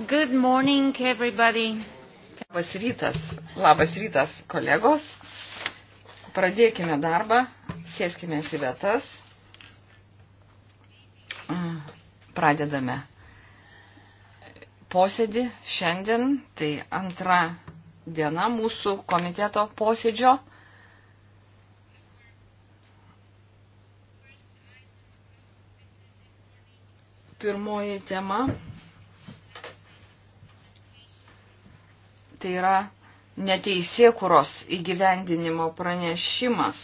Good morning, everybody. Labas rytas, labas rytas, kolegos. Pradėkime darbą, sėskime į vietas. Mm, pradedame posėdį šiandien, tai antra diena mūsų komiteto posėdžio. Pirmoji tema tai yra neteisėkuros įgyvendinimo pranešimas.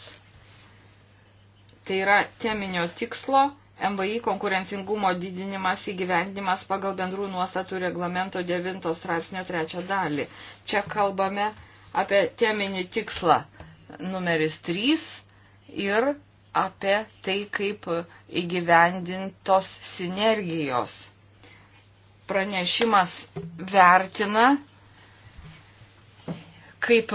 Tai yra teminio tikslo MVI konkurencingumo didinimas įgyvendinimas pagal bendrų nuostatų reglamento 9 straipsnio 3 dalį. Čia kalbame apie teminį tikslą numeris 3 ir apie tai, kaip įgyvendintos sinergijos. Pranešimas vertina kaip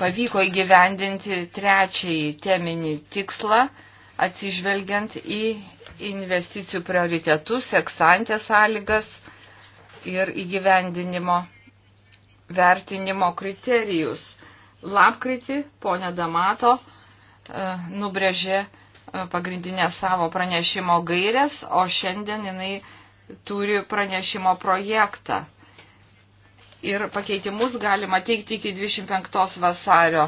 pavyko įgyvendinti trečiąjį teminį tikslą, atsižvelgiant į investicijų prioritetus, eksantę sąlygas ir įgyvendinimo vertinimo kriterijus. Lapkritį ponė Damato e, nubrėžė e, pagrindinės savo pranešimo gairės, o šiandien jinai turi pranešimo projektą ir pakeitimus galima teikti iki 25 vasario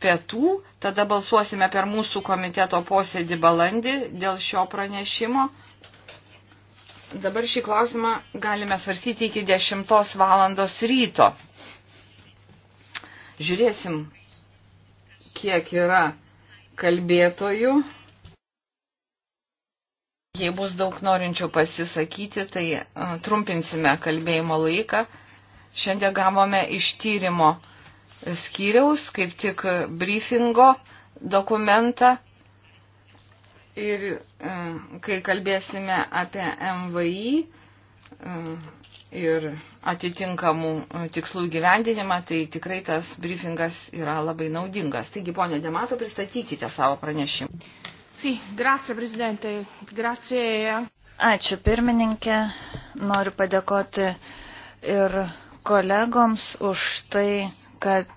pietų, tada balsuosime per mūsų komiteto posėdį balandį dėl šio pranešimo. Dabar šį klausimą galime svarstyti iki 10 valandos ryto. Žiūrėsim, kiek yra kalbėtojų. Jei bus daug norinčių pasisakyti, tai e, trumpinsime kalbėjimo laiką šiandien gavome iš tyrimo skyriaus, kaip tik briefingo dokumentą. Ir kai kalbėsime apie MVI ir atitinkamų tikslų gyvendinimą, tai tikrai tas briefingas yra labai naudingas. Taigi, ponė Demato, pristatykite savo pranešimą. Sì, grazie Presidente, grazie. Ačiū pirmininkė, noriu padėkoti ir kolegoms už tai, kad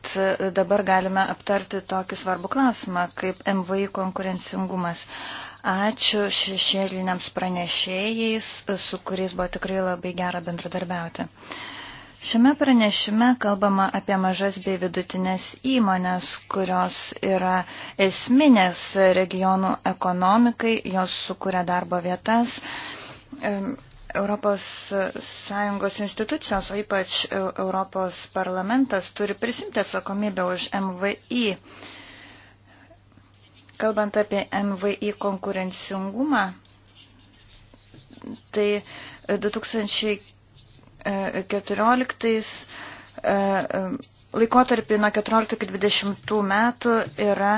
dabar galime aptarti tokį svarbų klausimą kaip MVI konkurencingumas. Ačiū šešėliniams pranešėjais, su kuriais buvo tikrai labai gera bendradarbiauti. Šiame pranešime kalbama apie mažas bei vidutinės įmonės, kurios yra esminės regionų ekonomikai, jos sukuria darbo vietas ES institucijos, o ypač Europos parlamentas, turi prisimti atsakomybę už MVI. Kalbant apie MVI konkurencingumą, tai 2014 e, laikotarpį nuo 14-20 metų yra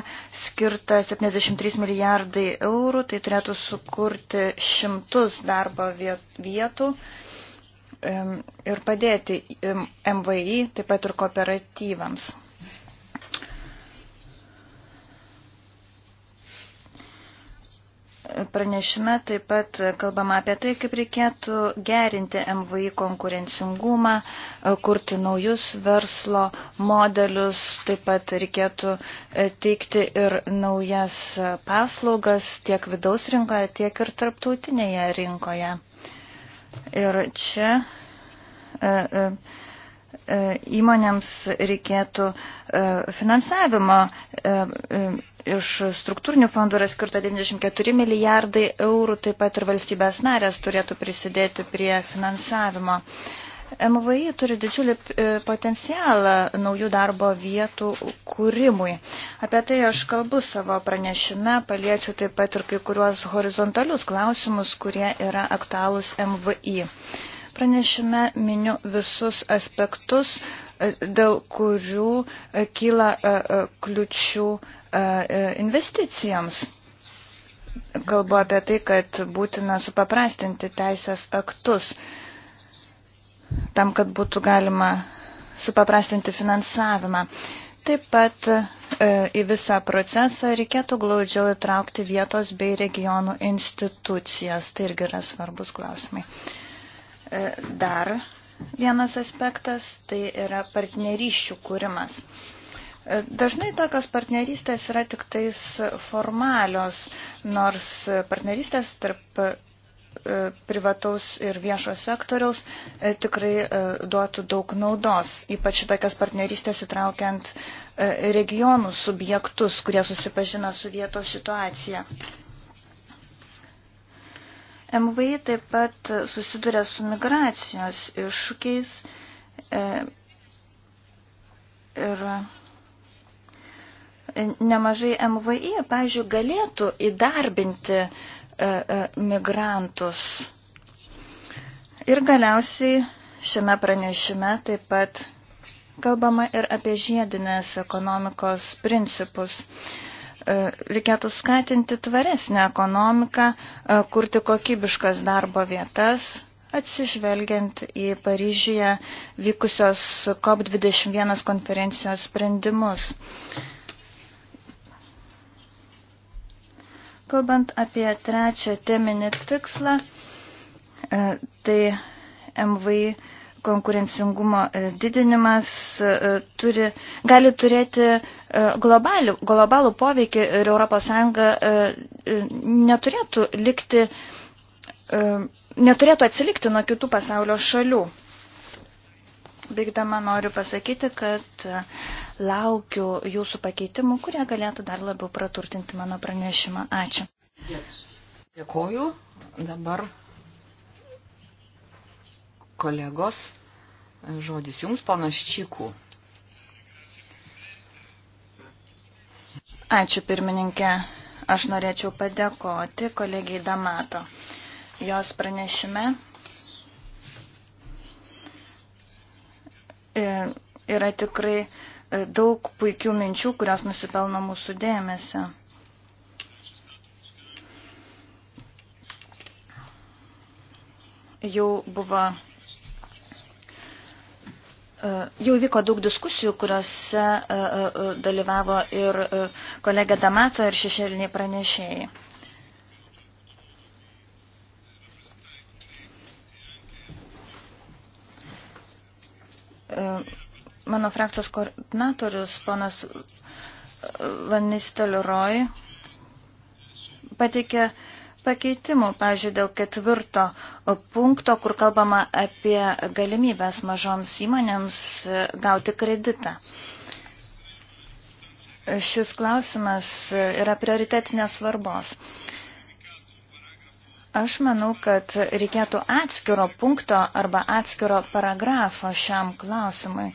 skirta 73 milijardai eurų, tai turėtų sukurti šimtus darbo vietų ir padėti MVI, taip pat ir kooperatyvams. Pranešime taip pat kalbama apie tai, kaip reikėtų gerinti MVI konkurencingumą, kurti naujus verslo modelius, taip pat reikėtų e, teikti ir naujas paslaugas tiek vidaus rinkoje, tiek ir tarptautinėje rinkoje. Ir čia. E, e, E, įmonėms reikėtų e, finansavimo. E, iš struktūrinių fondų yra skirta 94 milijardai eurų, taip pat ir valstybės narės turėtų prisidėti prie finansavimo. MVI turi didžiulį potencialą naujų darbo vietų kūrimui. Apie tai aš kalbu savo pranešime, paliečiu taip pat ir kai kuriuos horizontalius klausimus, kurie yra aktualūs MVI. Pranešime miniu visus aspektus, e, dėl kurių e, kyla e, kliučių investicijoms. Kalbu apie tai, kad būtina supaprastinti teisės aktus tam, kad būtų galima supaprastinti finansavimą. Taip pat e, į visą procesą reikėtų glaudžiau įtraukti vietos bei regionų institucijas. Tai irgi yra svarbus klausimai. E, E, dar vienas aspektas, tai yra partnerysčių kūrimas. E, dažnai tokios partnerystės yra tik tais formalios, nors partnerystės tarp e, privataus ir viešo sektoriaus tikrai duotų daug naudos, ypač tokias partnerystės įtraukiant regionų subjektus, kurie susipažina su vietos situacija. MVI taip pat susiduria su migracijos iššūkiais e, ir nemažai MVI, pažiūrėjau, galėtų įdarbinti e, e, migrantus. Ir galiausiai šiame pranešime taip pat kalbama ir apie žiedinės ekonomikos principus. E, reikėtų skatinti tvaresnę ekonomiką, e, kurti kokybiškas darbo vietas, atsižvelgiant į Paryžyje vykusios COP21 konferencijos sprendimus. Kalbant apie trečią teminį tikslą, e, tai MVI konkurencingumo e, didinimas e, turi, gali turėti e, globalių, globalų poveikį ir ES neturėtų likti, neturėtų atsilikti nuo kitų pasaulio šalių. Baigdama noriu pasakyti, kad laukiu jūsų pakeitimų, kurie galėtų dar labiau praturtinti mano pranešimą. Ačiū. Dėkuoju. Dabar kolegos. Žodis jums, ponas Čikų. Ačiū pirmininkė. Aš norėčiau padėkoti kolegijai Damato. Jos pranešime e, yra tikrai e, daug puikių minčių, kurios nusipelno mūsų dėmesio. Jau buvo E, jau vyko daug diskusijų, kuriuose e, e, dalyvavo ir kolegė Damato ir šešėliniai pranešėjai. Mano frakcijos koordinatorius, ponas Vanistelroj, pateikė uh, pakeitimų, pavyzdžiui, dėl ketvirto punkto, kur kalbama apie galimybės mažoms įmonėms e, gauti kreditą. Šis klausimas yra prioritetinės svarbos. Aš manau, kad reikėtų atskiro punkto arba atskiro paragrafo šiam klausimui,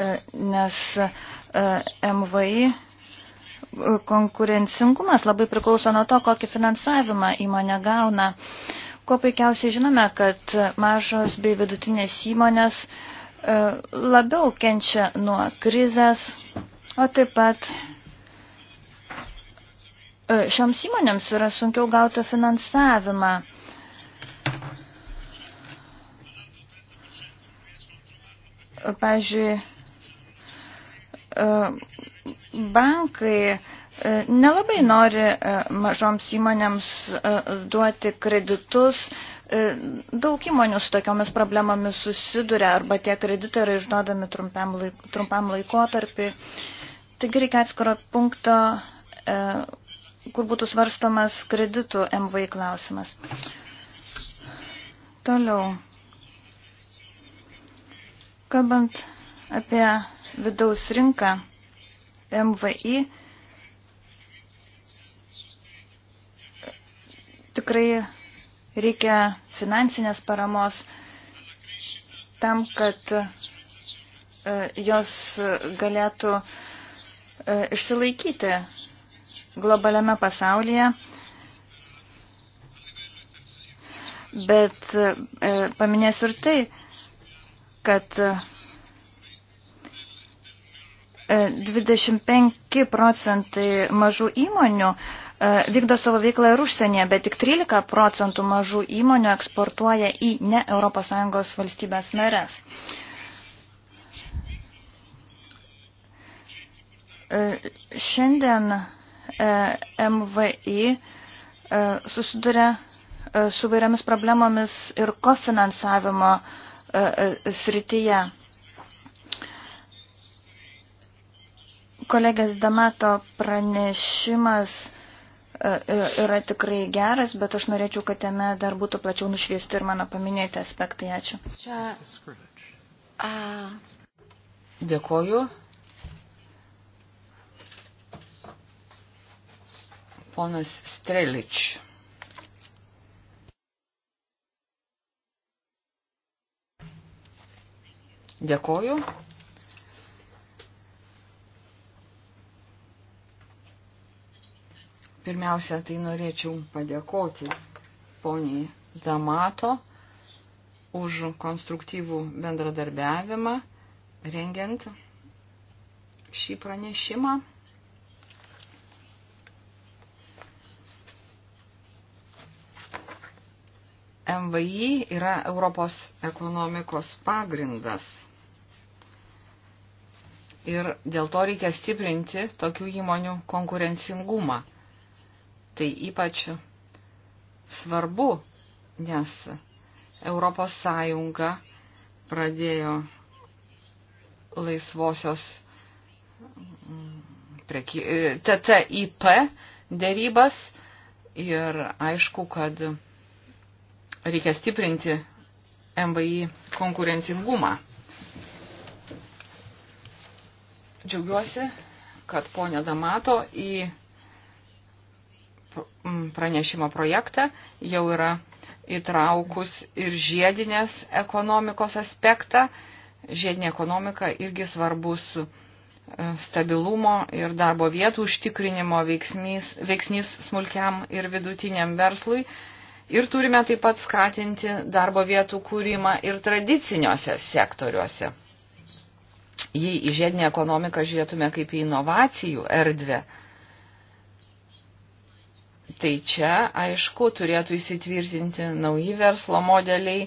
e, nes e, MVI konkurencingumas labai priklauso nuo to, kokį finansavimą įmonė gauna. Kuo puikiausiai žinome, kad mažos bei vidutinės įmonės e, labiau kenčia nuo krizės, o taip pat e, šioms įmonėms yra sunkiau gauti finansavimą. Pavyzdžiui, e, bankai E, nelabai nori e, mažoms įmonėms e, duoti kreditus. Daug įmonių su tokiomis problemomis susiduria arba tie kreditai yra išduodami trumpam, laik, trumpam laikotarpį. Taigi reikia atskiro punkto, kur būtų svarstomas kreditų MVI klausimas. Toliau. Kalbant apie vidaus rinką, MVI Tikrai reikia finansinės paramos tam, kad e, jos galėtų e, išsilaikyti globaliame pasaulyje. Bet e, paminėsiu ir tai, kad 25 procentai mažų įmonių uh, E, vykdo savo veiklą ir užsienyje, bet tik 13 procentų mažų įmonių eksportuoja į ne ES valstybės narės. E, šiandien e, MVI susiduria su vairiamis problemomis ir kofinansavimo srityje. Kolegės Damato pranešimas E, e, yra tikrai geras, bet aš norėčiau, kad jame dar būtų plačiau nušviesti ir mano paminėti aspektai. Ačiū. Čia... A... Dėkoju. Ponas Strelič. Dėkoju. Pirmiausia, tai norėčiau padėkoti poniai Damato už konstruktyvų bendradarbiavimą rengiant šį pranešimą. MVI yra Europos ekonomikos pagrindas. Ir dėl to reikia stiprinti tokių įmonių konkurencingumą. Tai ypač svarbu, nes Europos Sąjunga pradėjo laisvosios mm, preky... TTIP dėrybas ir aišku, kad reikia stiprinti MVI konkurencingumą. Džiaugiuosi, kad ponė Damato į pranešimo projektą jau yra įtraukus ir žiedinės ekonomikos aspektą. Žiedinė ekonomika irgi svarbus e, stabilumo ir darbo vietų užtikrinimo veiksnys, veiksnys smulkiam ir vidutiniam verslui. Ir turime taip pat skatinti darbo vietų kūrimą ir tradiciniuose sektoriuose. Jei į žiedinę ekonomiką žiūrėtume kaip į inovacijų erdvę, Tai čia, aišku, turėtų įsitvirtinti nauji verslo modeliai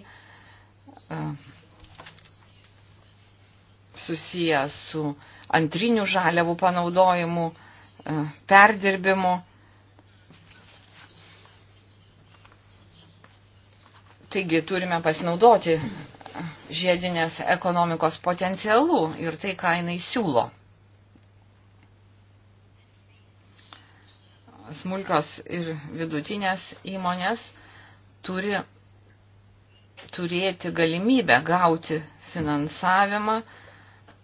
susiję su antrinių žaliavų panaudojimu, perdirbimu. Taigi turime pasinaudoti žiedinės ekonomikos potencialų ir tai, ką jinai siūlo. smulkios ir vidutinės įmonės turi turėti galimybę gauti finansavimą,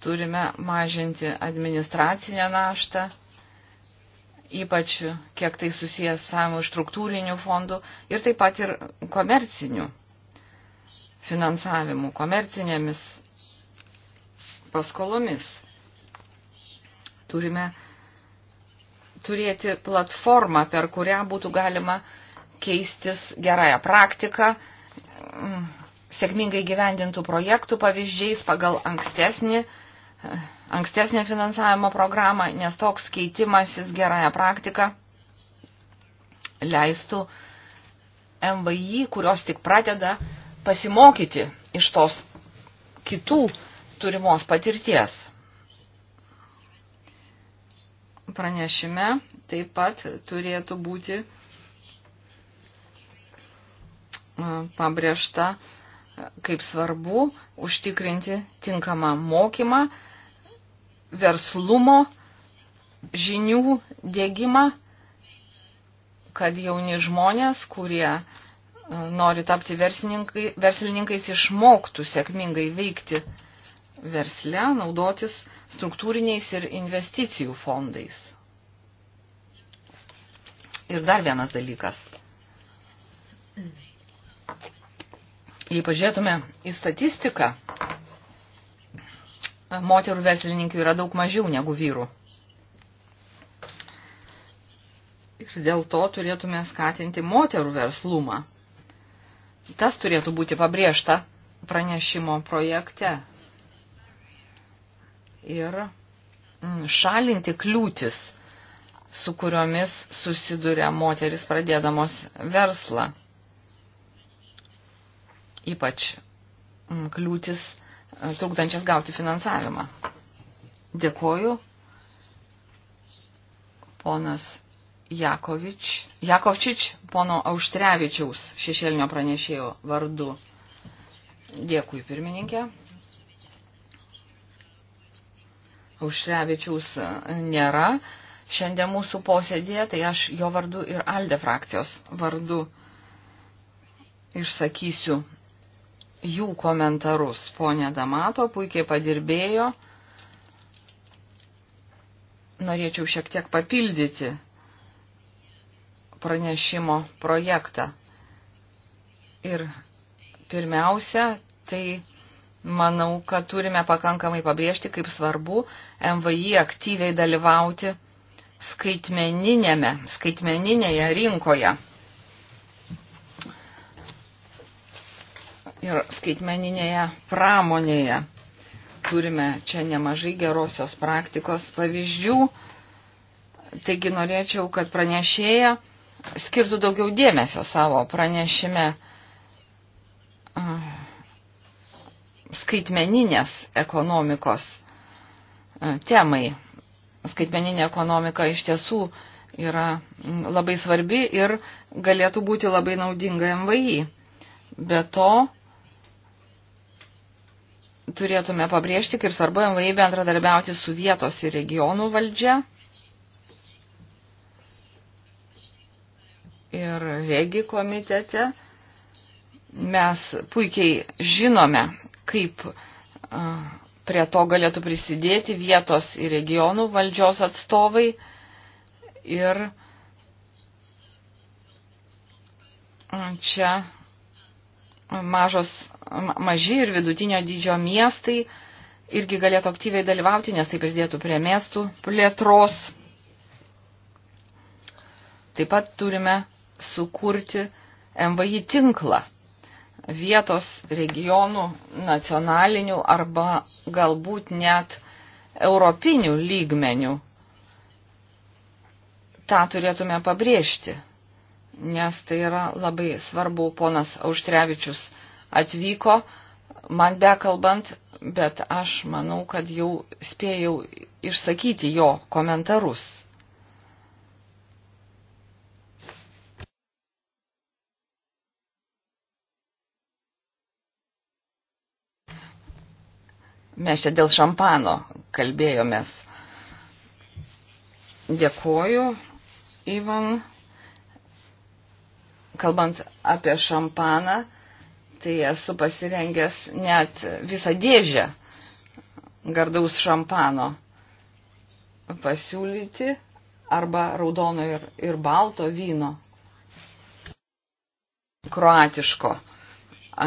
turime mažinti administracinę naštą, ypač kiek tai susijęs savo struktūrinių fondų ir taip pat ir komercinių finansavimų, komercinėmis paskolomis. Turime turėti platformą, per kurią būtų galima keistis gerąją praktiką, mm, sėkmingai gyvendintų projektų pavyzdžiais pagal ankstesnį, ankstesnę finansavimo programą, nes toks keitimasis gerąją praktiką leistų MVI, kurios tik pradeda pasimokyti iš tos kitų turimos patirties pranešime taip pat turėtų būti e, pabrėžta, e, kaip svarbu užtikrinti tinkamą mokymą, verslumo, žinių dėgymą, kad jauni žmonės, kurie e, nori tapti verslininkai, verslininkais, išmoktų sėkmingai veikti versle, naudotis struktūriniais ir investicijų fondais. Ir dar vienas dalykas. Jei pažiūrėtume į statistiką, moterų verslininkių yra daug mažiau negu vyrų. Ir dėl to turėtume skatinti moterų verslumą. Tas turėtų būti pabrėžta pranešimo projekte ir mm, šalinti kliūtis, su kuriomis susiduria moteris pradėdamos verslą. Ypač mm, kliūtis e, trukdančias gauti finansavimą. Dėkoju. Ponas Jakovič, Jakovčič, pono Auštrevičiaus šešėlinio pranešėjo vardu. Dėkui, pirmininkė. Ušrevičiaus e, nėra šiandien mūsų posėdėje, tai aš jo vardu ir Alde frakcijos vardu išsakysiu jų komentarus. Pone Damato puikiai padirbėjo. Norėčiau šiek tiek papildyti pranešimo projektą. Ir pirmiausia, tai Manau, kad turime pakankamai pabrėžti, kaip svarbu MVI aktyviai dalyvauti skaitmeninėme, skaitmeninėje rinkoje. Ir skaitmeninėje pramonėje turime čia nemažai gerosios praktikos pavyzdžių. Taigi norėčiau, kad pranešėja skirtų daugiau dėmesio savo pranešime skaitmeninės ekonomikos e, temai. Skaitmeninė ekonomika iš tiesų yra labai svarbi ir galėtų būti labai naudinga MVI. Be to, turėtume pabrėžti, kaip svarbu MVI bendradarbiauti su vietos ir regionų valdžia. Ir regi komitete mes puikiai žinome, kaip prie to galėtų prisidėti vietos ir regionų valdžios atstovai ir čia mažos, maži ir vidutinio dydžio miestai irgi galėtų aktyviai dalyvauti, nes tai prisidėtų prie miestų plėtros. Taip pat turime sukurti MVI tinklą vietos, regionų, nacionalinių arba galbūt net europinių lygmenių. Ta turėtume pabrėžti, nes tai yra labai svarbu. Ponas Auštrevičius atvyko, man bekalbant, bet aš manau, kad jau spėjau išsakyti jo komentarus. Mes čia dėl šampano kalbėjomės. Dėkuoju, Ivan. Kalbant apie šampaną, tai esu pasirengęs net visą dėžę gardaus šampano pasiūlyti arba raudono ir, ir balto vyno kroatiško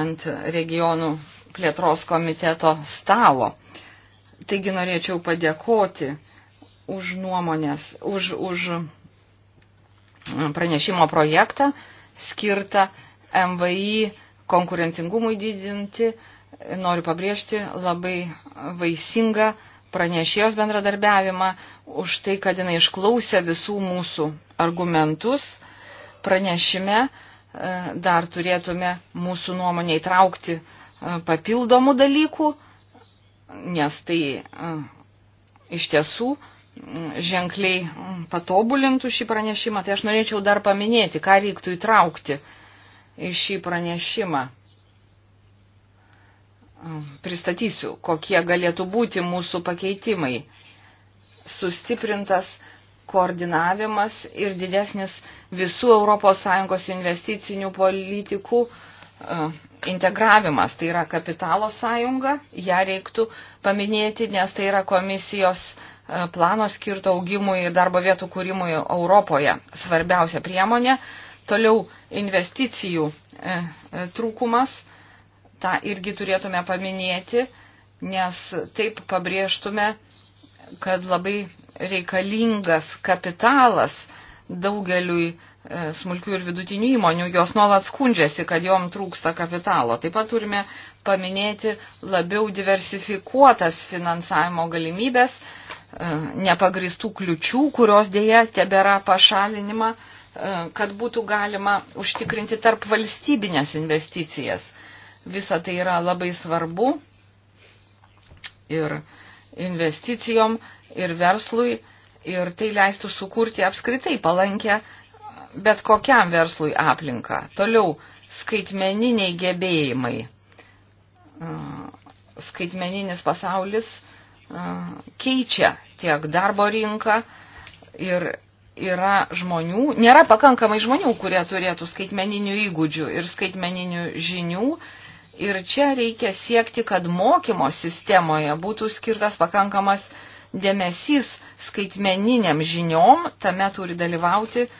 ant regionų plėtros komiteto stalo. Taigi norėčiau padėkoti už nuomonės, už, už pranešimo projektą skirtą MVI konkurencingumui didinti. Noriu pabrėžti labai vaisingą pranešėjos bendradarbiavimą už tai, kad jinai išklausė visų mūsų argumentus. Pranešime e, dar turėtume mūsų nuomonę įtraukti papildomų dalykų, nes tai iš tiesų ženkliai patobulintų šį pranešimą, tai aš norėčiau dar paminėti, ką reiktų įtraukti į šį pranešimą. Pristatysiu, kokie galėtų būti mūsų pakeitimai. Sustiprintas koordinavimas ir didesnis visų ES investicinių politikų uh, integravimas, tai yra kapitalo sąjunga, ją reiktų paminėti, nes tai yra komisijos plano skirto augimui ir darbo vietų kūrimui Europoje svarbiausia priemonė. Toliau investicijų trūkumas, tą irgi turėtume paminėti, nes taip pabrėžtume, kad labai reikalingas kapitalas daugeliui E, smulkių ir vidutinių įmonių, jos nuolat skundžiasi, kad jom trūksta kapitalo. Taip pat turime paminėti labiau diversifikuotas finansavimo galimybės, e, nepagristų kliučių, kurios dėja tebėra pašalinima, e, kad būtų galima užtikrinti tarp valstybinės investicijas. Visa tai yra labai svarbu ir investicijom, ir verslui, ir tai leistų sukurti apskritai palankę bet kokiam verslui aplinką. Toliau skaitmeniniai gebėjimai. Skaitmeninis pasaulis keičia tiek darbo rinką ir yra žmonių, nėra pakankamai žmonių, kurie turėtų skaitmeninių įgūdžių ir skaitmeninių žinių. Ir čia reikia siekti, kad mokymo sistemoje būtų skirtas pakankamas dėmesys skaitmeniniam žiniom, tame turi dalyvauti uh,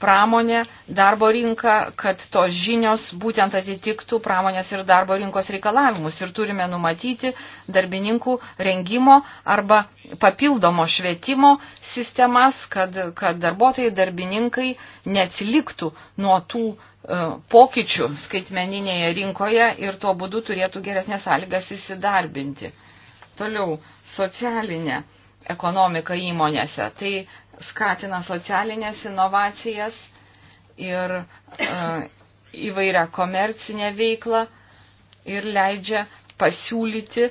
pramonę, darbo rinką, kad tos žinios būtent atitiktų pramonės ir darbo rinkos reikalavimus. Ir turime numatyti darbininkų rengimo arba papildomo švietimo sistemas, kad, kad darbuotojai, darbininkai neatsiliktų nuo tų uh, pokyčių skaitmeninėje rinkoje ir tuo būdu turėtų geresnės sąlygas įsidarbinti. Toliau, socialinė uh, ekonomiką įmonėse. Tai skatina socialinės inovacijas ir e, įvairią komercinę veiklą ir leidžia pasiūlyti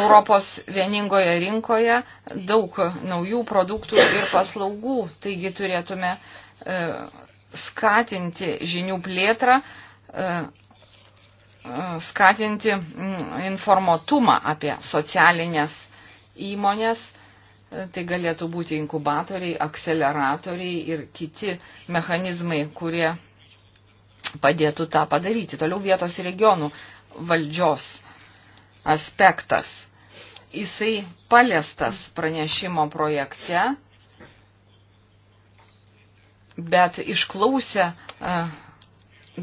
Europos vieningoje rinkoje daug naujų produktų ir paslaugų. Taigi turėtume e, skatinti žinių plėtrą, e, skatinti informatumą apie socialinės įmonės Tai galėtų būti inkubatoriai, akceleratoriai ir kiti mechanizmai, kurie padėtų tą padaryti. Toliau vietos ir regionų valdžios aspektas. Jisai paliestas pranešimo projekte, bet išklausę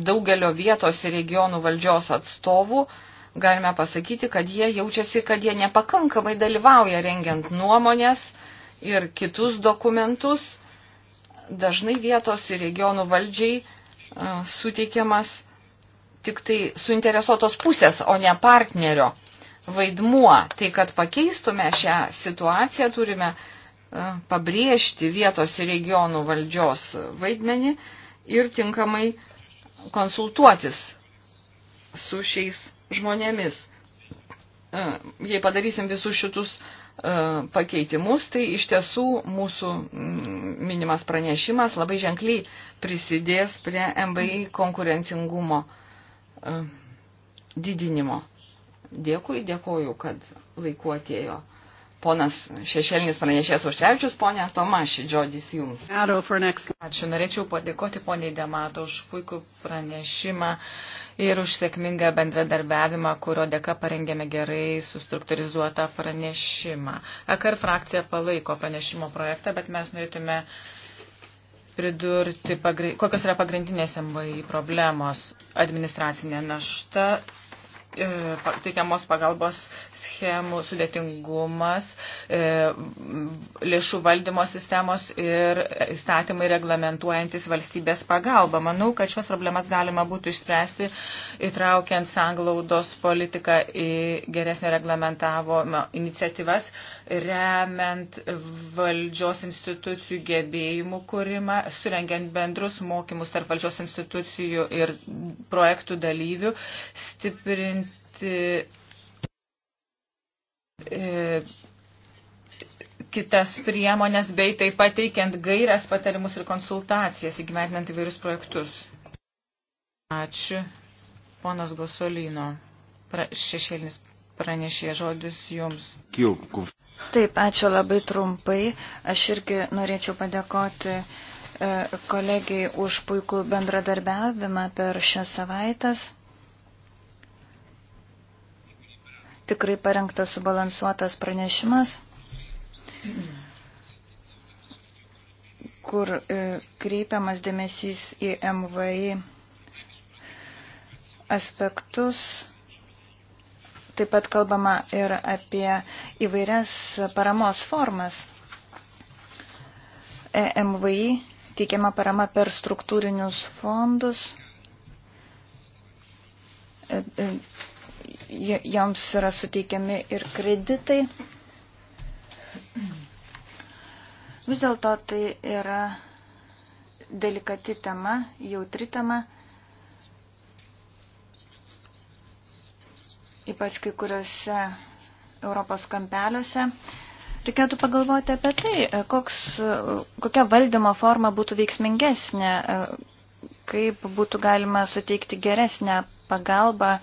daugelio vietos ir regionų valdžios atstovų, uh, galime pasakyti, kad jie jaučiasi, kad jie nepakankamai dalyvauja rengiant nuomonės ir kitus dokumentus. Dažnai vietos ir regionų valdžiai e, suteikiamas tik tai suinteresuotos pusės, o ne partnerio vaidmuo. Tai, kad pakeistume šią situaciją, turime e, pabrėžti vietos ir regionų valdžios vaidmenį ir tinkamai konsultuotis su šiais žmonėmis. E, jei padarysim visus šitus e, pakeitimus, tai iš tiesų mūsų mm, minimas pranešimas labai ženkliai prisidės prie MBI konkurencingumo e, didinimo. Dėkui, dėkoju, kad laiku atėjo ponas šešėlinis pranešėjas Užtrevičius, ponė Tomaši, žodis jums. Ačiū, norėčiau padėkoti poniai Demato už puikų pranešimą ir už sėkmingą bendradarbiavimą, kurio dėka parengėme gerai sustruktūrizuotą pranešimą. EKR frakcija palaiko pranešimo projektą, bet mes norėtume pridurti, kokios yra pagrindinės MVI problemos - administracinė našta, E, teikiamos pagalbos schemų sudėtingumas, e, lėšų valdymo sistemos ir įstatymai reglamentuojantis valstybės pagalbą. Manau, kad šios problemas galima būtų išspręsti įtraukiant sanglaudos politiką į geresnį reglamentavimo iniciatyvas, remiant valdžios institucijų gebėjimų kūrimą, surengiant bendrus mokymus tarp valdžios institucijų ir projektų dalyvių, stiprinti E, e, kitas priemonės, bei taip pat teikiant gairias patarimus ir konsultacijas įgyventinant įvairius projektus. Ačiū. Ponas Gosolino, pra, šešėlinis pranešė žodis jums. Kilku. Taip, ačiū labai trumpai. Aš irgi norėčiau padėkoti e, kolegiai už puikų bendradarbiavimą per šias savaitės. tikrai parengtas subalansuotas pranešimas, kur e, kreipiamas dėmesys į MVI aspektus. Taip pat kalbama ir apie įvairias paramos formas. E, MVI teikiama parama per struktūrinius fondus e, joms yra suteikiami ir kreditai. Vis dėlto tai yra delikati tema, jautri tema. Ypač kai kuriuose Europos kampeliuose. Reikėtų pagalvoti apie tai, koks, kokia valdymo forma būtų veiksmingesnė, kaip būtų galima suteikti geresnę pagalbą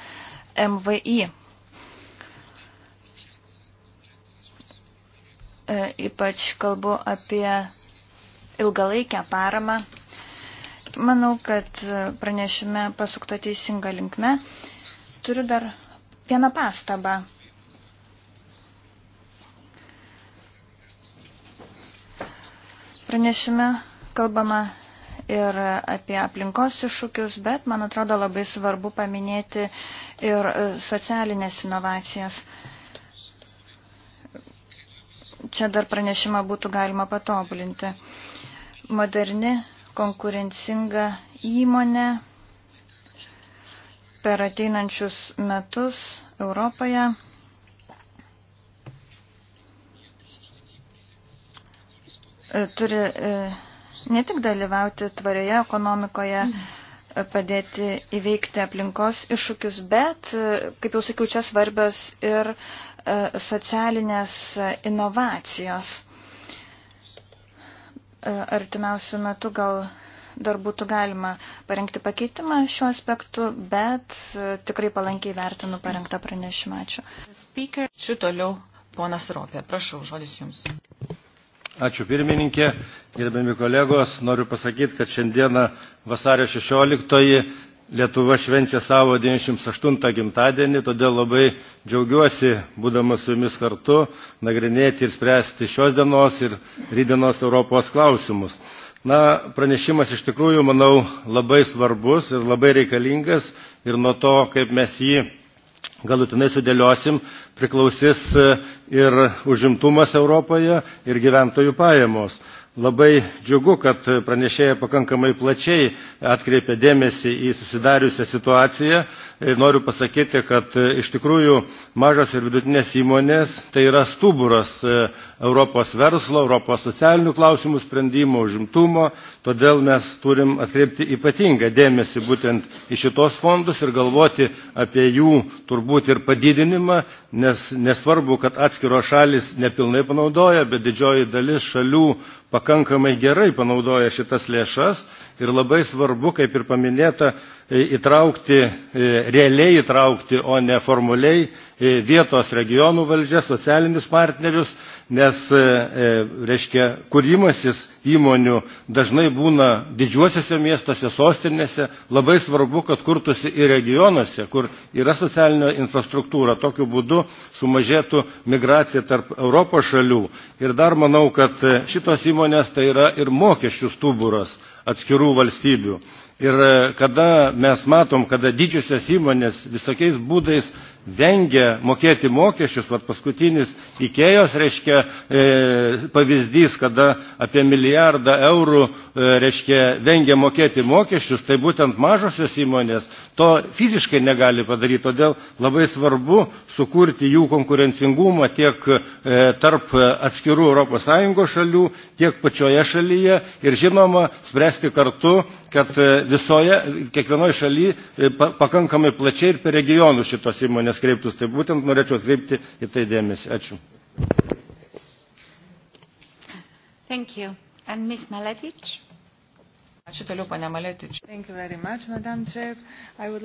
MVI. E, ypač kalbu apie ilgalaikę paramą. Manau, kad pranešime pasukta teisinga linkme. Turiu dar vieną pastabą. Pranešime kalbama ir apie aplinkos iššūkius, bet man atrodo labai svarbu paminėti ir e, socialinės inovacijas. Čia dar pranešimą būtų galima patobulinti. Moderni, konkurencinga įmonė per ateinančius metus Europoje e, turi e, ne tik dalyvauti tvarioje ekonomikoje, padėti įveikti aplinkos iššūkius, bet, kaip jau sakiau, čia svarbios ir e, socialinės inovacijos. E, artimiausių metų gal dar būtų galima parengti pakeitimą šiuo aspektu, bet e, tikrai palankiai vertinu parengtą pranešimą. Ačiū. Speaker. Ačiū toliau, ponas Ropė. Prašau, žodis jums. Ačiū pirmininkė, gerbiami kolegos, noriu pasakyti, kad šiandieną vasario 16-oji Lietuva švenčia savo 98 gimtadienį, todėl labai džiaugiuosi, būdamas su jumis kartu, nagrinėti ir spręsti šios dienos ir rydienos Europos klausimus. Na, pranešimas iš tikrųjų, manau, labai svarbus ir labai reikalingas ir nuo to, kaip mes jį galutinai sudėliosim priklausys e, ir užimtumas europoje ir gyventojų pajamos. Labai džiugu, kad pranešėja pakankamai plačiai atkreipė dėmesį į susidariusią situaciją. Noriu pasakyti, kad e, iš tikrųjų mažas ir vidutinės įmonės tai yra stuburas e, Europos verslo, Europos socialinių klausimų sprendimo, užimtumo. Todėl mes turim atkreipti ypatingą dėmesį būtent į šitos fondus ir galvoti apie jų turbūt ir padidinimą, nes nesvarbu, kad atskiros šalis nepilnai panaudoja, bet didžioji dalis šalių pakankamai gerai panaudoja šitas lėšas ir labai svarbu, kaip ir paminėta, e, įtraukti, e, realiai įtraukti, o ne formuliai e, vietos regionų valdžią, socialinius partnerius, nes, reiškia, kūrimasis įmonių dažnai būna didžiuosiuose miestuose, sostinėse, labai svarbu, kad kurtųsi ir regionuose, kur yra socialinė infrastruktūra. Tokiu būdu sumažėtų migracija tarp Europos šalių. Ir dar manau, kad šitos įmonės tai yra ir mokesčių stuburas atskirų valstybių ir e, kada mes matom kada didžiosios įmonės visokiais būdais vengia mokėti mokesčius, va paskutinis Ikėjos reiškia e, pavyzdys, kada apie milijardą eurų e, reiškia vengia mokėti mokesčius, tai būtent mažosios įmonės to fiziškai negali padaryti, todėl labai svarbu sukurti jų konkurencingumą tiek e, tarp atskirų ES šalių, tiek pačioje šalyje ir žinoma spręsti kartu kad e, visoje, kiekvienoje šalyje pakankamai plačiai ir per regionus šitos įmonės kreiptus. Tai būtent norėčiau atkreipti į tai dėmesį. Ačiū. Thank you. And Ms. Maletic? Ačiū toliau, ponė Maletič. Much,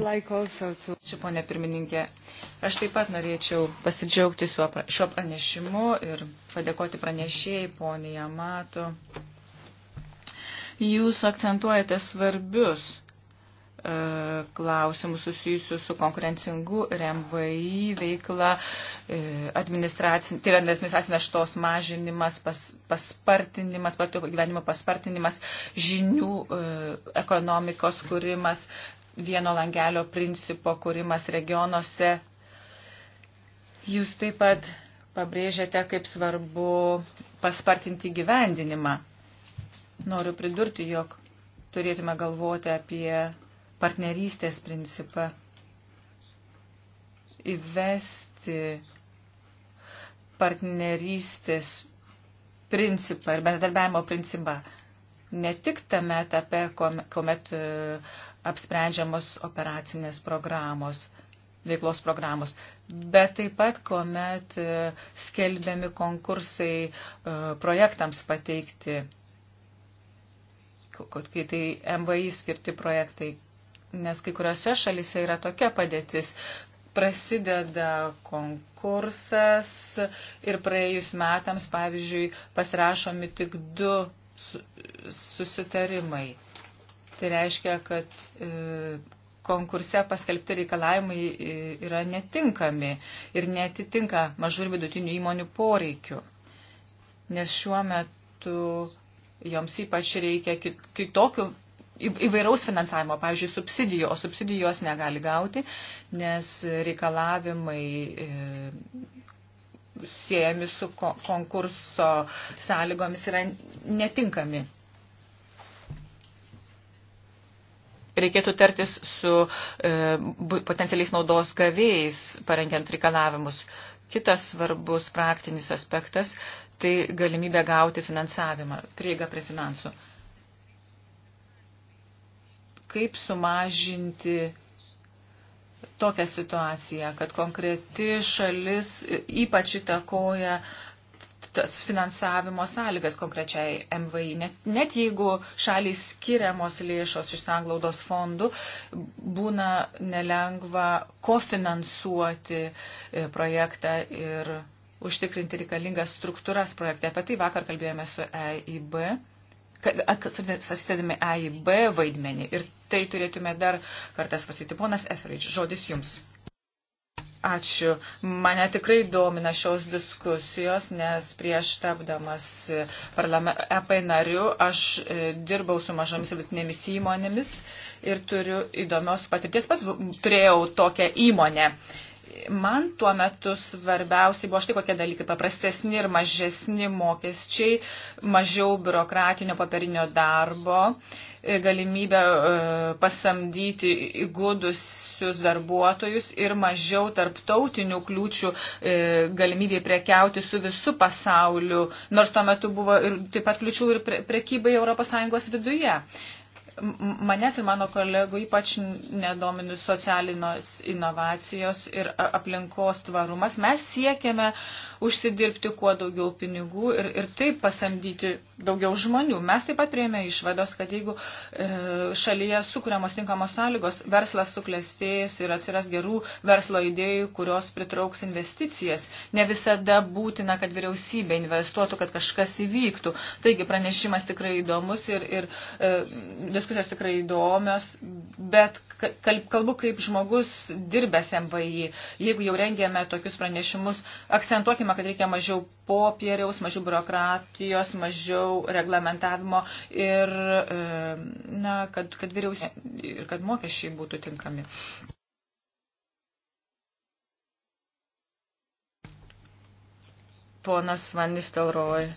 like to... Ačiū, ponė pirmininkė. Aš taip pat norėčiau pasidžiaugti šiuo pranešimu ir padėkoti pranešėjai, ponė Jamato. Jūs akcentuojate svarbius e, klausimų susijusių su konkurencingu ir MVI veikla, e, administracinė, tai yra administracinės naštos mažinimas, pas, paspartinimas, platų gyvenimo paspartinimas, žinių e, ekonomikos kūrimas, vieno langelio principo kūrimas regionuose. Jūs taip pat pabrėžiate, kaip svarbu paspartinti gyvendinimą. Noriu pridurti, jog turėtume galvoti apie partnerystės principą. Įvesti partnerystės principą ir bendradarbiavimo principą. Ne tik tame etape, kuomet e, apsprendžiamos operacinės programos, veiklos programos, bet taip pat, kuomet e, skelbiami konkursai e, projektams pateikti kai tai MVI skirti projektai, nes kai kuriuose šalise yra tokia padėtis. Prasideda konkursas ir praėjus metams, pavyzdžiui, pasirašomi tik du susitarimai. Tai reiškia, kad e, konkurse paskelbti reikalavimai e, yra netinkami ir netitinka mažų ir vidutinių įmonių poreikių. Nes šiuo metu joms ypač reikia kitokių įvairaus finansavimo, pavyzdžiui, subsidijų, o subsidijos negali gauti, nes reikalavimai e, siejami su konkurso sąlygomis yra netinkami. Reikėtų tartis su e, potencialiais naudos gavėjais, parengiant reikalavimus. Kitas svarbus praktinis aspektas tai galimybė gauti finansavimą, prieiga prie finansų. Kaip sumažinti tokią situaciją, kad konkreti šalis ypač įtakoja tas finansavimo sąlygas konkrečiai MVI. Net, net jeigu šaliai skiriamos lėšos iš sanglaudos fondų, būna nelengva kofinansuoti e, projektą ir užtikrinti reikalingas struktūras projekte. Apie tai vakar kalbėjome su EIB, sasitėdami EIB vaidmenį. Ir tai turėtume dar kartą svarstyti. Ponas Etheridge, žodis jums. Ačiū. Mane tikrai domina šios diskusijos, nes prieš tapdamas EP e nariu aš e, dirbau su mažomis ir vidutinėmis įmonėmis ir turiu įdomios patirties. Pats turėjau tokią įmonę man tuo metu svarbiausiai buvo štai kokie dalykai - paprastesni ir mažesni mokesčiai, mažiau biurokratinio paperinio darbo, e, galimybė e, pasamdyti įgudusius darbuotojus ir mažiau tarptautinių kliūčių e, galimybė prekiauti su visu pasauliu, nors tuo metu buvo ir taip pat kliūčių ir prekybai ES viduje manęs ir mano kolegų ypač nedomini socialinos inovacijos ir aplinkos tvarumas. Mes siekiame užsidirbti kuo daugiau pinigų ir, ir taip pasamdyti daugiau žmonių. Mes taip pat prieėmė išvados, kad jeigu e, šalyje sukūriamos tinkamos sąlygos, verslas suklestės ir atsiras gerų verslo idėjų, kurios pritrauks investicijas. Ne visada būtina, kad vyriausybė investuotų, kad kažkas įvyktų. Taigi pranešimas tikrai įdomus ir, ir e, diskusijos tikrai įdomios, bet kalbu kaip žmogus dirbęs MVI. Jeigu jau rengėme tokius pranešimus, akcentuokime, kad reikia mažiau popieriaus, mažiau biurokratijos, mažiau reglamentavimo ir e, na, kad, kad vyriausybė ir kad mokesčiai būtų tinkami. Ponas Vanis Telroj.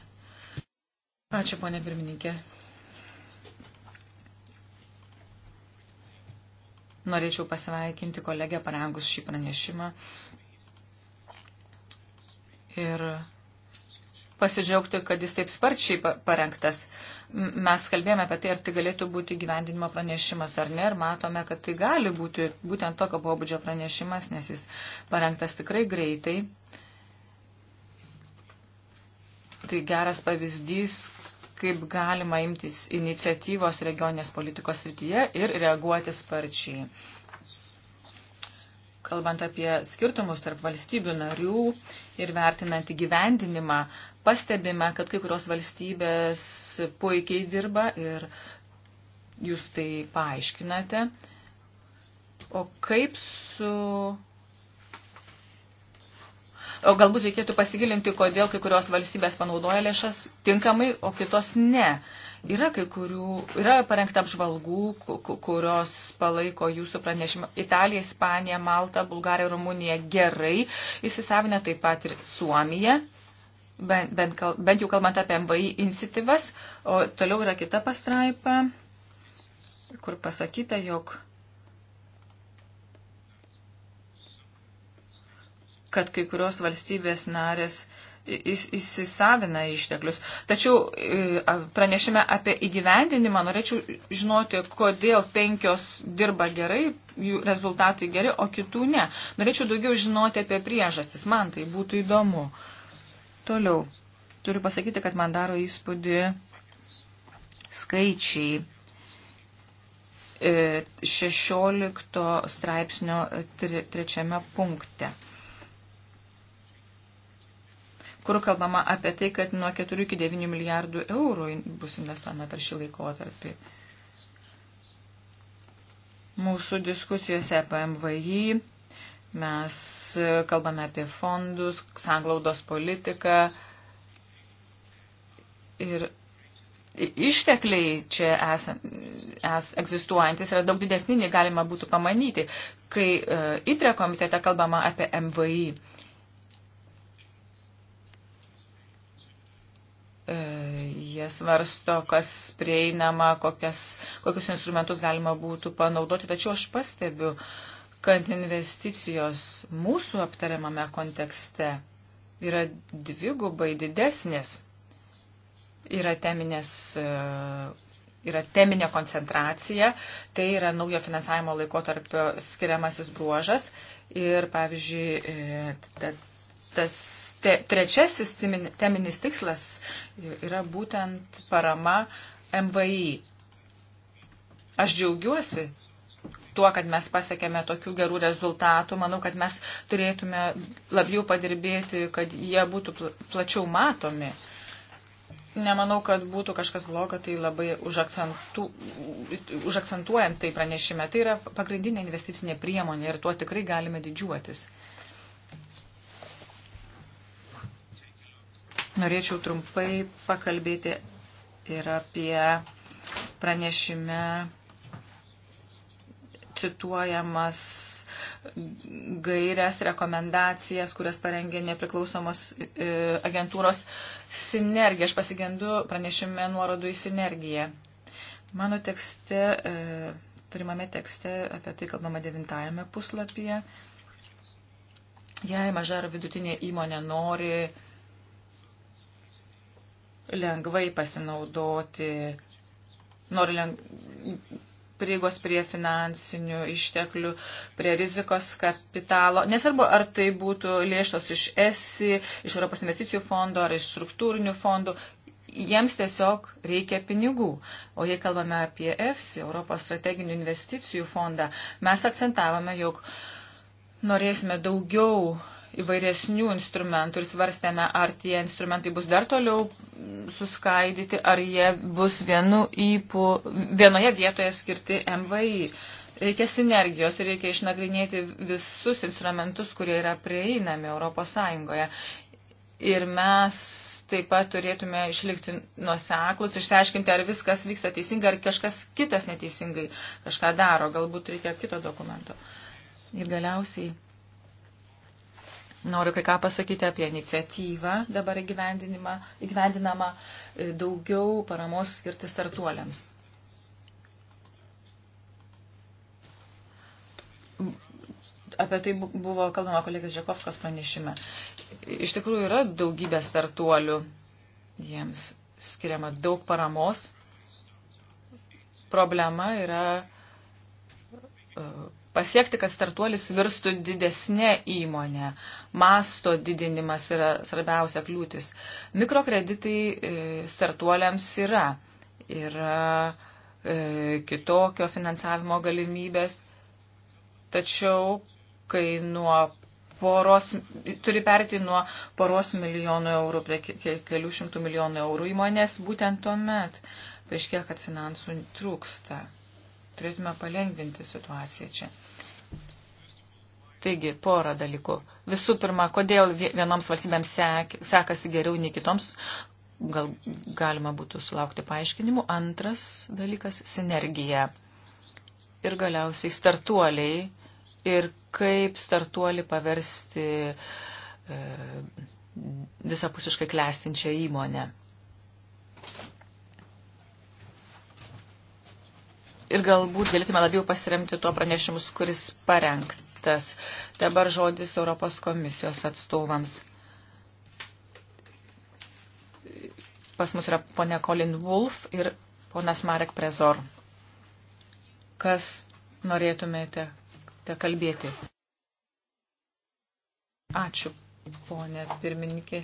Ačiū, ponė pirmininkė. Norėčiau pasveikinti kolegę parengus šį pranešimą ir pasidžiaugti, kad jis taip sparčiai parengtas. Mes kalbėjome apie tai, ar tai galėtų būti gyvendinimo pranešimas ar ne, ir matome, kad tai gali būti būtent tokio pobūdžio pranešimas, nes jis parengtas tikrai greitai. Tai geras pavyzdys, kaip galima imtis iniciatyvos regioninės politikos srityje ir reaguoti sparčiai. Kalbant apie skirtumus tarp valstybių narių ir vertinant įgyvendinimą, pastebime, kad kai kurios valstybės puikiai dirba ir jūs tai paaiškinate. O kaip su O galbūt reikėtų pasigilinti, kodėl kai kurios valstybės panaudoja lėšas tinkamai, o kitos ne. Yra kai kurių, yra parengta apžvalgų, kurios palaiko jūsų pranešimą. Italija, Ispanija, Malta, Bulgarija, Rumunija gerai įsisavinę, taip pat ir Suomija, bent, bent, bent jau kalbant apie MVI iniciatyvas. O toliau yra kita pastraipa, kur pasakyta, jog kad kai kurios valstybės narės įsisavina išteklius. Tačiau e, pranešime apie įgyvendinimą norėčiau žinoti, kodėl penkios dirba gerai, jų rezultatai geri, o kitų ne. Norėčiau daugiau žinoti apie priežastis. Man tai būtų įdomu. Toliau. Turiu pasakyti, kad man daro įspūdį skaičiai. 16 e, straipsnio trečiame punkte kur kalbama apie tai, kad nuo 4 iki 9 milijardų eurų bus investuojama per šį laikotarpį. Mūsų diskusijose apie MVI mes kalbame apie fondus, sanglaudos politiką ir ištekliai čia esant, es, egzistuojantis yra daug didesni, nei galima būtų pamanyti, kai e, ITRE komitete kalbama apie MVI. Jie svarsto, kas prieinama, kokias, kokius instrumentus galima būtų panaudoti. Tačiau aš pastebiu, kad investicijos mūsų aptariamame kontekste yra dvigubai didesnės. Yra, teminės, yra teminė koncentracija, tai yra naujo finansavimo laikotarpio skiriamasis bruožas ir, pavyzdžiui, e, tas te, trečiasis teminis tikslas yra būtent parama MVI. Aš džiaugiuosi tuo, kad mes pasiekėme tokių gerų rezultatų. Manau, kad mes turėtume labiau padirbėti, kad jie būtų plačiau matomi. Nemanau, kad būtų kažkas blogo, tai labai užakcentu, užakcentuojant tai pranešime. Tai yra pagrindinė investicinė priemonė ir tuo tikrai galime didžiuotis. Norėčiau trumpai pakalbėti ir apie pranešime cituojamas gairias, rekomendacijas, kurias parengė nepriklausomos e, agentūros sinergija. Aš pasigendu pranešime nuorodų į sinergiją. Mano tekste, e, turimame tekste, apie tai kalbama devintajame puslapyje. Jei maža ar vidutinė įmonė nori lengvai pasinaudoti, nori leng... prieigos prie finansinių išteklių, prie rizikos kapitalo. Nesvarbu, ar tai būtų lėšos iš ESI, iš Europos investicijų fondo ar iš struktūrinių fondų, jiems tiesiog reikia pinigų. O jei kalbame apie EFSI, Europos strateginių investicijų fondą, mes akcentavome, jog norėsime daugiau įvairesnių instrumentų ir svarstėme, ar tie instrumentai bus dar toliau suskaidyti, ar jie bus vienu įpū, vienoje vietoje skirti MVI. Reikia sinergijos ir reikia išnagrinėti visus instrumentus, kurie yra prieinami Europos Sąjungoje. Ir mes taip pat turėtume išlikti nuseklus, išsiaiškinti, ar viskas vyksta teisingai, ar kažkas kitas neteisingai kažką daro, galbūt reikia kito dokumento. Ir galiausiai Noriu kai ką pasakyti apie iniciatyvą dabar įgyvendinamą e, daugiau paramos skirti startuoliams. Apie tai buvo kalbama kolegas Žekovskos pranešime. Iš tikrųjų yra daugybė startuolių, jiems skiriama daug paramos. Problema yra e, pasiekti, kad startuolis virstų didesnė įmonė. Masto didinimas yra svarbiausia kliūtis. Mikrokreditai e, startuoliams yra. Yra e, kitokio finansavimo galimybės, tačiau kai nuo poros, turi perti nuo poros milijonų eurų prie kelių šimtų milijonų eurų įmonės, būtent tuomet paaiškėjo, kad finansų trūksta turėtume palengvinti situaciją čia. Taigi, porą dalykų. Visų pirma, kodėl vienoms valstybėms sek, sekasi geriau nei kitoms, gal galima būtų sulaukti paaiškinimų. Antras dalykas – sinergija. Ir galiausiai startuoliai ir kaip startuolį paversti e, visapusiškai klestinčią įmonę. ir galbūt galėtume labiau pasiremti tuo pranešimus, kuris parengtas. Dabar žodis Europos komisijos atstovams. Pas mus yra ponia Colin Wolf ir ponas Marek Prezor. Kas norėtumėte te kalbėti? Ačiū, ponė pirmininkė.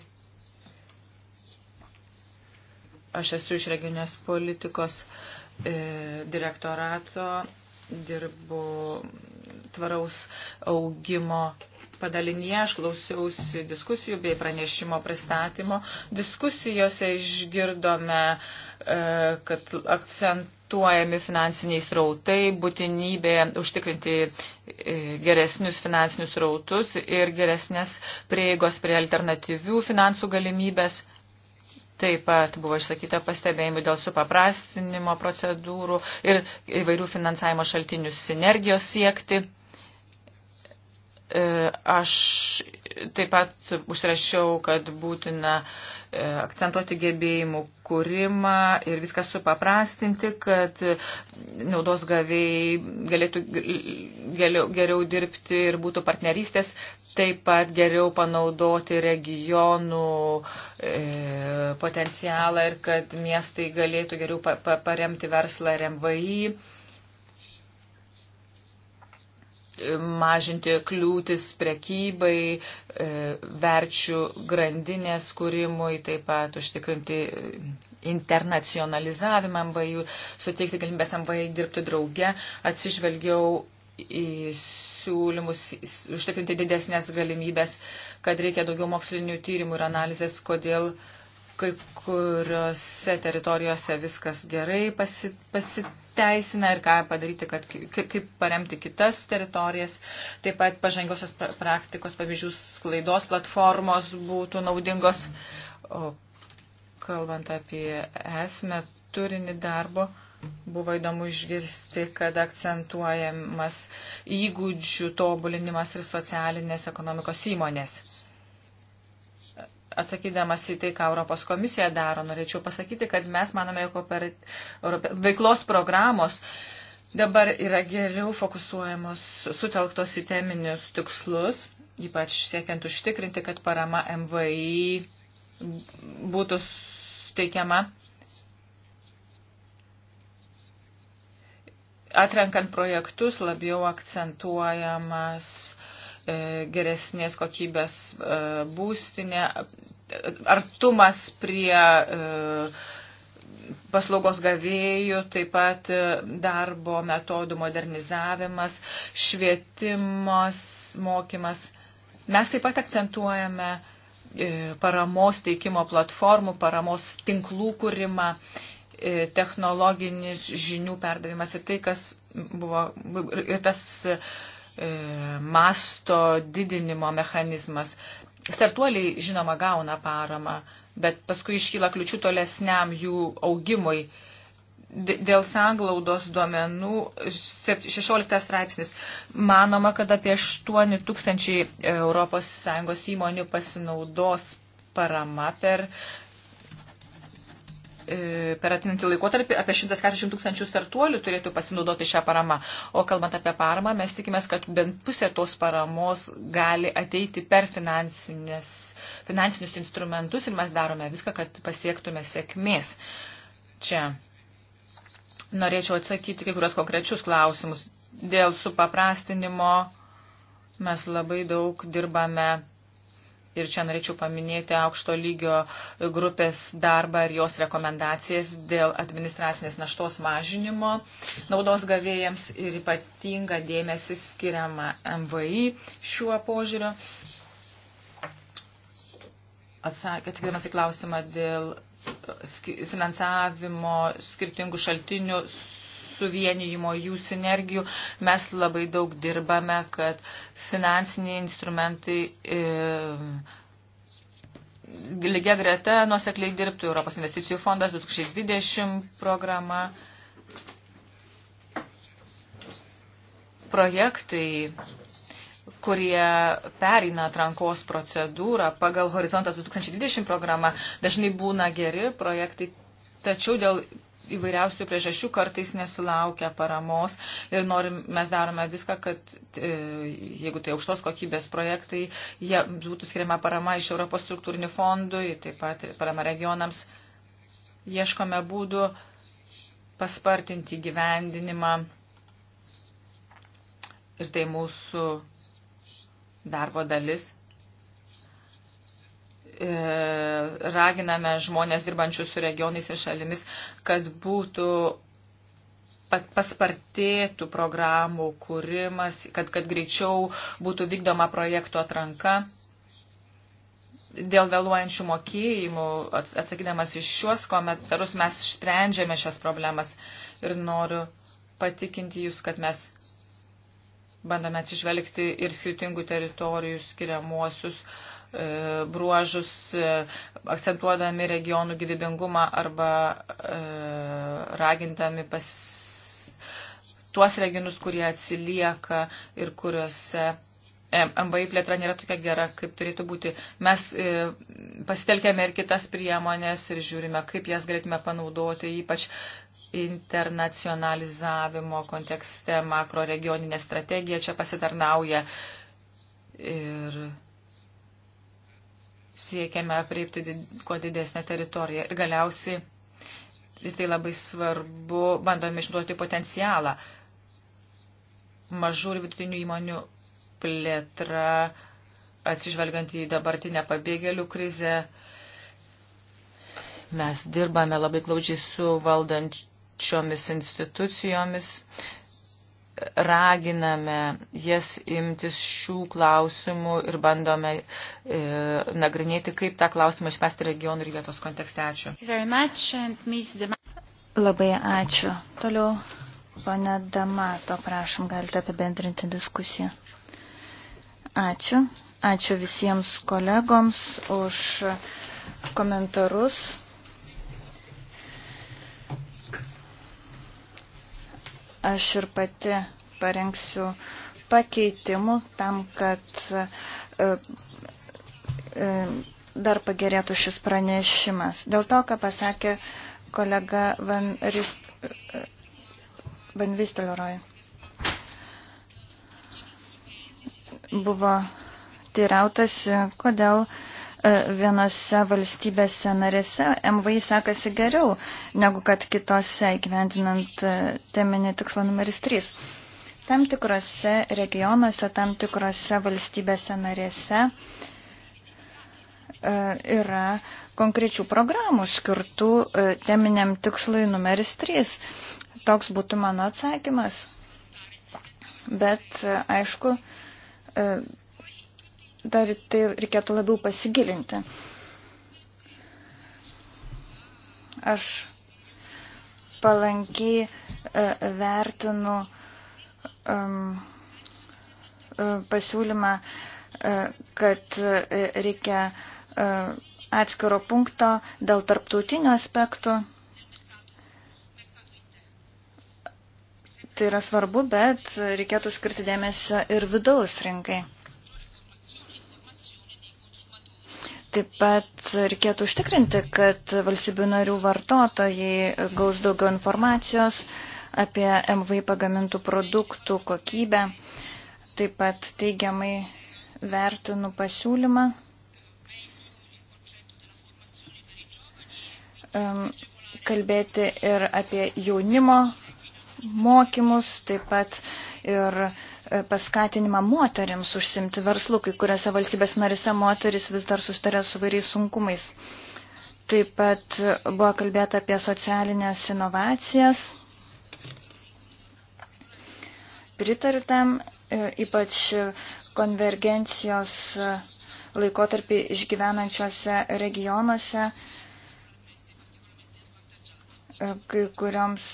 Aš esu iš regionės politikos uh, E, direktorato, dirbu tvaraus augimo padalinyje, aš klausiausi diskusijų bei pranešimo pristatymo. Diskusijose išgirdome, e, kad akcentuojami finansiniai srautai, būtinybė užtikrinti e, geresnius finansinius srautus ir geresnės prieigos prie alternatyvių finansų galimybės. Taip pat buvo išsakyta pastebėjimų dėl supaprastinimo procedūrų ir įvairių finansavimo šaltinių sinergijos siekti. E, aš taip pat užsirašiau, kad būtina e, akcentuoti gebėjimų kūrimą ir viską supaprastinti, kad naudos gavėjai galėtų geriau, geriau dirbti ir būtų partnerystės, taip pat geriau panaudoti regionų e, potencialą ir kad miestai galėtų geriau pa, pa, paremti verslą ir MVI. E, mažinti kliūtis prekybai, e, verčių grandinės kūrimui, taip pat užtikrinti internacionalizavimą MVI, suteikti galimybės MVI dirbti drauge. Atsižvelgiau į siūlymus užtikrinti didesnės galimybės, kad reikia daugiau mokslinių tyrimų ir analizės, kodėl uh, kai kuriuose teritorijose viskas gerai pasi, pasiteisina ir ką padaryti, kad, kaip paremti kitas teritorijas. Taip pat pažangiosios praktikos pavyzdžių sklaidos platformos būtų naudingos. O kalbant apie esmę turinį darbo, buvo įdomu išgirsti, kad akcentuojamas įgūdžių tobulinimas ir socialinės ekonomikos įmonės atsakydamas į tai, ką Europos komisija daro, norėčiau pasakyti, kad mes manome, jog veiklos programos dabar yra geriau fokusuojamos, sutelktos į teminius tikslus, ypač siekiant užtikrinti, kad parama MVI būtų teikiama atrenkant projektus labiau akcentuojamas E, geresnės kokybės e, būstinė, artumas prie e, paslaugos gavėjų, taip pat darbo metodų modernizavimas, švietimas, mokymas. Mes taip pat akcentuojame paramos teikimo platformų, paramos tinklų kūrimą, technologinis žinių perdavimas ir tai, kas buvo, ir tas E, masto didinimo mechanizmas. Startuoliai, žinoma, gauna paramą, bet paskui iškyla kliučių tolesniam jų augimui. Dėl sanglaudos duomenų 16 straipsnis. Manoma, kad apie 8 tūkstančiai ES įmonių pasinaudos parama per E, per atinantį laikotarpį apie 140 tūkstančių startuolių turėtų pasinaudoti šią paramą. O kalbant apie paramą, mes tikimės, kad bent pusė tos paramos gali ateiti per finansinius instrumentus ir mes darome viską, kad pasiektume sėkmės. Čia norėčiau atsakyti kai kurios konkrečius klausimus. Dėl supaprastinimo mes labai daug dirbame Ir čia norėčiau paminėti aukšto lygio grupės darbą ir jos rekomendacijas dėl administracinės naštos mažinimo naudos gavėjams ir ypatinga dėmesį skiriama MVI šiuo požiūriu. Atsakydamas į klausimą dėl finansavimo skirtingų šaltinių suvienijimo, jų sinergijų. Mes labai daug dirbame, kad finansiniai instrumentai. E, Lygia greta nuosekliai dirbtų Europos investicijų fondas 2020 programa. Projektai kurie perina atrankos procedūrą pagal Horizontas 2020 programą, dažnai būna geri projektai, tačiau dėl įvairiausių priežasčių kartais nesulaukia paramos ir norim, mes darome viską, kad e, jeigu tai aukštos kokybės projektai, jie būtų skiriama parama iš Europos struktūrinių fondų, taip pat parama regionams. Ieškome būdų paspartinti gyvendinimą ir tai mūsų darbo dalis E, raginame žmonės dirbančius su regionais ir šalimis, kad būtų paspartėtų programų kūrimas, kad, kad greičiau būtų vykdoma projektų atranka. Dėl vėluojančių mokėjimų, atsakydamas iš šiuos komentarus, mes sprendžiame šias problemas ir noriu patikinti jūs, kad mes bandome atsižvelgti ir skirtingų teritorijų skiriamuosius uh, E, bruožus, e, akcentuodami regionų gyvybingumą arba e, ragindami pas tuos regionus, kurie atsilieka ir kuriuose MVI plėtra nėra tokia gera, kaip turėtų būti. Mes e, pasitelkėme ir kitas priemonės ir žiūrime, kaip jas galėtume panaudoti, ypač internacionalizavimo kontekste makroregioninė strategija čia pasitarnauja. Ir siekiame apreipti kuo didesnę teritoriją. Ir galiausiai, ir tai labai svarbu, bandome išduoti potencialą. Mažų ir vidutinių įmonių plėtra, atsižvelgiant į dabartinę pabėgėlių krizę, mes dirbame labai glaudžiai su valdančiomis institucijomis, raginame jas imtis šių klausimų ir bandome e, nagrinėti, kaip tą klausimą išpesti regionų ir vietos kontekste. Ačiū. Labai ačiū. Toliau, pane Damato, prašom, galite apibendrinti diskusiją. Ačiū. Ačiū visiems kolegoms už komentarus. Aš ir pati parengsiu pakeitimų tam, kad e, e, dar pagerėtų šis pranešimas. Dėl to, ką pasakė kolega Van, Rist, Van Vistelroj. Buvo tyrautasi, kodėl uh, E, vienose valstybėse narėse MVI sekasi geriau negu kad kitose įgyventinant e, teminį tikslą numeris 3. Tam tikrose regionuose, tam tikrose valstybėse narėse e, yra konkrečių programų skirtų teminiam tikslui numeris 3. Toks būtų mano atsakymas. Bet, aišku, dar tai reikėtų labiau pasigilinti. Aš palankiai e, vertinu e, pasiūlymą, e, kad reikia atskiro punkto dėl tarptautinių aspektų. Tai yra svarbu, bet reikėtų skirti dėmesio ir vidaus rinkai. Taip pat reikėtų užtikrinti, kad valstybių narių vartotojai gaus daugiau informacijos apie MV pagamintų produktų kokybę. Taip pat teigiamai vertinu pasiūlymą. Kalbėti ir apie jaunimo mokymus, taip pat ir E, paskatinimą moteriams užsimti verslu, kai kuriuose valstybės narise moteris vis dar sustarė su vairiais sunkumais. Taip pat buvo kalbėta apie socialinės inovacijas. Pritariu tam, e, ypač konvergencijos laikotarpį išgyvenančiose regionuose, e, kai kurioms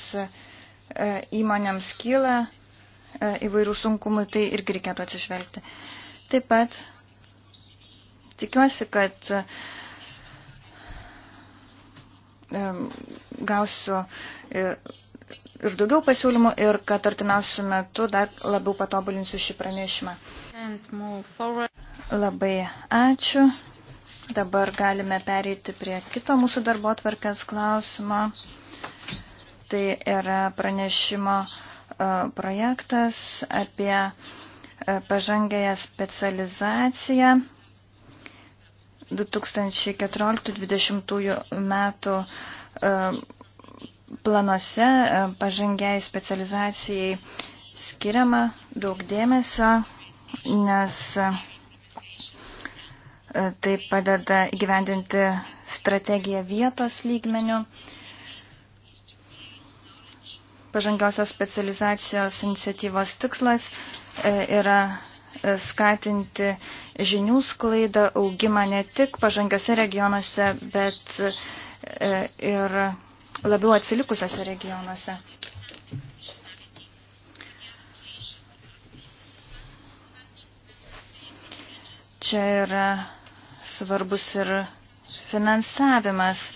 įmonėms kyla E, įvairių sunkumų, tai irgi reikėtų atsižvelgti. Taip pat tikiuosi, kad e, gausiu e, ir daugiau pasiūlymų ir kad artimiausių metų dar labiau patobulinsiu šį pranešimą. Labai ačiū. Dabar galime pereiti prie kito mūsų darbo tvarkės klausimo. Tai yra pranešimo projektas apie pažangėją specializaciją 2014-2020 metų planuose pažangiai specializacijai skiriama daug dėmesio, nes tai padeda įgyvendinti strategiją vietos lygmenių. Pažangiausios specializacijos iniciatyvos tikslas e, yra e, skatinti žinių sklaidą, augimą ne tik pažangiose regionuose, bet e, ir labiau atsilikusiose regionuose. Čia yra svarbus ir finansavimas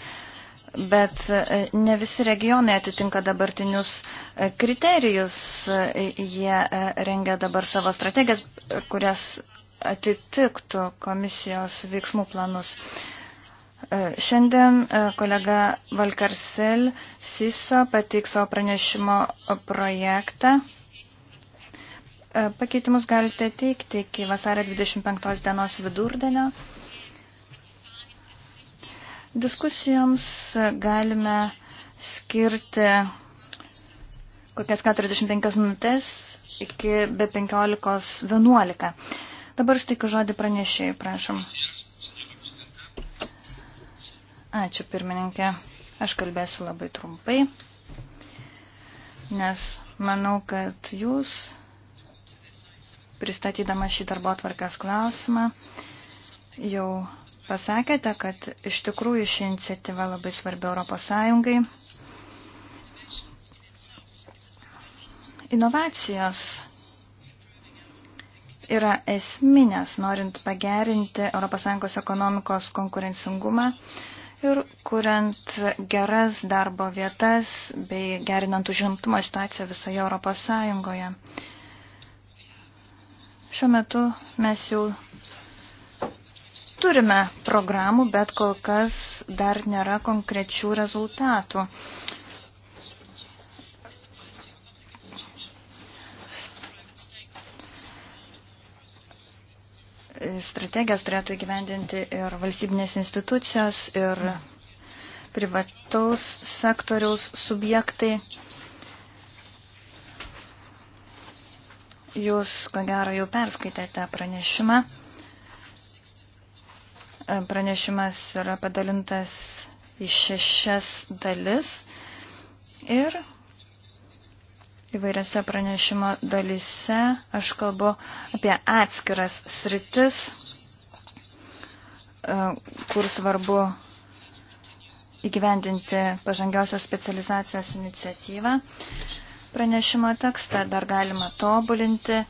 bet e, ne visi regionai atitinka dabartinius e, kriterijus. E, jie rengia dabar savo strategijas, kurias atitiktų komisijos veiksmų planus. Šiandien kolega Valkarsel Siso pateiks savo pranešimo projektą. Pakeitimus galite teikti iki vasario 25 dienos vidurdienio. Diskusijoms galime skirti kokias 45 minutės iki be 15.11. Dabar suteikiu žodį pranešėjai, prašom. Ačiū pirmininkė. Aš kalbėsiu labai trumpai, nes manau, kad jūs, pristatydama šį darbo tvarkas klausimą, jau pasakėte, kad iš tikrųjų ši iniciatyva labai svarbi Europos Sąjungai. Inovacijos yra esminės, norint pagerinti ES ekonomikos konkurencingumą ir kuriant geras darbo vietas bei gerinant užimtumo situaciją visoje Europos Sąjungoje. Šiuo metu mes jau turime programų, bet kol kas dar nėra konkrečių rezultatų. Strategijas turėtų įgyvendinti ir valstybinės institucijos, ir privataus sektoriaus subjektai. Jūs, ko gero, jau perskaitėte pranešimą. Pranešimas yra padalintas į šešias dalis ir įvairiose pranešimo dalise aš kalbu apie atskiras sritis, e, kur svarbu įgyvendinti pažangiosios specializacijos iniciatyvą. Pranešimo tekstą dar galima tobulinti,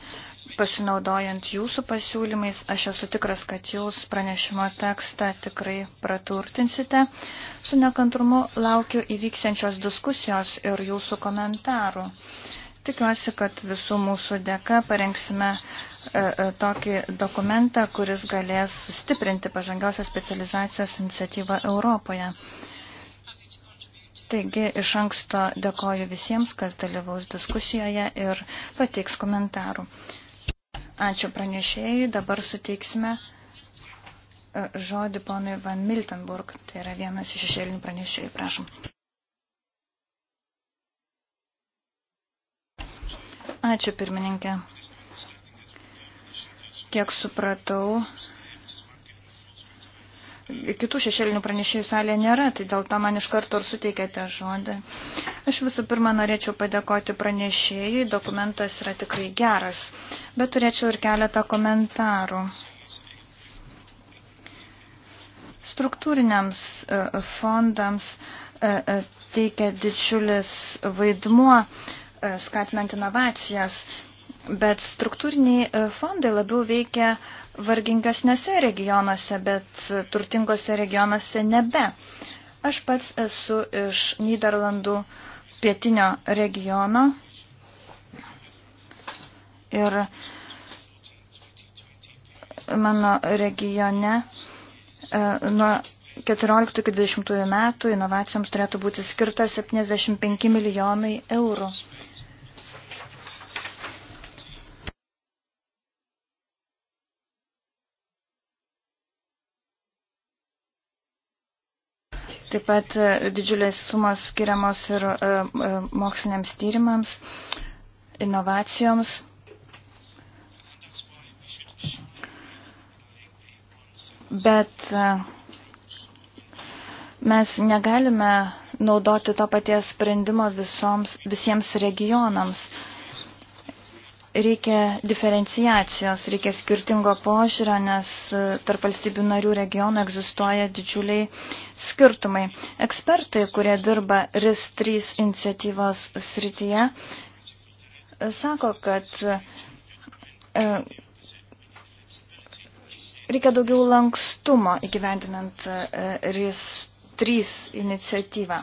pasinaudojant jūsų pasiūlymais, aš esu tikras, kad jūs pranešimo tekstą tikrai praturtinsite. Su nekantrumu laukiu įvyksiančios diskusijos ir jūsų komentarų. Tikiuosi, kad visų mūsų dėka parengsime e, e, tokį dokumentą, kuris galės sustiprinti pažangiausios specializacijos iniciatyvą Europoje. Taigi iš anksto dėkoju visiems, kas dalyvaus diskusijoje ir pateiks komentarų. Ačiū pranešėjai. Dabar suteiksime e, žodį ponui Van Miltenburg. Tai yra vienas iš šešėlinių pranešėjų. Prašom. Ačiū pirmininkė. Kiek supratau, kitų šešėlinių pranešėjų salėje nėra, tai dėl to man iš karto ir suteikėte žodį. Aš visų pirma norėčiau padėkoti pranešėjui, dokumentas yra tikrai geras, bet turėčiau ir keletą komentarų. Struktūriniams e, fondams e, e, teikia didžiulis vaidmuo skatinant inovacijas Bet struktūriniai e, fondai labiau veikia vargingesniuose regionuose, bet turtingose regionuose nebe. Aš pats esu iš Niderlandų pietinio regiono ir mano regione e, nuo 14-20 metų inovacijoms turėtų būti skirta 75 milijonai eurų. Taip pat e, didžiulės sumos skiriamos ir e, e, moksliniams tyrimams, inovacijoms. Bet mes negalime naudoti to paties sprendimo visoms, visiems regionams. Reikia diferenciacijos, reikia skirtingo požiūrio, nes e, tarp valstybių narių regionų egzistuoja didžiuliai skirtumai. Ekspertai, kurie dirba RIS3 iniciatyvos srityje, e, sako, kad e, reikia daugiau lankstumo įgyvendinant RIS 3 iniciatyvą.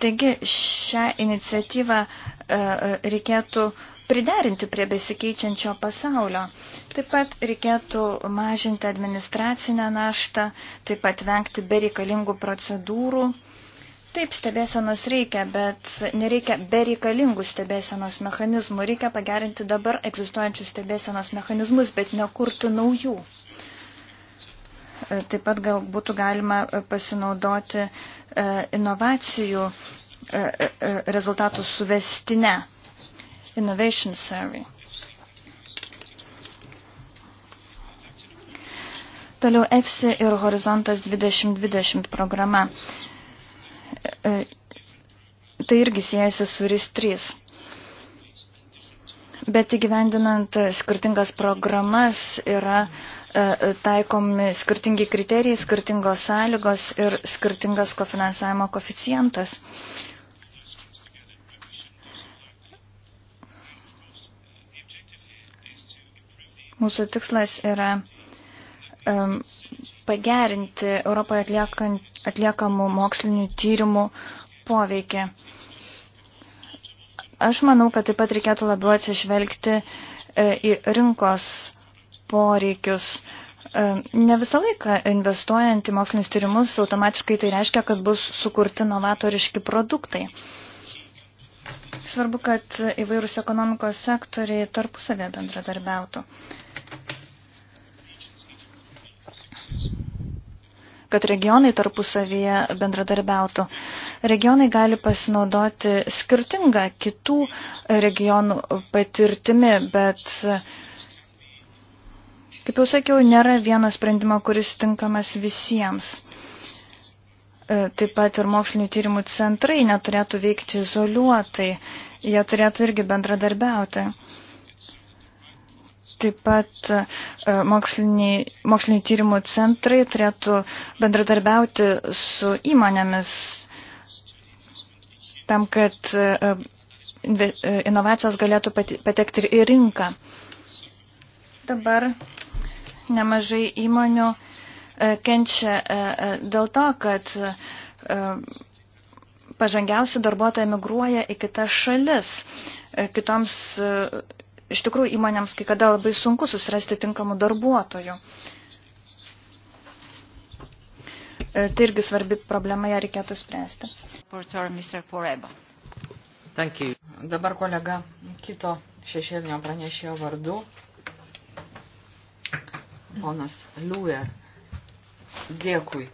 Taigi šią iniciatyvą reikėtų priderinti prie besikeičiančio pasaulio. Taip pat reikėtų mažinti administracinę naštą, taip pat vengti bereikalingų procedūrų. Taip, stebėsenos reikia, bet nereikia bereikalingų stebėsenos mechanizmų. Reikia pagerinti dabar egzistuojančius stebėsenos mechanizmus, bet nekurti naujų. Taip pat gal būtų galima pasinaudoti e, inovacijų e, e, rezultatų suvestinę. Innovation Survey. Toliau EFSI ir Horizontas 2020 programa. E, e, tai irgi siejasi su RIS 3. Bet įgyvendinant skirtingas programas yra e, taikomi skirtingi kriterijai, skirtingos sąlygos ir skirtingas kofinansavimo koficijantas. Mūsų tikslas yra um, pagerinti Europoje atliekant, atliekamų mokslinių tyrimų poveikį. Aš manau, kad taip pat reikėtų labiau atsižvelgti e, į rinkos poreikius. E, ne visą laiką investuojant į mokslinius tyrimus automatiškai tai reiškia, kad bus sukurti novatoriški produktai. Svarbu, kad įvairūs ekonomikos sektoriai tarpusavė bendradarbiautų. kad regionai tarpusavyje bendradarbiautų. Regionai gali pasinaudoti skirtingą kitų regionų patirtimi, bet, kaip jau sakiau, nėra vieno sprendimo, kuris tinkamas visiems. E, taip pat ir mokslinių tyrimų centrai neturėtų veikti izoliuotai, jie turėtų irgi bendradarbiauti. Taip pat e, moksliniai, moksliniai tyrimų centrai turėtų bendradarbiauti su įmonėmis tam, kad e, e, inovacijos galėtų patekti ir į rinką. Dabar nemažai įmonių kenčia dėl to, kad pažangiausi darbuotojai migruoja į kitas šalis. Kitoms Iš tikrųjų, įmonėms kai kada labai sunku susirasti tinkamų darbuotojų. E, tai irgi svarbi problema, ją reikėtų spręsti. Dabar kolega kito šešėlinio pranešėjo vardu, ponas Liuer. Dėkui.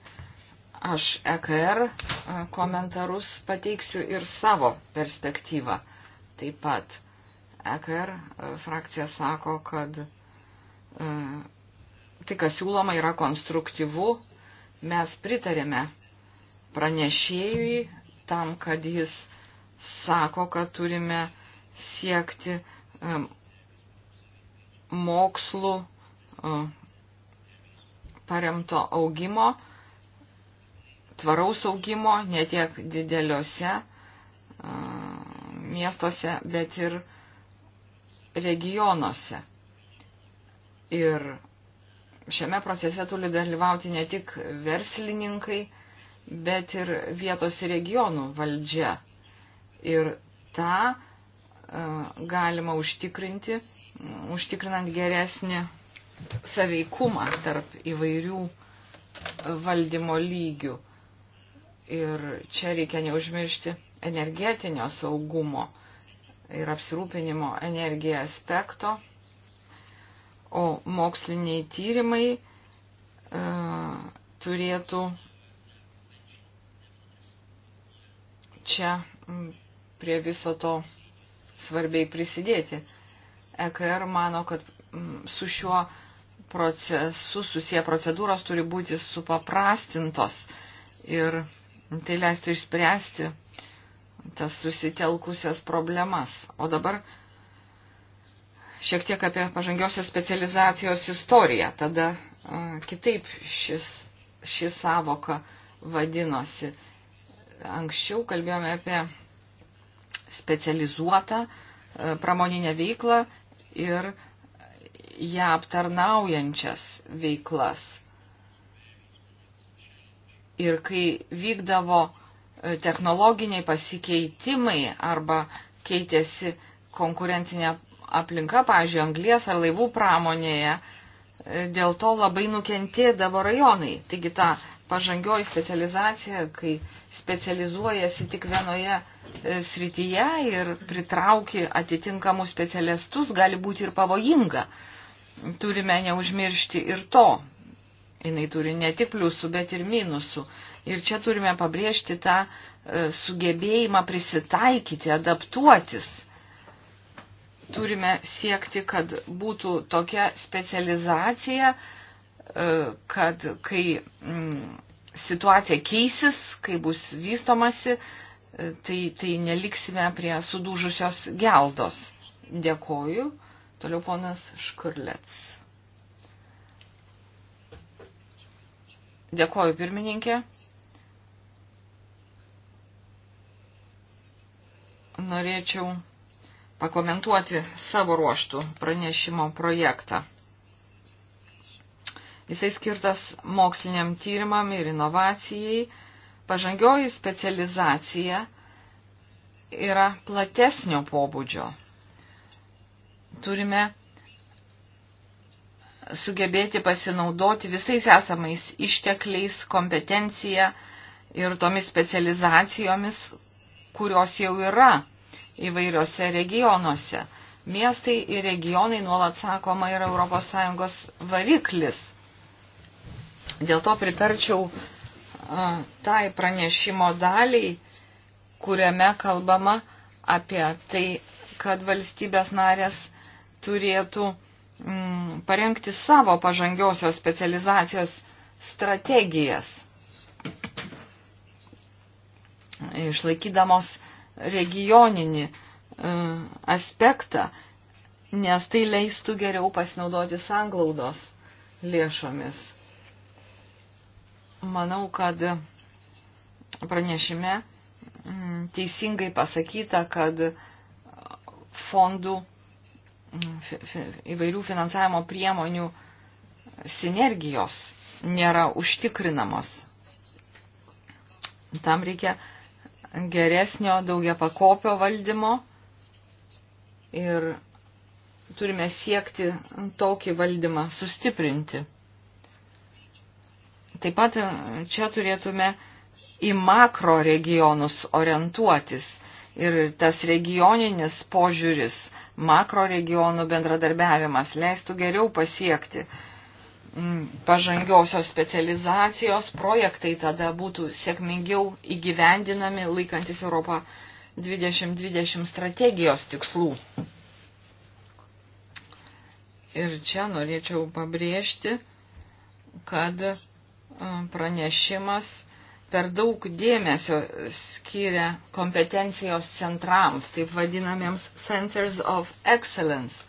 Aš EKR e, komentarus pateiksiu ir savo perspektyvą taip pat. EKR e, frakcija sako, kad e, tai, kas siūloma, yra konstruktyvu. Mes pritarėme pranešėjui tam, kad jis sako, kad turime siekti e, mokslų e, paremto augimo, tvaraus augimo, ne tiek dideliuose e, miestuose, bet ir uh, regionuose. Ir šiame procese turi dalyvauti ne tik verslininkai, bet ir vietos ir regionų valdžia. Ir tą e, galima užtikrinti, užtikrinant geresnį saveikumą tarp įvairių valdymo lygių. Ir čia reikia neužmiršti energetinio saugumo ir apsirūpinimo energija aspekto, o moksliniai tyrimai e, turėtų čia prie viso to svarbiai prisidėti. EKR mano, kad su šiuo procesu susiję procedūros turi būti supaprastintos ir tai leistų išspręsti tas susitelkusias problemas. O dabar šiek tiek apie pažangiosios specializacijos istoriją. Tada a, kitaip šis, ši savoka vadinosi. Anksčiau kalbėjome apie specializuotą a, pramoninę veiklą ir ją aptarnaujančias veiklas. Ir kai vykdavo technologiniai pasikeitimai arba keitėsi konkurencinė aplinka, pavyzdžiui, anglies ar laivų pramonėje, dėl to labai nukentėdavo rajonai. Taigi ta pažangioji specializacija, kai specializuojasi tik vienoje e, srityje ir pritrauki atitinkamus specialistus, gali būti ir pavojinga. Turime neužmiršti ir to. Jis turi ne tik pliusų, bet ir minusų. Ir čia turime pabrėžti tą e, sugebėjimą prisitaikyti, adaptuotis. Turime siekti, kad būtų tokia specializacija, e, kad kai mm, situacija keisis, kai bus vystomasi, e, tai, tai neliksime prie sudužusios geldos. Dėkoju. Toliau ponas Škurlets. Dėkoju pirmininkė. norėčiau pakomentuoti savo ruoštų pranešimo projektą. Jisai skirtas moksliniam tyrimam ir inovacijai. Pažangioji specializacija yra platesnio pobūdžio. Turime sugebėti pasinaudoti visais esamais ištekliais, kompetencija ir tomis specializacijomis, kurios jau yra įvairiose regionuose. Miestai ir regionai nuolat sakoma yra ES variklis. Dėl to pritarčiau a, tai pranešimo daliai, kuriame kalbama apie tai, kad valstybės narės turėtų mm, parengti savo pažangiosios specializacijos strategijas, išlaikydamos regioninį e, aspektą, nes tai leistų geriau pasinaudoti sanglaudos lėšomis. Manau, kad pranešime mm, teisingai pasakyta, kad fondų mm, įvairių finansavimo priemonių sinergijos nėra užtikrinamos. Tam reikia uh, geresnio daugia pakopio valdymo ir turime siekti tokį valdymą sustiprinti. Taip pat e, čia turėtume į makro regionus orientuotis ir tas regioninis požiūris, makro regionų bendradarbiavimas leistų geriau pasiekti uh, Mm, pažangiosios specializacijos projektai tada būtų sėkmingiau įgyvendinami laikantis Europą 2020 strategijos tikslų. Ir čia norėčiau pabrėžti, kad pranešimas per daug dėmesio skiria kompetencijos centrams, taip vadinamiems Centers of Excellence.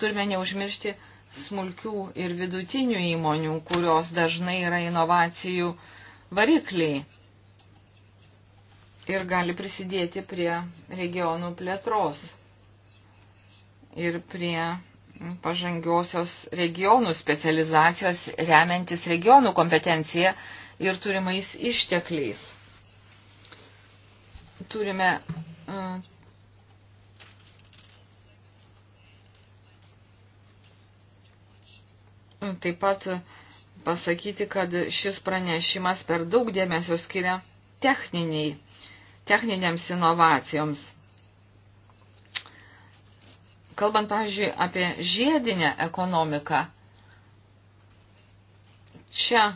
Turime neužmiršti, smulkių ir vidutinių įmonių, kurios dažnai yra inovacijų varikliai ir gali prisidėti prie regionų plėtros ir prie pažangiosios regionų specializacijos remiantis regionų kompetencija ir turimais ištekliais. Turime uh, taip pat pasakyti, kad šis pranešimas per daug dėmesio skiria techniniai, techninėms inovacijoms. Kalbant, pavyzdžiui, apie žiedinę ekonomiką, čia e,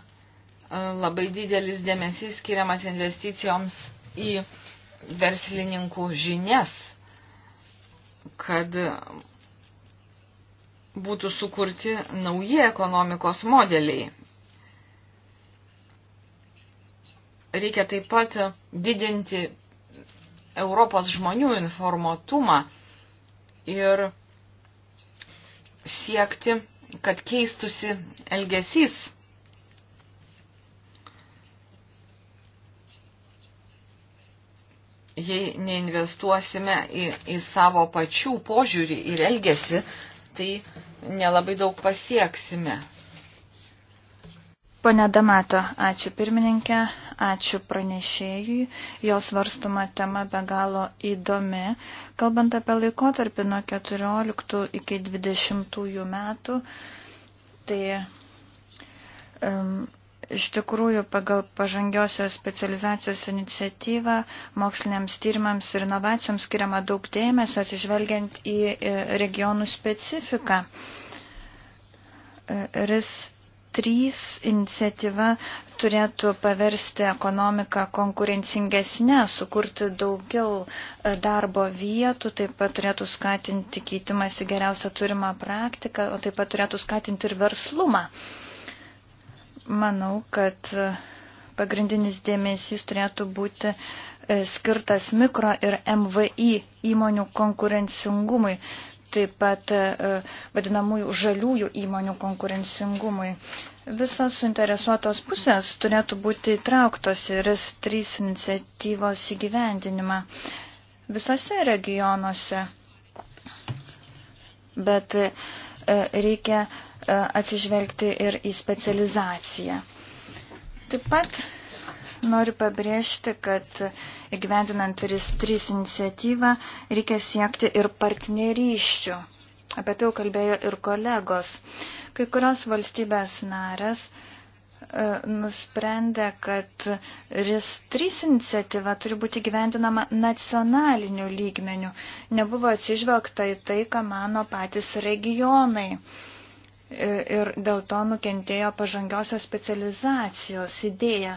labai didelis dėmesys skiriamas investicijoms į verslininkų žinias, kad būtų sukurti nauji ekonomikos modeliai. Reikia taip pat didinti Europos žmonių informuotumą ir siekti, kad keistusi elgesys. Jei neinvestuosime į, į savo pačių požiūrį ir elgesį, tai nelabai daug pasieksime. Pane Damato, ačiū pirmininkė, ačiū pranešėjui, jos varstoma tema be galo įdomi. Kalbant apie laikotarpį nuo 14 iki 20 metų, tai um, Iš tikrųjų, pagal pažangiosios specializacijos iniciatyvą moksliniams tyrimams ir inovacijoms skiriama daug dėmesio atsižvelgiant į e, regionų specifiką. E, RIS 3 iniciatyva turėtų paversti ekonomiką konkurencingesnę, sukurti daugiau e, darbo vietų, taip pat turėtų skatinti keitimąsi geriausią turimą praktiką, o taip pat turėtų skatinti ir verslumą. Manau, kad pagrindinis dėmesys turėtų būti e, skirtas mikro ir MVI įmonių konkurencingumui, taip pat e, vadinamųjų žaliųjų įmonių konkurencingumui. Visos suinteresuotos pusės turėtų būti įtrauktos į RIS3 iniciatyvos įgyvendinimą visose regionuose. Bet e, reikia E, atsižvelgti ir į specializaciją. Taip pat noriu pabrėžti, kad įgyvendinant RIS 3 iniciatyvą reikia siekti ir partnerysčių. Apie tai jau kalbėjo ir kolegos. Kai kurios valstybės narės e, nusprendė, kad RIS 3 iniciatyva turi būti gyventinama nacionaliniu lygmeniu. Nebuvo atsižvelgta į tai, ką mano patys regionai ir dėl to nukentėjo pažangiosios specializacijos idėja.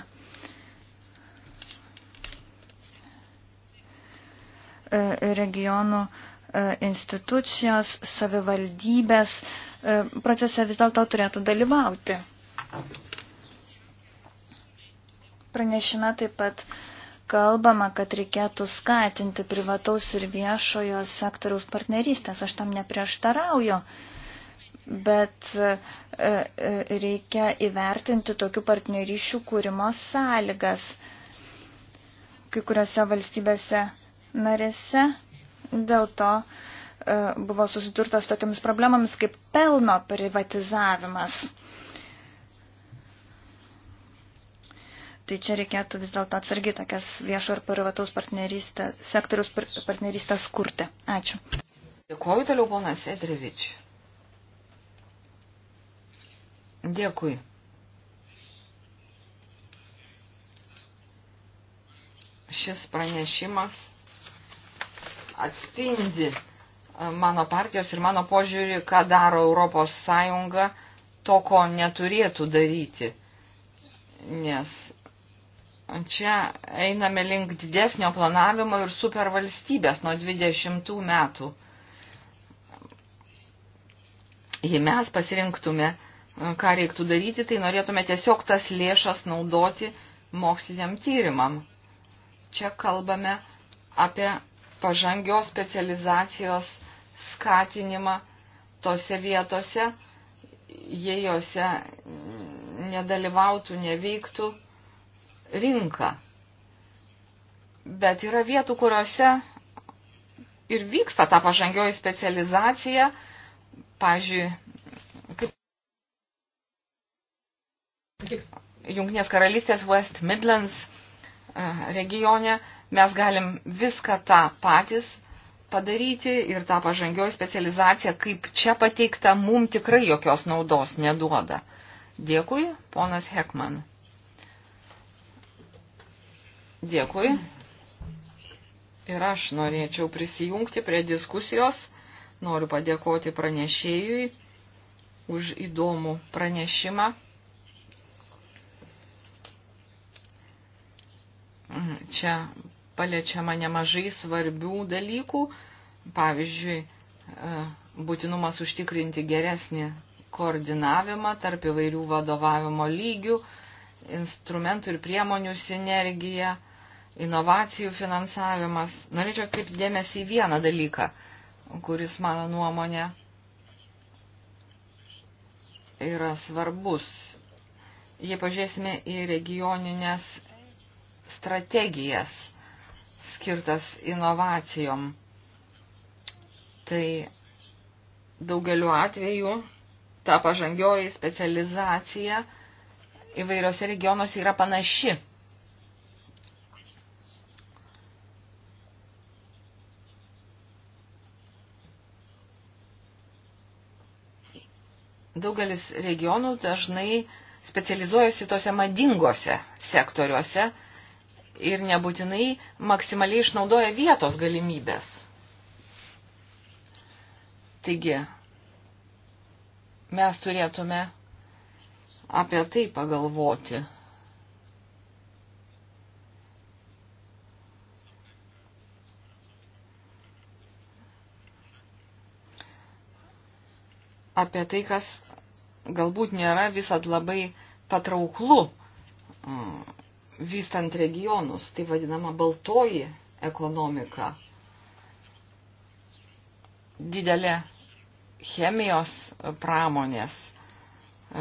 E, regionų e, institucijos, savivaldybės e, procese vis dėlto turėtų dalyvauti. Pranešime taip pat kalbama, kad reikėtų skatinti privataus ir viešojo sektoriaus partnerystės. Aš tam neprieštarauju. Uh, bet e, e, reikia įvertinti tokių partnerysčių kūrimo sąlygas. Kai kuriuose valstybėse narėse dėl to e, buvo susidurtas tokiamis problemomis kaip pelno privatizavimas. Tai čia reikėtų vis dėlto atsargiai tokias viešo ir privataus partnerystės, sektoriaus partnerystės kurti. Ačiū. Dėkuoju toliau, ponas Edrevičius. Dėkui. Šis pranešimas atspindi e, mano partijos ir mano požiūrį, ką daro Europos Sąjunga, to, ko neturėtų daryti. Nes čia einame link didesnio planavimo ir supervalstybės nuo 20 metų. Jei mes pasirinktume ką reiktų daryti, tai norėtume tiesiog tas lėšas naudoti moksliniam tyrimam. Čia kalbame apie pažangios specializacijos skatinimą tose vietose, jei jose nedalyvautų, neveiktų rinka. Bet yra vietų, kuriuose ir vyksta ta pažangioji specializacija, pažiūrėjau, Junknės karalystės West Midlands e, regione mes galim viską tą patys padaryti ir tą pažangioji specializacija, kaip čia pateikta, mum tikrai jokios naudos neduoda. Dėkui, ponas Hekman. Dėkui. Ir aš norėčiau prisijungti prie diskusijos. Noriu padėkoti pranešėjui už įdomų pranešimą. Čia paliečiama nemažai svarbių dalykų, pavyzdžiui, e, būtinumas užtikrinti geresnį koordinavimą tarp įvairių vadovavimo lygių, instrumentų ir priemonių sinergiją, inovacijų finansavimas. Norėčiau kaip dėmesį į vieną dalyką, kuris mano nuomonė yra svarbus. Jei pažiūrėsime į regioninės strategijas skirtas inovacijom. Tai daugeliu atveju ta pažangioji specializacija įvairiose regionuose yra panaši. Daugelis regionų dažnai specializuojasi tose madingose sektoriuose, ir nebūtinai maksimaliai išnaudoja vietos galimybės. Taigi, mes turėtume apie tai pagalvoti. apie tai, kas galbūt nėra visat labai patrauklu mm, vystant regionus, tai vadinama baltoji ekonomika. Didelė chemijos pramonės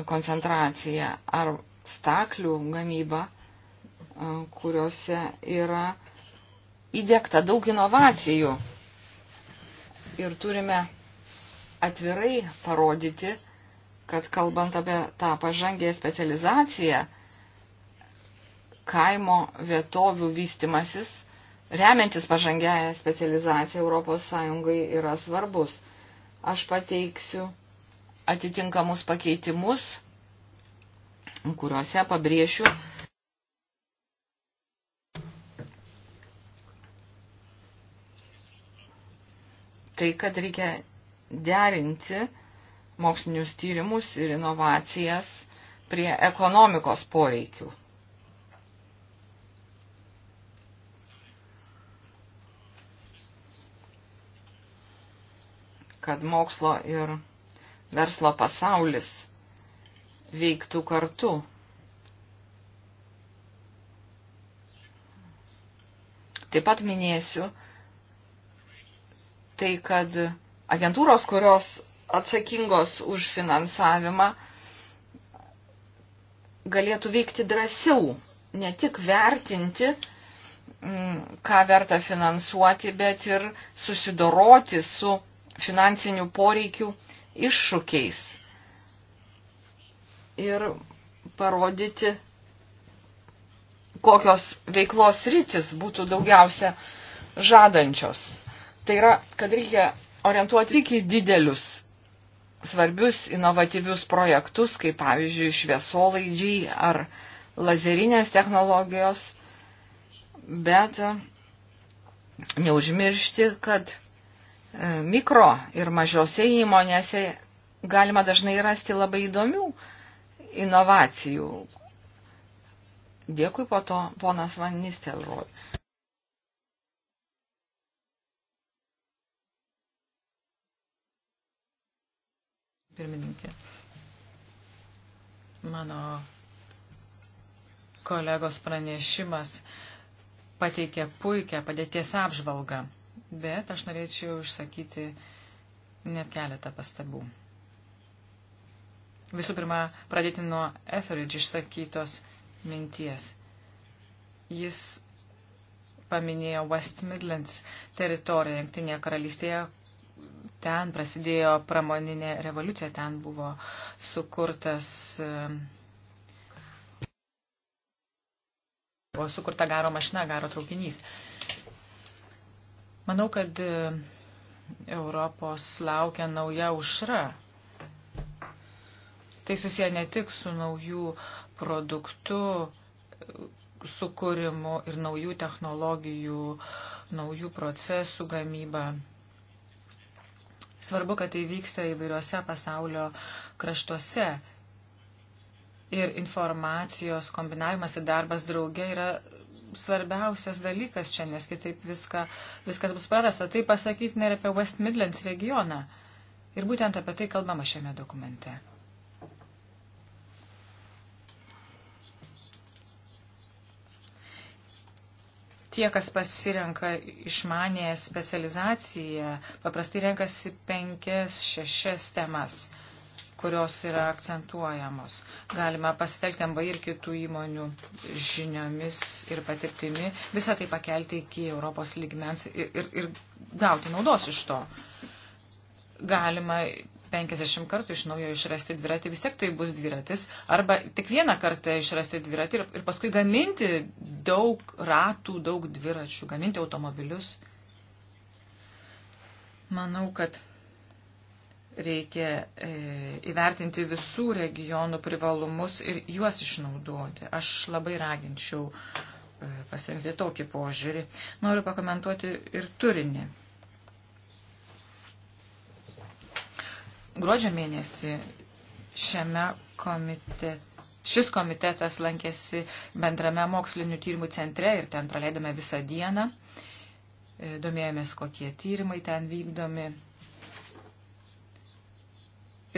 koncentracija ar staklių gamyba, e, kuriuose yra įdėkta daug inovacijų. Ir turime atvirai parodyti, kad kalbant apie tą pažangę specializaciją, kaimo vietovių vystimasis, remiantis pažangiają specializaciją ES yra svarbus. Aš pateiksiu atitinkamus pakeitimus, kuriuose pabrėšiu tai, kad reikia derinti mokslinius tyrimus ir inovacijas prie ekonomikos poreikių. kad mokslo ir verslo pasaulis veiktų kartu. Taip pat minėsiu tai, kad agentūros, kurios atsakingos už finansavimą, galėtų veikti drąsiau, ne tik vertinti, mm, ką verta finansuoti, bet ir susidoroti su finansinių poreikių iššūkiais ir parodyti, kokios veiklos rytis būtų daugiausia žadančios. Tai yra, kad reikia orientuoti tik į didelius svarbius inovatyvius projektus, kaip pavyzdžiui šviesolaidžiai ar lazerinės technologijos, bet neužmiršti, kad E, mikro ir mažose įmonėse galima dažnai rasti labai įdomių inovacijų. Dėkui po to, ponas Van Nistelrooy. Pirmininkė. Mano kolegos pranešimas pateikė puikią padėties apžvalgą bet aš norėčiau išsakyti net keletą pastabų. Visų pirma, pradėti nuo Etheridge išsakytos minties. Jis paminėjo West Midlands teritoriją Junktinėje karalystėje. Ten prasidėjo pramoninė revoliucija, ten buvo sukurtas buvo sukurta garo mašina, garo traukinys. Manau, kad e, Europos laukia nauja užra. Tai susiję ne tik su naujų produktų e, sukūrimu ir naujų technologijų, naujų procesų gamyba. Svarbu, kad tai vyksta įvairiuose pasaulio kraštuose. Ir informacijos kombinavimas ir darbas drauge yra svarbiausias dalykas čia, nes kitaip viską, viskas bus prarasta. Tai pasakyti nėra apie West Midlands regioną. Ir būtent apie tai kalbama šiame dokumente. Tie, kas pasirenka išmanę specializaciją, paprastai renkasi penkias, šešias temas. Uh, kurios yra akcentuojamos. Galima pasitelkti MBA ir kitų įmonių žiniomis ir patirtimi, visą tai pakelti iki Europos lygmens ir, ir, ir gauti naudos iš to. Galima 50 kartų iš naujo išrasti dviratį, vis tiek tai bus dviratis, arba tik vieną kartą išrasti dviratį ir, ir paskui gaminti daug ratų, daug dviračių, gaminti automobilius. Manau, kad reikia e, įvertinti visų regionų privalumus ir juos išnaudoti. Aš labai raginčiau e, pasirinkti tokį požiūrį. Noriu pakomentuoti ir turinį. Gruodžio mėnesį šiame komitete. Šis komitetas lankėsi bendrame mokslinių tyrimų centre ir ten praleidome visą dieną. E, domėjomės, kokie tyrimai ten vykdomi,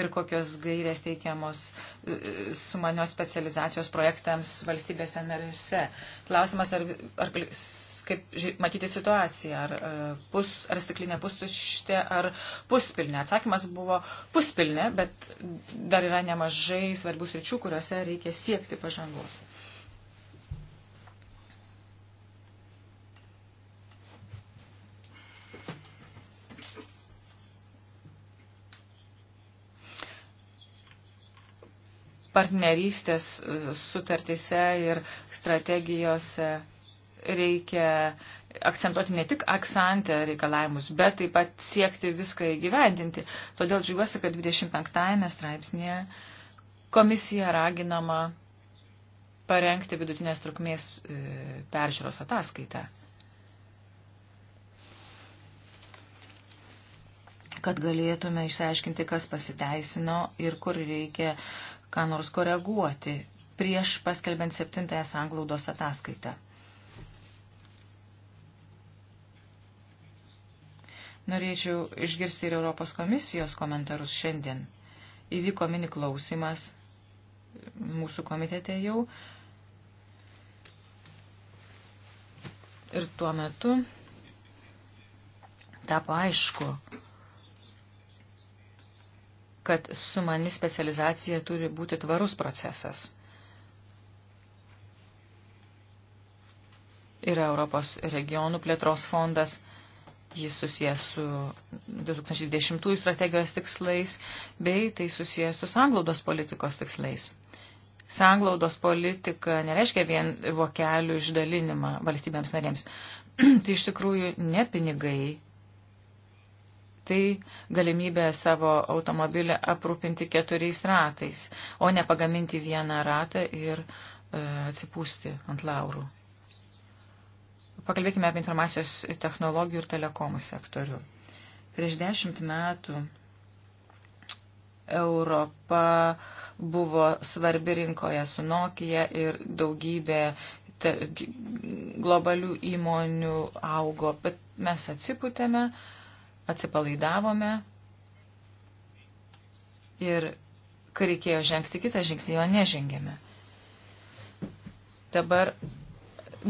ir kokios gairės teikiamos e, e, sumanios specializacijos projektams valstybėse narėse. Klausimas, ar, ar kaip matyti situaciją, ar, e, pus, ar stiklinė pustuštė, ar puspilnė. Atsakymas buvo puspilnė, bet dar yra nemažai svarbių sričių, kuriuose reikia siekti pažangos. partnerystės sutartise ir strategijose reikia akcentuoti ne tik aksantę reikalavimus, bet taip pat siekti viską įgyvendinti. Todėl džiugiuosi, kad 25 straipsnėje komisija raginama parengti vidutinės trukmės e, peržiūros ataskaitą. kad galėtume išsiaiškinti, kas pasiteisino ir kur reikia uh, ką nors koreguoti prieš paskelbent septintąją sanglaudos ataskaitą. Norėčiau išgirsti ir Europos komisijos komentarus šiandien. Įvyko mini klausimas mūsų komitete jau. Ir tuo metu tapo aišku, kad su mani specializacija turi būti tvarus procesas. Yra Europos regionų plėtros fondas, jis susijęs su 2010 strategijos tikslais, bei tai susijęs su sanglaudos politikos tikslais. Sanglaudos politika nereiškia vien vokelių išdalinimą valstybėms narėms. tai iš tikrųjų ne pinigai tai galimybė savo automobilį aprūpinti keturiais ratais, o ne pagaminti vieną ratą ir e, atsipūsti ant laurų. Pakalbėkime apie informacijos technologijų ir telekomų sektorių. Prieš dešimt metų Europa buvo svarbi rinkoje su Nokia ir daugybė globalių įmonių augo, bet mes atsiputėme, atsipalaidavome ir kai reikėjo žengti kitą žingsnį, jo nežengėme. Dabar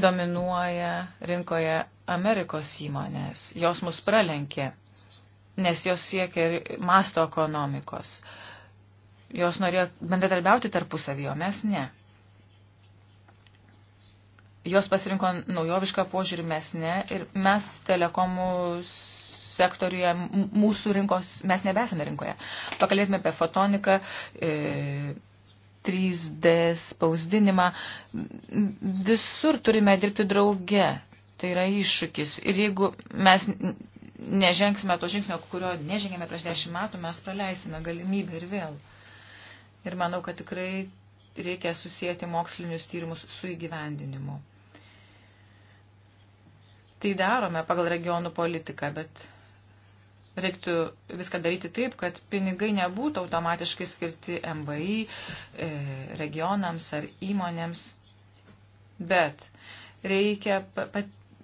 dominuoja rinkoje Amerikos įmonės. Jos mus pralenkė, nes jos siekia masto ekonomikos. Jos norėjo bendradarbiauti tarpusavyje, mes ne. Jos pasirinko naujovišką požiūrį, mes ne. Ir mes telekomus sektoriuje mūsų rinkos, mes nebesame rinkoje. Pakalbėtume apie fotoniką, 3D e, spausdinimą. Visur turime dirbti drauge. Tai yra iššūkis. Ir jeigu mes nežengsime to žingsnio, kurio nežengėme prieš dešimt metų, mes praleisime galimybę ir vėl. Ir manau, kad tikrai reikia susijęti mokslinius tyrimus su įgyvendinimu. Tai darome pagal regionų politiką, bet reiktų viską daryti taip, kad pinigai nebūtų automatiškai skirti MVI, e, regionams ar įmonėms, bet reikia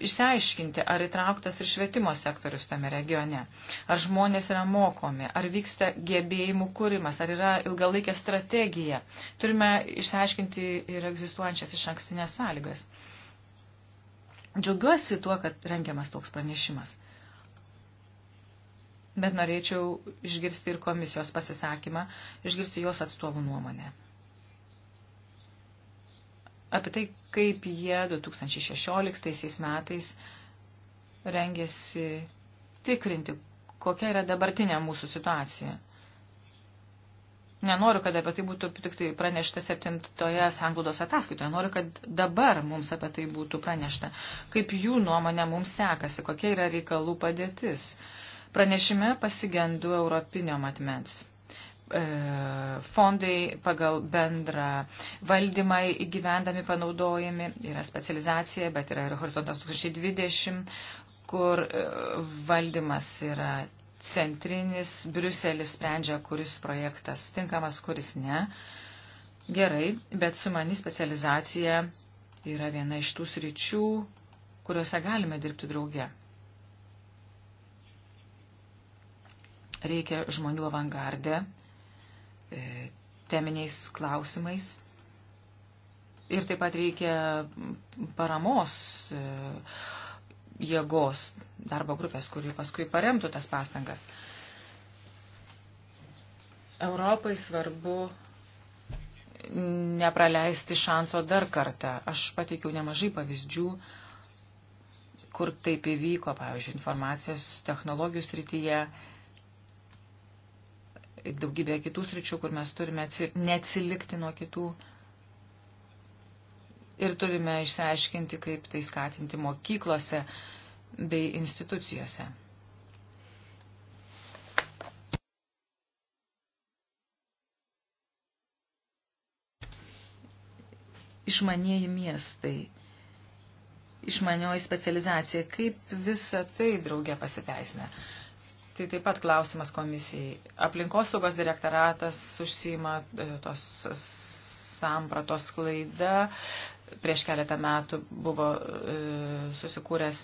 išsiaiškinti, ar įtrauktas ir švietimo sektorius tame regione, ar žmonės yra mokomi, ar vyksta gebėjimų kūrimas, ar yra ilgalaikė strategija. Turime išsiaiškinti ir egzistuojančias iš ankstinės sąlygas. Džiaugiuosi tuo, kad rengiamas toks pranešimas bet norėčiau išgirsti ir komisijos pasisakymą, išgirsti jos atstovų nuomonę. Apie tai, kaip jie 2016 metais rengėsi tikrinti, kokia yra dabartinė mūsų situacija. Nenoriu, kad apie tai būtų tik tai pranešta septintoje sanglaudos ataskaitoje. Noriu, kad dabar mums apie tai būtų pranešta. Kaip jų nuomonė mums sekasi, kokia yra reikalų padėtis. Uh, Pranešime pasigendu europinio matmens e, fondai pagal bendrą valdymą įgyvendami panaudojami, yra specializacija, bet yra ir horizontas 2020, kur e, valdymas yra centrinis, Briuselis sprendžia, kuris projektas tinkamas, kuris ne. Gerai, bet su mani specializacija yra viena iš tų sričių, kuriuose galime dirbti drauge. Reikia žmonių avangardė e, teminiais klausimais. Ir taip pat reikia paramos e, jėgos darbo grupės, kuri paskui paremtų tas pastangas. Europai svarbu nepraleisti šanso dar kartą. Aš pateikiau nemažai pavyzdžių, kur taip įvyko, pavyzdžiui, informacijos technologijų srityje daugybė kitų sričių, kur mes turime neatsilikti nuo kitų ir turime išsiaiškinti, kaip tai skatinti mokyklose bei institucijose. Išmanieji miestai, išmanioji specializacija, kaip visa tai draugė pasiteisina. Tai taip pat klausimas komisijai. Aplinkosaugos direktoratas užsima e, tos sampratos klaida. Prieš keletą metų buvo e, susikūręs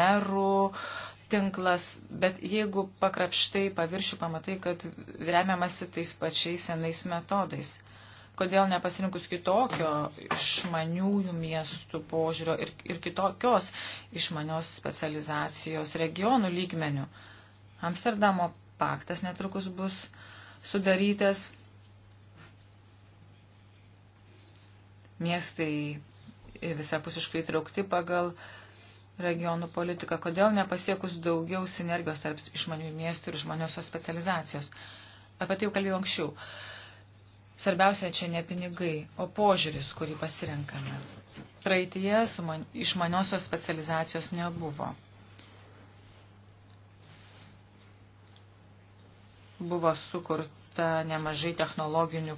merų tinklas, bet jeigu pakrapštai paviršių, pamatai, kad remiamasi tais pačiais senais metodais. Kodėl nepasirinkus kitokio išmaniųjų miestų požiūrio ir, ir kitokios išmanios specializacijos regionų lygmenių? Amsterdamo paktas netrukus bus sudarytas. Miestai visapusiškai traukti pagal regionų politiką. Kodėl nepasiekus daugiau sinergijos tarp išmanių miestų ir žmoniosios specializacijos? Apie tai jau kalbėjau anksčiau. Svarbiausia čia ne pinigai, o požiūris, kurį pasirenkame. Praeitie man, išmaniosios specializacijos nebuvo. Buvo sukurt, įkurta nemažai technologinių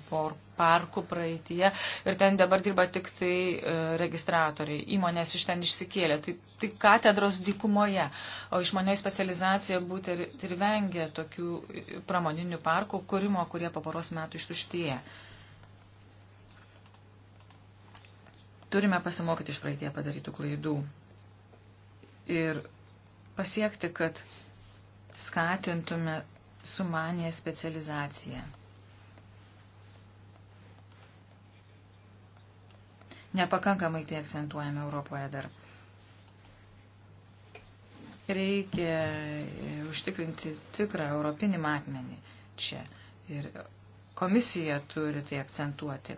parkų praeitie ir ten dabar dirba tik tai e, registratoriai. Įmonės iš ten išsikėlė. Tai, tai katedros dykumoje. O išmanioji specializacija būtų ir, ir vengia tokių e, pramoninių parkų kūrimo, kurie po poros metų ištuštėja. Turime pasimokyti iš praeitie padarytų klaidų ir pasiekti, kad skatintume sumanė specializaciją. Nepakankamai tai akcentuojame Europoje dar. Reikia užtikrinti tikrą europinį matmenį čia. Ir komisija turi tai akcentuoti.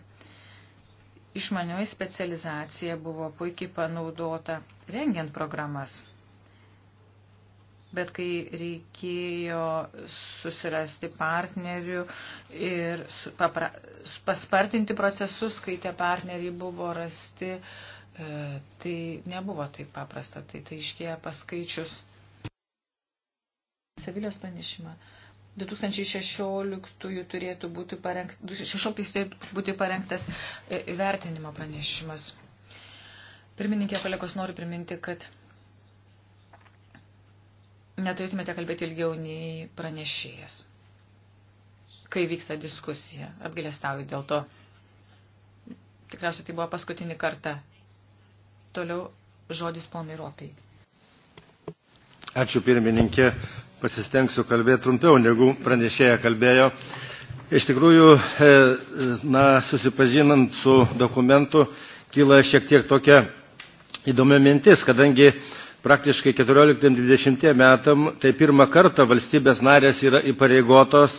Išmanioji specializacija buvo puikiai panaudota rengiant programas bet kai reikėjo susirasti partnerių ir papra, paspartinti procesus, kai tie partneriai buvo rasti, e, tai nebuvo taip paprasta, tai tai iškėja paskaičius. Sevilijos pranešimą. 2016 turėtų būti, parengt, 2016 turėtų būti parengtas e, vertinimo pranešimas. Pirmininkė kolegos noriu priminti, kad neturėtumėte kalbėti ilgiau nei pranešėjas, kai vyksta diskusija. Apgėlestauju dėl to. Tikriausiai tai buvo paskutinį kartą. Toliau žodis ponai Ropiai. Ačiū pirmininkė, pasistengsiu kalbėti trumpiau, negu pranešėja kalbėjo. Iš tikrųjų, e, na, susipažinant su dokumentu, kyla šiek tiek tokia įdomi mintis, kadangi praktiškai 14-20 metam, tai pirmą kartą valstybės narės yra įpareigotos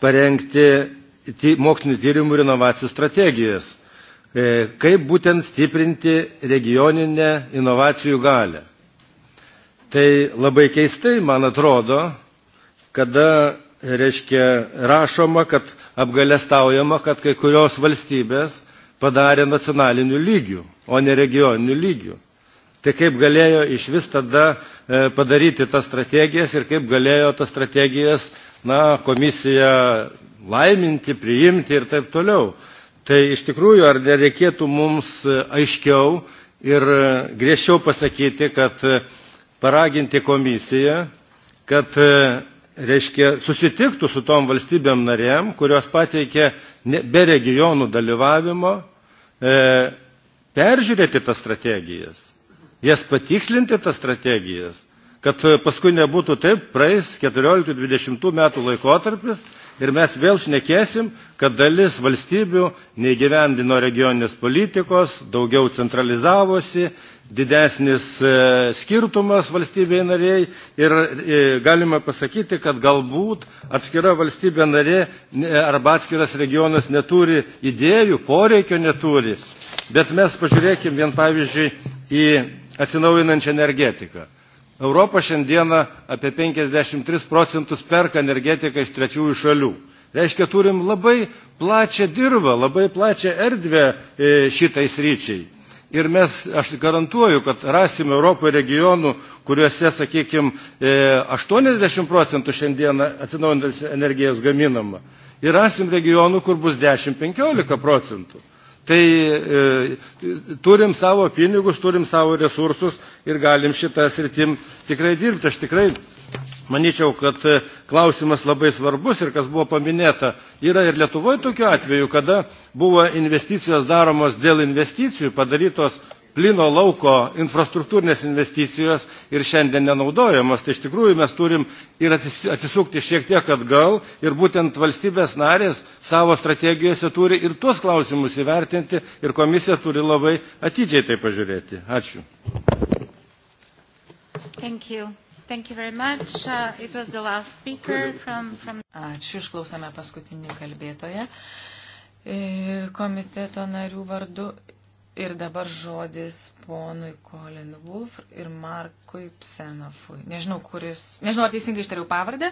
parengti mokslinio tyrimų ir inovacijų strategijas, e, kaip būtent stiprinti regioninę inovacijų galę. Tai labai keistai, man atrodo, kada, reiškia, rašoma, kad apgalestaujama, kad kai kurios valstybės padarė nacionaliniu lygiu, o ne regioniniu lygiu tai kaip galėjo iš vis tada e, padaryti tas strategijas ir kaip galėjo tas strategijas na, komisija laiminti, priimti ir taip toliau. Tai iš tikrųjų, ar nereikėtų mums e, aiškiau ir e, griežčiau pasakyti, kad paraginti komisiją, kad reiškia, susitiktų su tom valstybėm narėm, kurios pateikė be regionų dalyvavimo, e, peržiūrėti tas strategijas jas patikslinti, tas strategijas, kad paskui nebūtų taip, praeis 14-20 metų laikotarpis ir mes vėl šnekėsim, kad dalis valstybių neįgyvendino regioninės politikos, daugiau centralizavosi, didesnis e, skirtumas valstybėje nariai ir e, galima pasakyti, kad galbūt atskira valstybė narė arba atskiras regionas neturi idėjų, poreikio neturi. Bet mes pažiūrėkime vien pavyzdžiui į atsinaujinančią energetiką. Europa šiandieną apie 53 procentus perka energetiką iš trečiųjų šalių. Reiškia, turim labai plačią dirbą, labai plačią erdvę e, šitai sryčiai. Ir mes, aš garantuoju, kad rasime Europoje regionų, kuriuose, sakykime, 80 procentų šiandieną atsinaujinantis energijos gaminama. Ir rasim regionų, kur bus 10-15 procentų. Tai e, turim savo pinigus, turim savo resursus ir galim šitą sritim tikrai dirbti. Aš tikrai manyčiau, kad e, klausimas labai svarbus ir kas buvo paminėta, yra ir Lietuvoje tokiu atveju, kada buvo investicijos daromos dėl investicijų, padarytos plino lauko infrastruktūrinės investicijos ir šiandien nenaudojamos. Tai iš tikrųjų mes turim ir atsisukti šiek tiek atgal ir būtent valstybės narės savo strategijose turi ir tuos klausimus įvertinti ir komisija turi labai atidžiai tai pažiūrėti. Ačiū. Thank you. Thank you very much. Uh, it was the last speaker from, from... Ačiū, išklausome paskutinį kalbėtoją e, komiteto narių vardu Ir dabar žodis ponui Colin Wolf ir Markui Psenofui. Nežinau, kuris, nežinau, ar teisingai ištariau pavardę,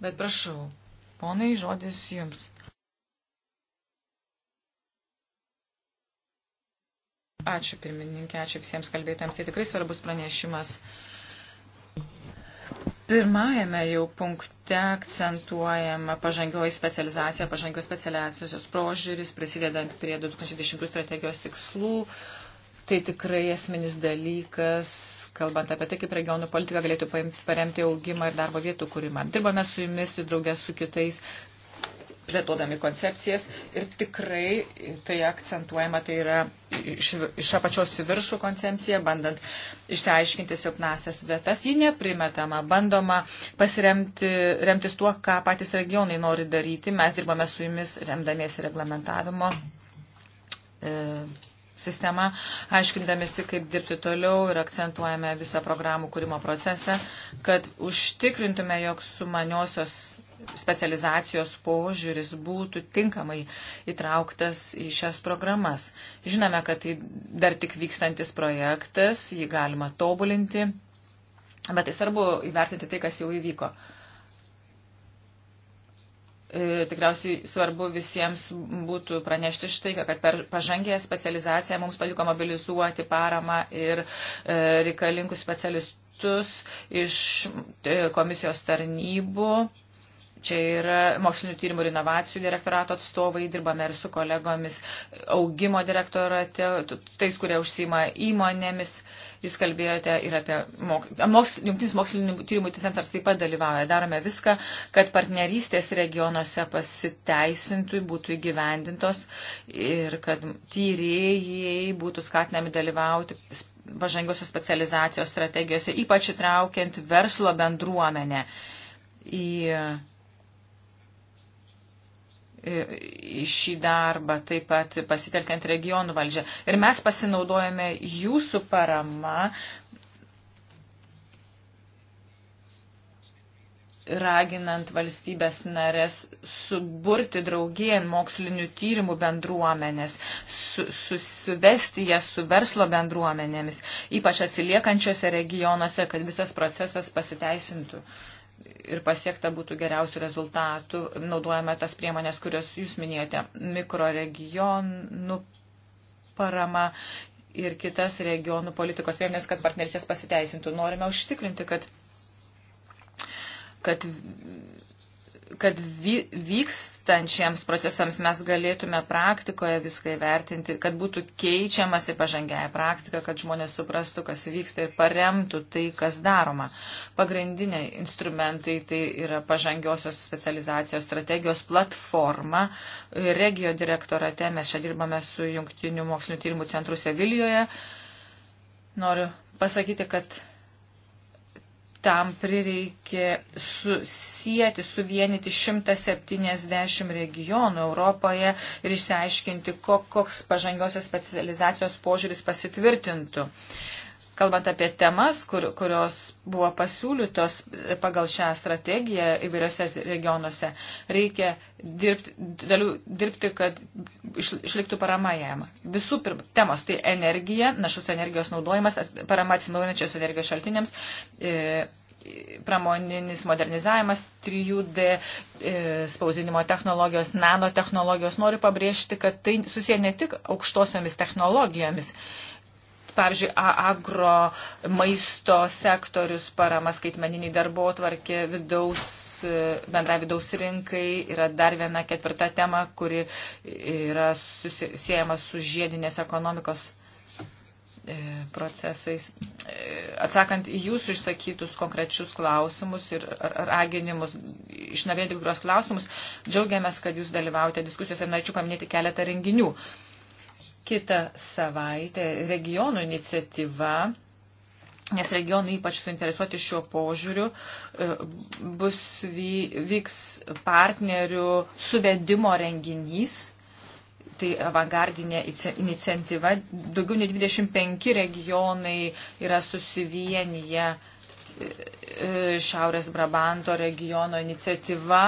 bet prašau, ponai, žodis jums. Ačiū pirmininkė, ačiū visiems kalbėtojams. Tai tikrai svarbus pranešimas. Pirmajame jau punkte akcentuojama pažangioji specializacija, pažangios specializacijos prožiūris, prisidedant prie 2010 strategijos tikslų. Tai tikrai esminis dalykas, kalbant apie tai, kaip regionų politika galėtų paremti augimą ir darbo vietų kūrimą. Dirbame su jumis ir draugės su kitais plėtodami koncepcijas ir tikrai tai akcentuojama, tai yra iš, iš apačios į viršų koncepcija, bandant išsiaiškinti silpnasias vietas. Ji neprimetama, bandoma pasiremti remtis tuo, ką patys regionai nori daryti. Mes dirbame su jumis remdamiesi reglamentavimo. E, sistema, aiškindamėsi, kaip dirbti toliau ir akcentuojame visą programų kūrimo procesą, kad užtikrintume, jog sumaniosios specializacijos požiūris būtų tinkamai įtrauktas į šias programas. Žinome, kad tai dar tik vykstantis projektas, jį galima tobulinti, bet tai svarbu įvertinti tai, kas jau įvyko. Uh, E, tikriausiai svarbu visiems būtų pranešti štai, kad per pažangę specializaciją mums pavyko mobilizuoti paramą ir e, reikalingus specialistus iš e, komisijos tarnybų Čia yra mokslinio tyrimų ir inovacijų direktorato atstovai, dirbame ir su kolegomis augimo direktorate, tais, kurie užsima įmonėmis. Jūs kalbėjote ir apie mok... moks... jungtinis mokslinių tyrimų centras taip pat dalyvauja. Darome viską, kad partnerystės regionuose pasiteisintų, būtų įgyvendintos ir kad tyrėjai būtų skatinami dalyvauti pažangiosios specializacijos strategijose, ypač įtraukiant verslo bendruomenę į E, į šį darbą, taip pat pasitelkiant regionų valdžią. Ir mes pasinaudojame jūsų parama, raginant valstybės narės suburti draugien mokslinių tyrimų bendruomenės, su, su, suvesti jas su verslo bendruomenėmis, ypač atsiliekančiose regionuose, kad visas procesas pasiteisintų. Uh, ir pasiekta būtų geriausių rezultatų, naudojame tas priemonės, kurios jūs minėjote, mikroregionų parama ir kitas regionų politikos priemonės, kad partnerystės pasiteisintų. Norime užtikrinti, kad, kad kad vykstančiems procesams mes galėtume praktikoje viską įvertinti, kad būtų keičiamasi pažangiaja praktika, kad žmonės suprastų, kas vyksta ir paremtų tai, kas daroma. Pagrindiniai instrumentai tai yra pažangiosios specializacijos strategijos platforma. Regio direktorate mes čia dirbame su Jungtiniu mokslinio tyrimų centru Sevilijoje. Noriu pasakyti, kad tam prireikė susijęti, suvienyti 170 regionų Europoje ir išsiaiškinti, koks pažangiosios specializacijos požiūris pasitvirtintų. Uh, kalbant apie temas, kur, kurios buvo pasiūlytos pagal šią strategiją įvairiose regionuose, reikia dirbti, dirbti kad išliktų parama jam. Visų pirma, temos tai energija, našus energijos naudojimas, parama atsinaujinančios energijos šaltiniams. E, pramoninis modernizavimas, 3D e, spausdinimo technologijos, nanotehnologijos. Noriu pabrėžti, kad tai susiję ne tik aukštosiomis technologijomis, pavyzdžiui, agro maisto sektorius, parama skaitmeniniai darbo tvarkė, vidaus, bendra vidaus rinkai yra dar viena ketvirta tema, kuri yra susijęma su žiedinės ekonomikos e, procesais. E, atsakant į jūsų išsakytus konkrečius klausimus ir raginimus, išnavėti kurios klausimus, džiaugiamės, kad jūs dalyvaujate diskusijose ir norėčiau paminėti keletą renginių. Uh, kitą savaitę regionų iniciatyva nes regionai ypač suinteresuoti šiuo požiūriu, e, bus vy, vyks partnerių suvedimo renginys, tai avangardinė iniciatyva. Daugiau nei 25 regionai yra susivienyje e, e, Šiaurės Brabanto regiono iniciatyva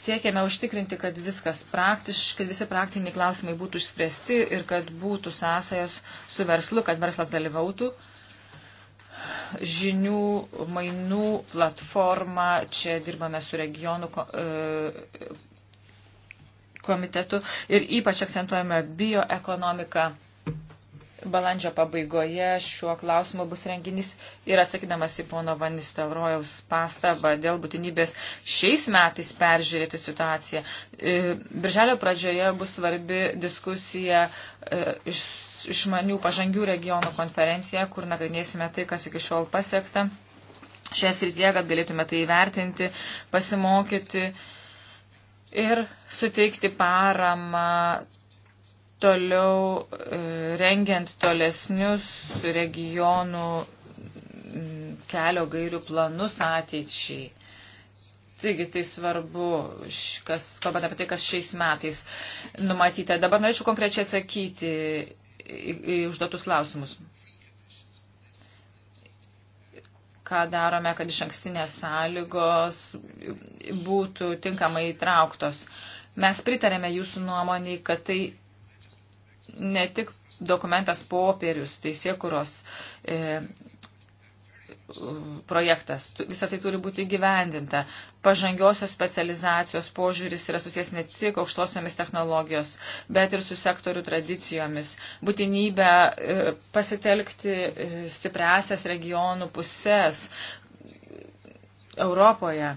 Siekėme užtikrinti, kad viskas praktiškai, visi praktiniai klausimai būtų išspręsti ir kad būtų sąsajos su verslu, kad verslas dalyvautų. Žinių mainų platforma, čia dirbame su regionų e, komitetu ir ypač akcentuojame bioekonomiką Balandžio pabaigoje šiuo klausimu bus renginys ir atsakydamas į pono Vanistelrojaus pastabą dėl būtinybės šiais metais peržiūrėti situaciją. E, birželio pradžioje bus svarbi diskusija e, iš išmanių pažangių regionų konferencija, kur nagrinėsime tai, kas iki šiol pasiekta šioje srityje, kad galėtume tai įvertinti, pasimokyti ir suteikti paramą toliau e, rengiant tolesnius regionų kelio gairių planus ateičiai. Taigi tai svarbu, kas, kalbant apie tai, kas šiais metais numatyta. Dabar norėčiau konkrečiai atsakyti į, į užduotus klausimus. Ką darome, kad iš ankstinės sąlygos būtų tinkamai įtrauktos. Mes pritarėme jūsų nuomonį, kad tai ne tik dokumentas popierius, teisėkuros e, projektas. Visą tai turi būti gyvendinta. Pažangiosios specializacijos požiūris yra susijęs ne tik aukštosiomis technologijos, bet ir su sektorių tradicijomis. Būtinybė e, pasitelkti e, stipresias regionų pusės Europoje.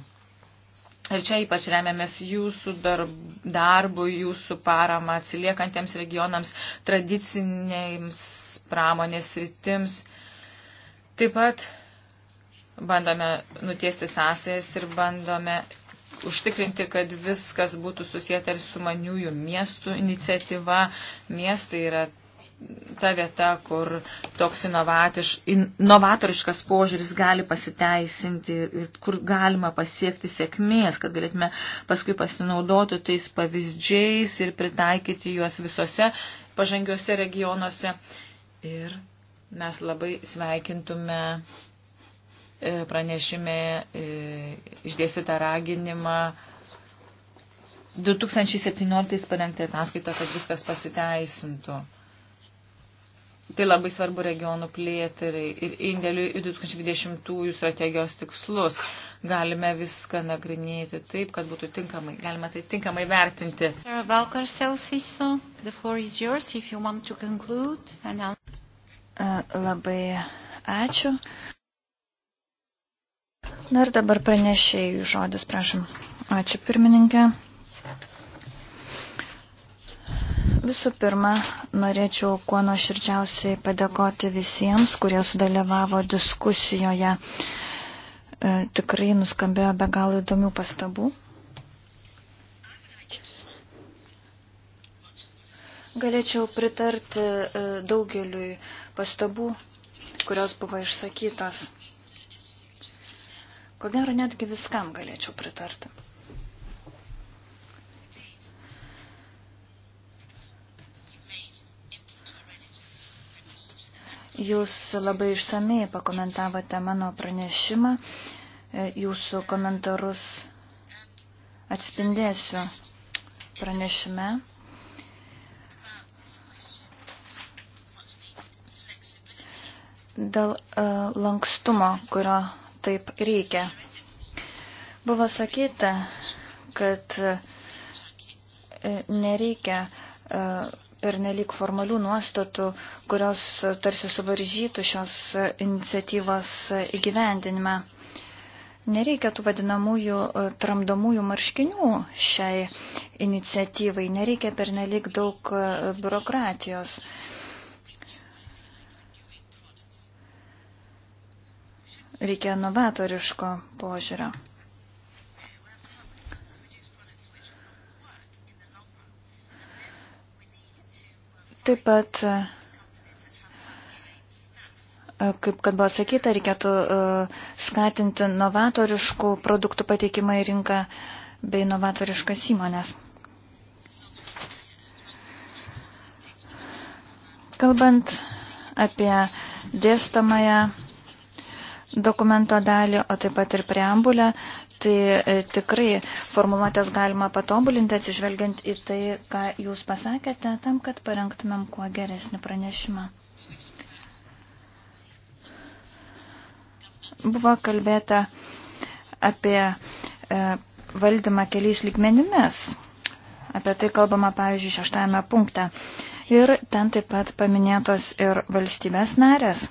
Ir čia ypač remiamės jūsų darbų, jūsų paramą atsiliekantiems regionams, tradicinėms pramonės rytims. Taip pat bandome nutiesti sąsajas ir bandome užtikrinti, kad viskas būtų susijęta ir su maniųjų miestų iniciatyva. Miestai yra ta vieta, kur toks inovatoriškas požiūris gali pasiteisinti ir kur galima pasiekti sėkmės, kad galėtume paskui pasinaudoti tais pavyzdžiais ir pritaikyti juos visose pažangiuose regionuose. Ir mes labai sveikintume e, pranešime e, išdėstytą raginimą 2017 parengti ataskaitą, kad viskas pasiteisintų. Tai labai svarbu regionų plėtrai ir indėliui į 2020 strategijos tikslus. Galime viską nagrinėti taip, kad būtų tinkamai, galima tai tinkamai vertinti. Labai ačiū. Na ir dabar pranešėjų žodis, prašom. Ačiū pirmininkė. Visų pirma, norėčiau kuo nuoširdžiausiai padėkoti visiems, kurie sudalyvavo diskusijoje. E, tikrai nuskambėjo be galo įdomių pastabų. Galėčiau pritarti e, daugeliui pastabų, kurios buvo išsakytos. Ko gero netgi viskam galėčiau pritarti. Jūs labai išsamei pakomentavote mano pranešimą, e, jūsų komentarus atspindėsiu pranešime. Dėl uh, lankstumo, kurio taip reikia. Buvo sakyta, kad uh, nereikia uh, pernelik formalių nuostatų, kurios tarsi suvaržytų šios iniciatyvos įgyvendinimą. Nereikia tų vadinamųjų e, tramdomųjų marškinių šiai iniciatyvai, nereikia pernelik daug e, biurokratijos. Reikia novatoriško požiūrio. Taip pat, e, kaip kad buvo sakyta, reikėtų e, skatinti novatoriškų produktų pateikimą į rinką bei novatoriškas įmonės. Kalbant apie dėstamąją dokumento dalį, o taip pat ir preambulę, tai e, tikrai formuluotės galima patobulinti atsižvelgiant į tai, ką jūs pasakėte, tam, kad parengtumėm kuo geresnį pranešimą. Buvo kalbėta apie e, valdymą keliais lygmenimis. Apie tai kalbama, pavyzdžiui, šeštame punkte. Ir ten taip pat paminėtos ir valstybės narės.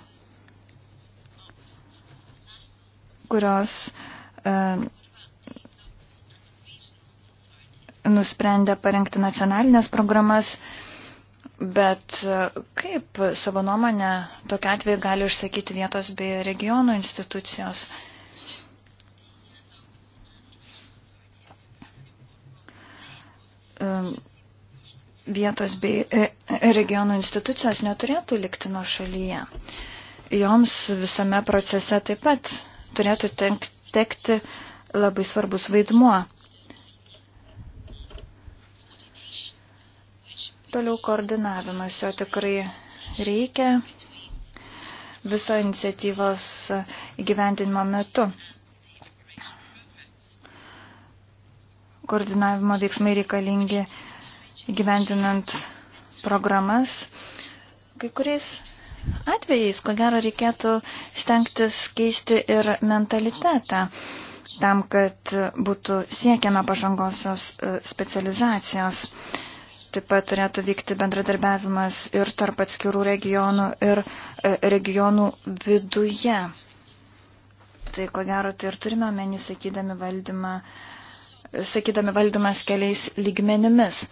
kurios nusprendė parengti nacionalinės programas, bet e, kaip savo nuomonę tokia atveju gali išsakyti vietos bei regiono institucijos? Vietos bei e, e, regiono institucijos neturėtų likti nuo šalyje. Joms visame procese taip pat turėtų tekti labai svarbus vaidmuo. Toliau koordinavimas jo tikrai reikia viso iniciatyvos įgyvendinimo metu. Koordinavimo veiksmai reikalingi įgyvendinant programas. Kai kuriais atvejais, ko gero, reikėtų stengtis keisti ir mentalitetą tam, kad būtų siekiama pažangosios e, specializacijos. Taip pat turėtų vykti bendradarbiavimas ir tarp atskirų regionų ir e, regionų viduje. Tai ko gero, tai ir turime omeny, sakydami valdymą, sakydami valdymas keliais lygmenimis.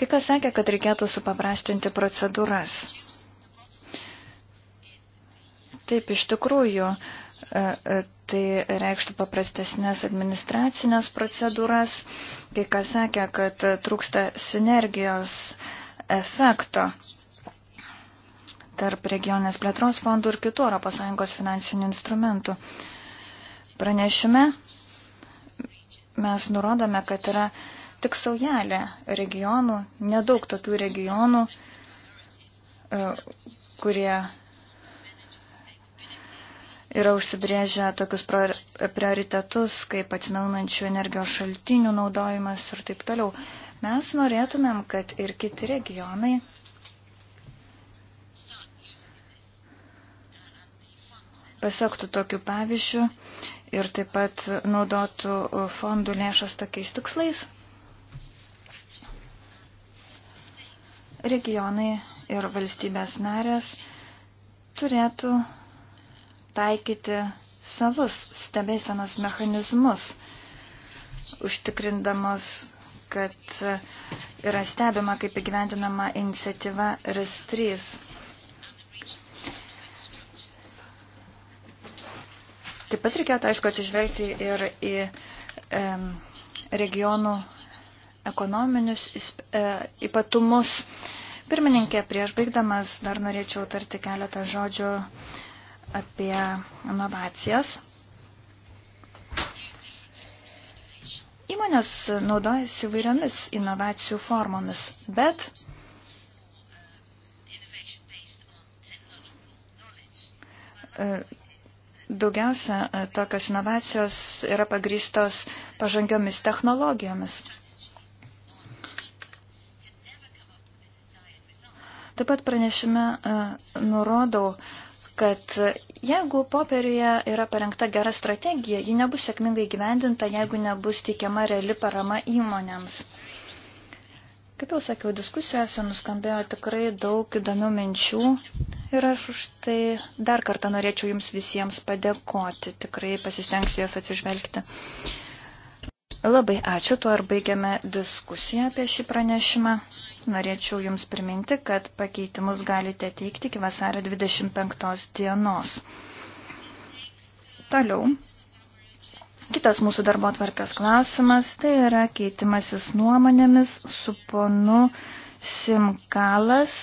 Kai kas sakė, kad reikėtų supaprastinti procedūras. Taip, iš tikrųjų, e, e, tai reikštų paprastesnės administracinės procedūras, kai kas sakė, kad trūksta sinergijos efekto tarp regionės plėtros fondų ir kitų ES finansinių instrumentų. Pranešime mes nurodome, kad yra tik saujelė regionų, nedaug tokių regionų, e, kurie yra užsibrėžę tokius prioritetus, kaip atsinaunančių energijos šaltinių naudojimas ir taip toliau. Mes norėtumėm, kad ir kiti regionai pasiektų tokių pavyzdžių ir taip pat naudotų fondų lėšas tokiais tikslais. Regionai ir valstybės narės turėtų taikyti savus stebėsenos mechanizmus, užtikrindamas, kad yra stebima, kaip įgyvendinama iniciatyva RES3. Taip pat reikėtų, aišku, atsižvelgti ir į e, regionų ekonominius e, ypatumus. Pirmininkė, prieš baigdamas dar norėčiau tarti keletą žodžių apie inovacijas. Įmonės naudojasi vairiomis inovacijų formomis, bet daugiausia tokios inovacijos yra pagrįstos pažangiomis technologijomis. Taip pat pranešime e, nurodau, kad jeigu popieriuje yra parengta gera strategija, ji nebus sėkmingai gyvendinta, jeigu nebus teikiama reali parama įmonėms. Kaip jau sakiau, diskusijose nuskambėjo tikrai daug įdomių minčių ir aš už tai dar kartą norėčiau jums visiems padėkoti, tikrai pasistengsiu jas atsižvelgti. Labai ačiū, tuo ir baigiame diskusiją apie šį pranešimą. Norėčiau Jums priminti, kad pakeitimus galite teikti iki vasario 25 dienos. Toliau. Kitas mūsų darbo tvarkas klausimas tai yra keitimasis nuomonėmis su ponu Simkalas.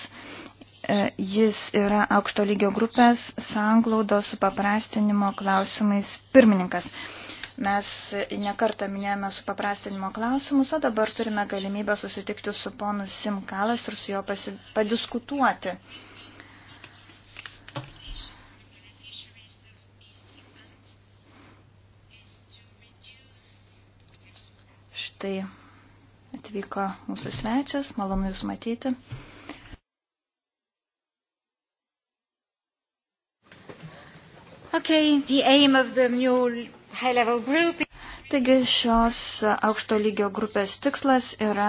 E, jis yra aukšto lygio grupės sanglaudo su paprastinimo klausimais pirmininkas. Mes nekartą minėjome su paprastinimo klausimus, o dabar turime galimybę susitikti su ponu Simkalas ir su juo pasi... padiskutuoti. Štai atvyko mūsų svečias, malonu Jūs matyti. Okay, the aim of the new Taigi šios aukšto lygio grupės tikslas yra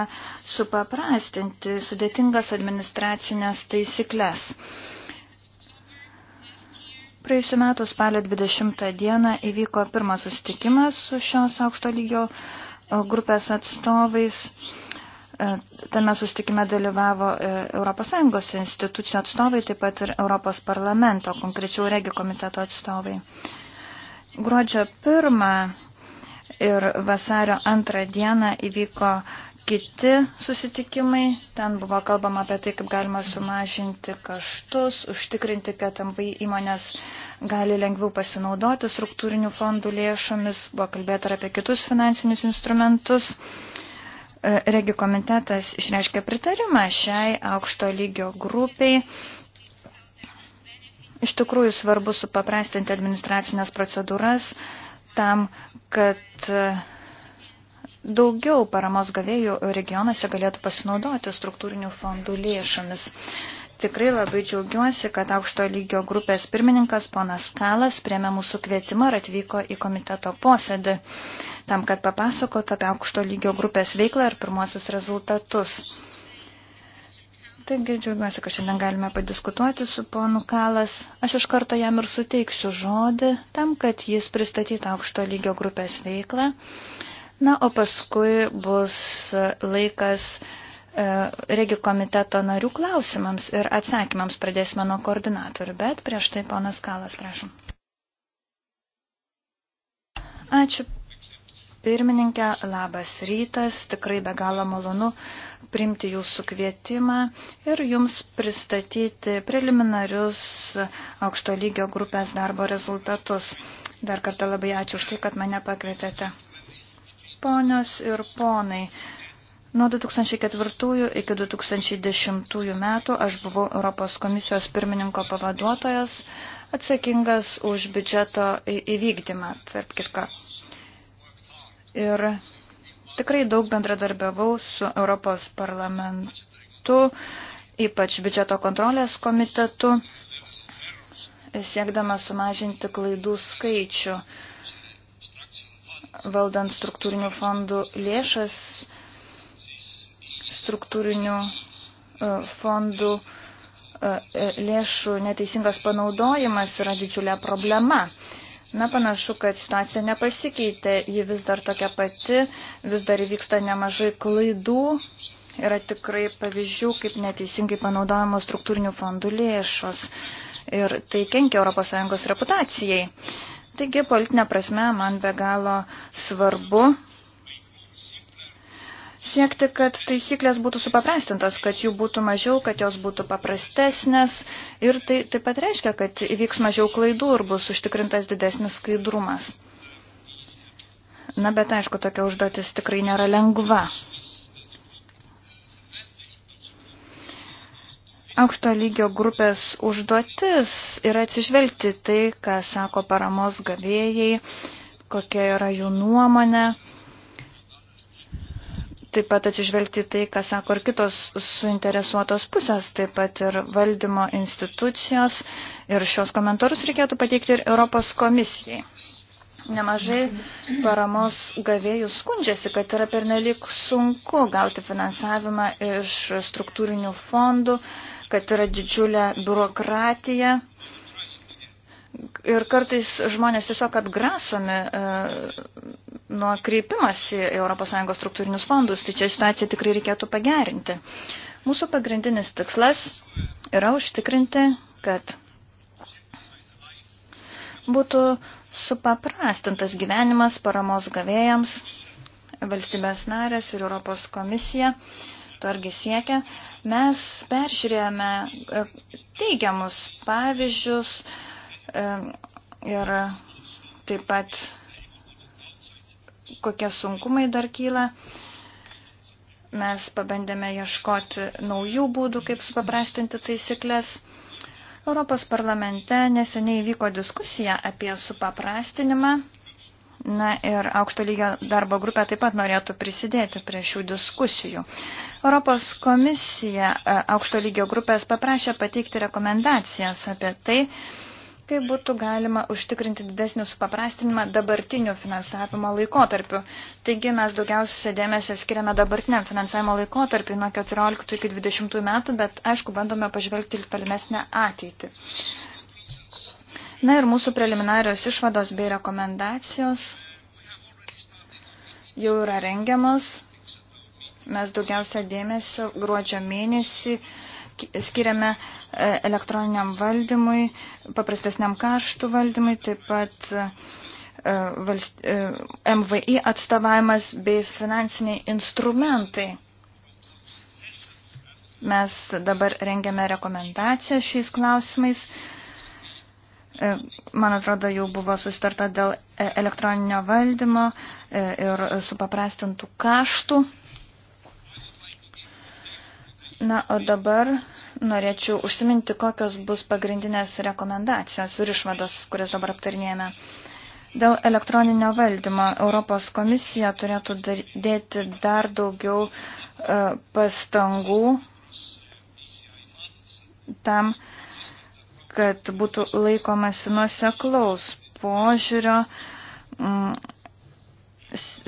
supaprastinti sudėtingas administracinės taisyklės. Praėjusiu metu spalio 20 dieną įvyko pirmas susitikimas su šios aukšto lygio grupės atstovais. E, tame sustikime dalyvavo ES institucijų atstovai, taip pat ir Europos parlamento, konkrečiau regi komiteto atstovai. Gruodžio 1 ir vasario 2 dieną įvyko kiti susitikimai. Ten buvo kalbama apie tai, kaip galima sumažinti kaštus, užtikrinti, kad MVI įmonės gali lengviau pasinaudoti struktūrinių fondų lėšomis. Buvo kalbėta ir apie kitus finansinius instrumentus. E, regi komitetas išreiškė pritarimą šiai aukšto lygio grupiai Iš tikrųjų svarbu supaprastinti administracinės procedūras tam, kad e, daugiau paramos gavėjų regionuose galėtų pasinaudoti struktūrinių fondų lėšomis. Tikrai labai džiaugiuosi, kad aukšto lygio grupės pirmininkas ponas Kalas priemė mūsų kvietimą ir atvyko į komiteto posėdį, tam, kad papasakot apie aukšto lygio grupės veiklą ir pirmuosius rezultatus. Taigi džiaugiuosi, kad šiandien galime padiskutuoti su ponu Kalas. Aš iš karto jam ir suteiksiu žodį tam, kad jis pristatytų aukšto lygio grupės veiklą. Na, o paskui bus laikas e, regi komiteto narių klausimams ir atsakymams pradėsime nuo koordinatorių, bet prieš tai ponas Kalas, prašom. Ačiū, pirmininkė, labas rytas, tikrai be galo malonu priimti jūsų kvietimą ir jums pristatyti preliminarius aukšto lygio grupės darbo rezultatus. Dar kartą labai ačiū už tai, kad mane pakvietėte. Ponios ir ponai, nuo 2004 iki 2010 metų aš buvau Europos komisijos pirmininko pavaduotojas, atsakingas už biudžeto įvykdymą, tarp kitką ir tikrai daug bendradarbiavau su Europos parlamentu, ypač biudžeto kontrolės komitetu, siekdama sumažinti klaidų skaičių. Valdant struktūrinių fondų lėšas, struktūrinių e, fondų e, e, lėšų neteisingas panaudojimas yra didžiulė problema. Na, panašu, kad situacija nepasikeitė, ji vis dar tokia pati, vis dar įvyksta nemažai klaidų, yra tikrai pavyzdžių, kaip neteisingai panaudojamos struktūrinių fondų lėšos ir tai kenkia ES reputacijai. Taigi, politinė prasme, man be galo svarbu siekti, kad taisyklės būtų supaprastintos, kad jų būtų mažiau, kad jos būtų paprastesnės ir tai taip pat reiškia, kad įvyks mažiau klaidų ir bus užtikrintas didesnis skaidrumas. Na, bet aišku, tokia užduotis tikrai nėra lengva. Aukšto lygio grupės užduotis yra atsižvelgti tai, ką sako paramos gavėjai, kokia yra jų nuomonė taip pat atsižvelgti tai, ką sako ir kitos suinteresuotos pusės, taip pat ir valdymo institucijos. Ir šios komentarus reikėtų pateikti ir Europos komisijai. Nemažai paramos gavėjų skundžiasi, kad yra pernelik sunku gauti finansavimą iš struktūrinių fondų, kad yra didžiulė biurokratija. Ir kartais žmonės tiesiog atgrasomi e, nuo kreipimas į ES struktūrinius fondus, tai čia situaciją tikrai reikėtų pagerinti. Mūsų pagrindinis tikslas yra užtikrinti, kad būtų supaprastintas gyvenimas paramos gavėjams, valstybės narės ir Europos komisija to argi siekia. Mes peržiūrėjome e, teigiamus pavyzdžius e, ir taip pat kokie sunkumai dar kyla. Mes pabandėme ieškoti naujų būdų, kaip supaprastinti taisyklės. Europos parlamente neseniai vyko diskusija apie supaprastinimą. Na ir aukšto lygio darbo grupė taip pat norėtų prisidėti prie šių diskusijų. Europos komisija e, aukšto lygio grupės paprašė pateikti rekomendacijas apie tai, kaip būtų galima užtikrinti didesnį supaprastinimą dabartinių finansavimo laikotarpių. Taigi mes daugiausia dėmesio skiriame dabartiniam finansavimo laikotarpiu nuo 14 iki 20 metų, bet aišku, bandome pažvelgti ir tolimesnę ateitį. Na ir mūsų preliminarios išvados bei rekomendacijos jau yra rengiamos. Mes daugiausia dėmesio gruodžio mėnesį uh, skiriame e, elektroniniam valdymui, paprastesniam kaštų valdymui, taip pat e, valst... E, MVI atstovavimas bei finansiniai instrumentai. Mes dabar rengiame rekomendacijas šiais klausimais. Man atrodo, jau buvo sustarta dėl elektroninio valdymo ir supaprastintų kaštų. Na, o dabar norėčiau užsiminti, kokios bus pagrindinės rekomendacijos ir išvados, kurias dabar aptarnėjame. Dėl elektroninio valdymo Europos komisija turėtų dėti dar daugiau e, pastangų tam, kad būtų laikomasi nuoseklaus požiūrio, mm,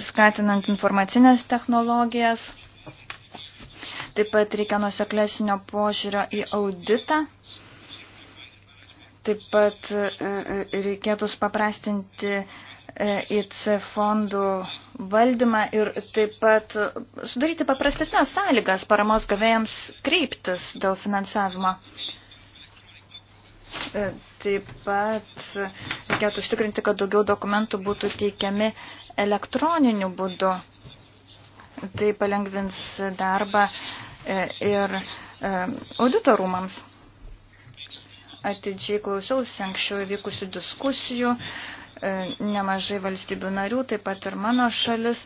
skatinant informacinės technologijas Taip pat reikia nuseklesnio požiūrio į auditą. Taip pat e, e, reikėtų supaprastinti e, IC fondų valdymą ir taip pat sudaryti paprastesnės sąlygas paramos gavėjams kreiptis dėl finansavimo. Taip pat reikėtų užtikrinti, kad daugiau dokumentų būtų teikiami elektroniniu būdu. Tai palengvins darbą e, ir e, auditorumams. Atidžiai klausiausi anksčiau įvykusių diskusijų e, nemažai valstybių narių, taip pat ir mano šalis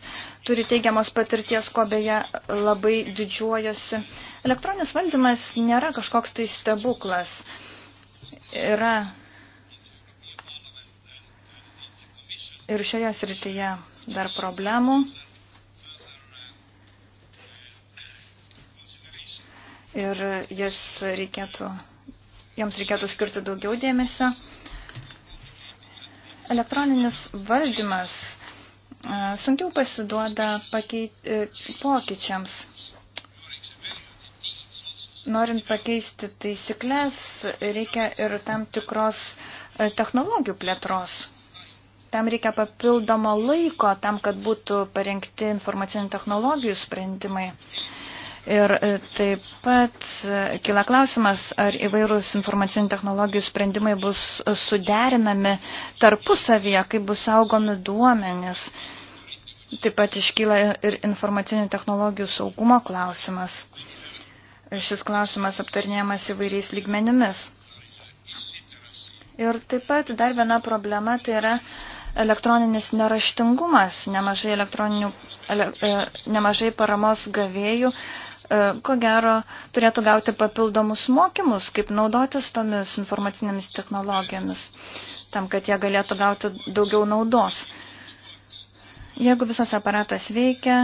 turi teigiamos patirties, ko beje labai didžiuojosi. Elektroninis valdymas nėra kažkoks tai stebuklas. Yra ir šioje srityje dar problemų. ir jis reikėtų, joms reikėtų skirti daugiau dėmesio. Elektroninis valdymas e, sunkiau pasiduoda pakei, e, pokyčiams. Norint pakeisti taisyklės, reikia ir tam tikros e, technologijų plėtros. Tam reikia papildomo laiko, tam, kad būtų parengti informacinių technologijų sprendimai. Uh, Ir e, taip pat e, kila klausimas, ar įvairūs informacinių technologijų sprendimai bus e, suderinami tarpusavyje, kaip bus saugomi duomenys. Taip pat iškyla ir informacinių technologijų saugumo klausimas. Šis klausimas aptarnėjamas įvairiais lygmenimis. Ir taip pat dar viena problema tai yra elektroninis neraštingumas. Nemažai, ele, nemažai paramos gavėjų uh, E, ko gero turėtų gauti papildomus mokymus, kaip naudotis tomis informacinėmis technologijomis, tam, kad jie galėtų gauti daugiau naudos. Jeigu visas aparatas veikia,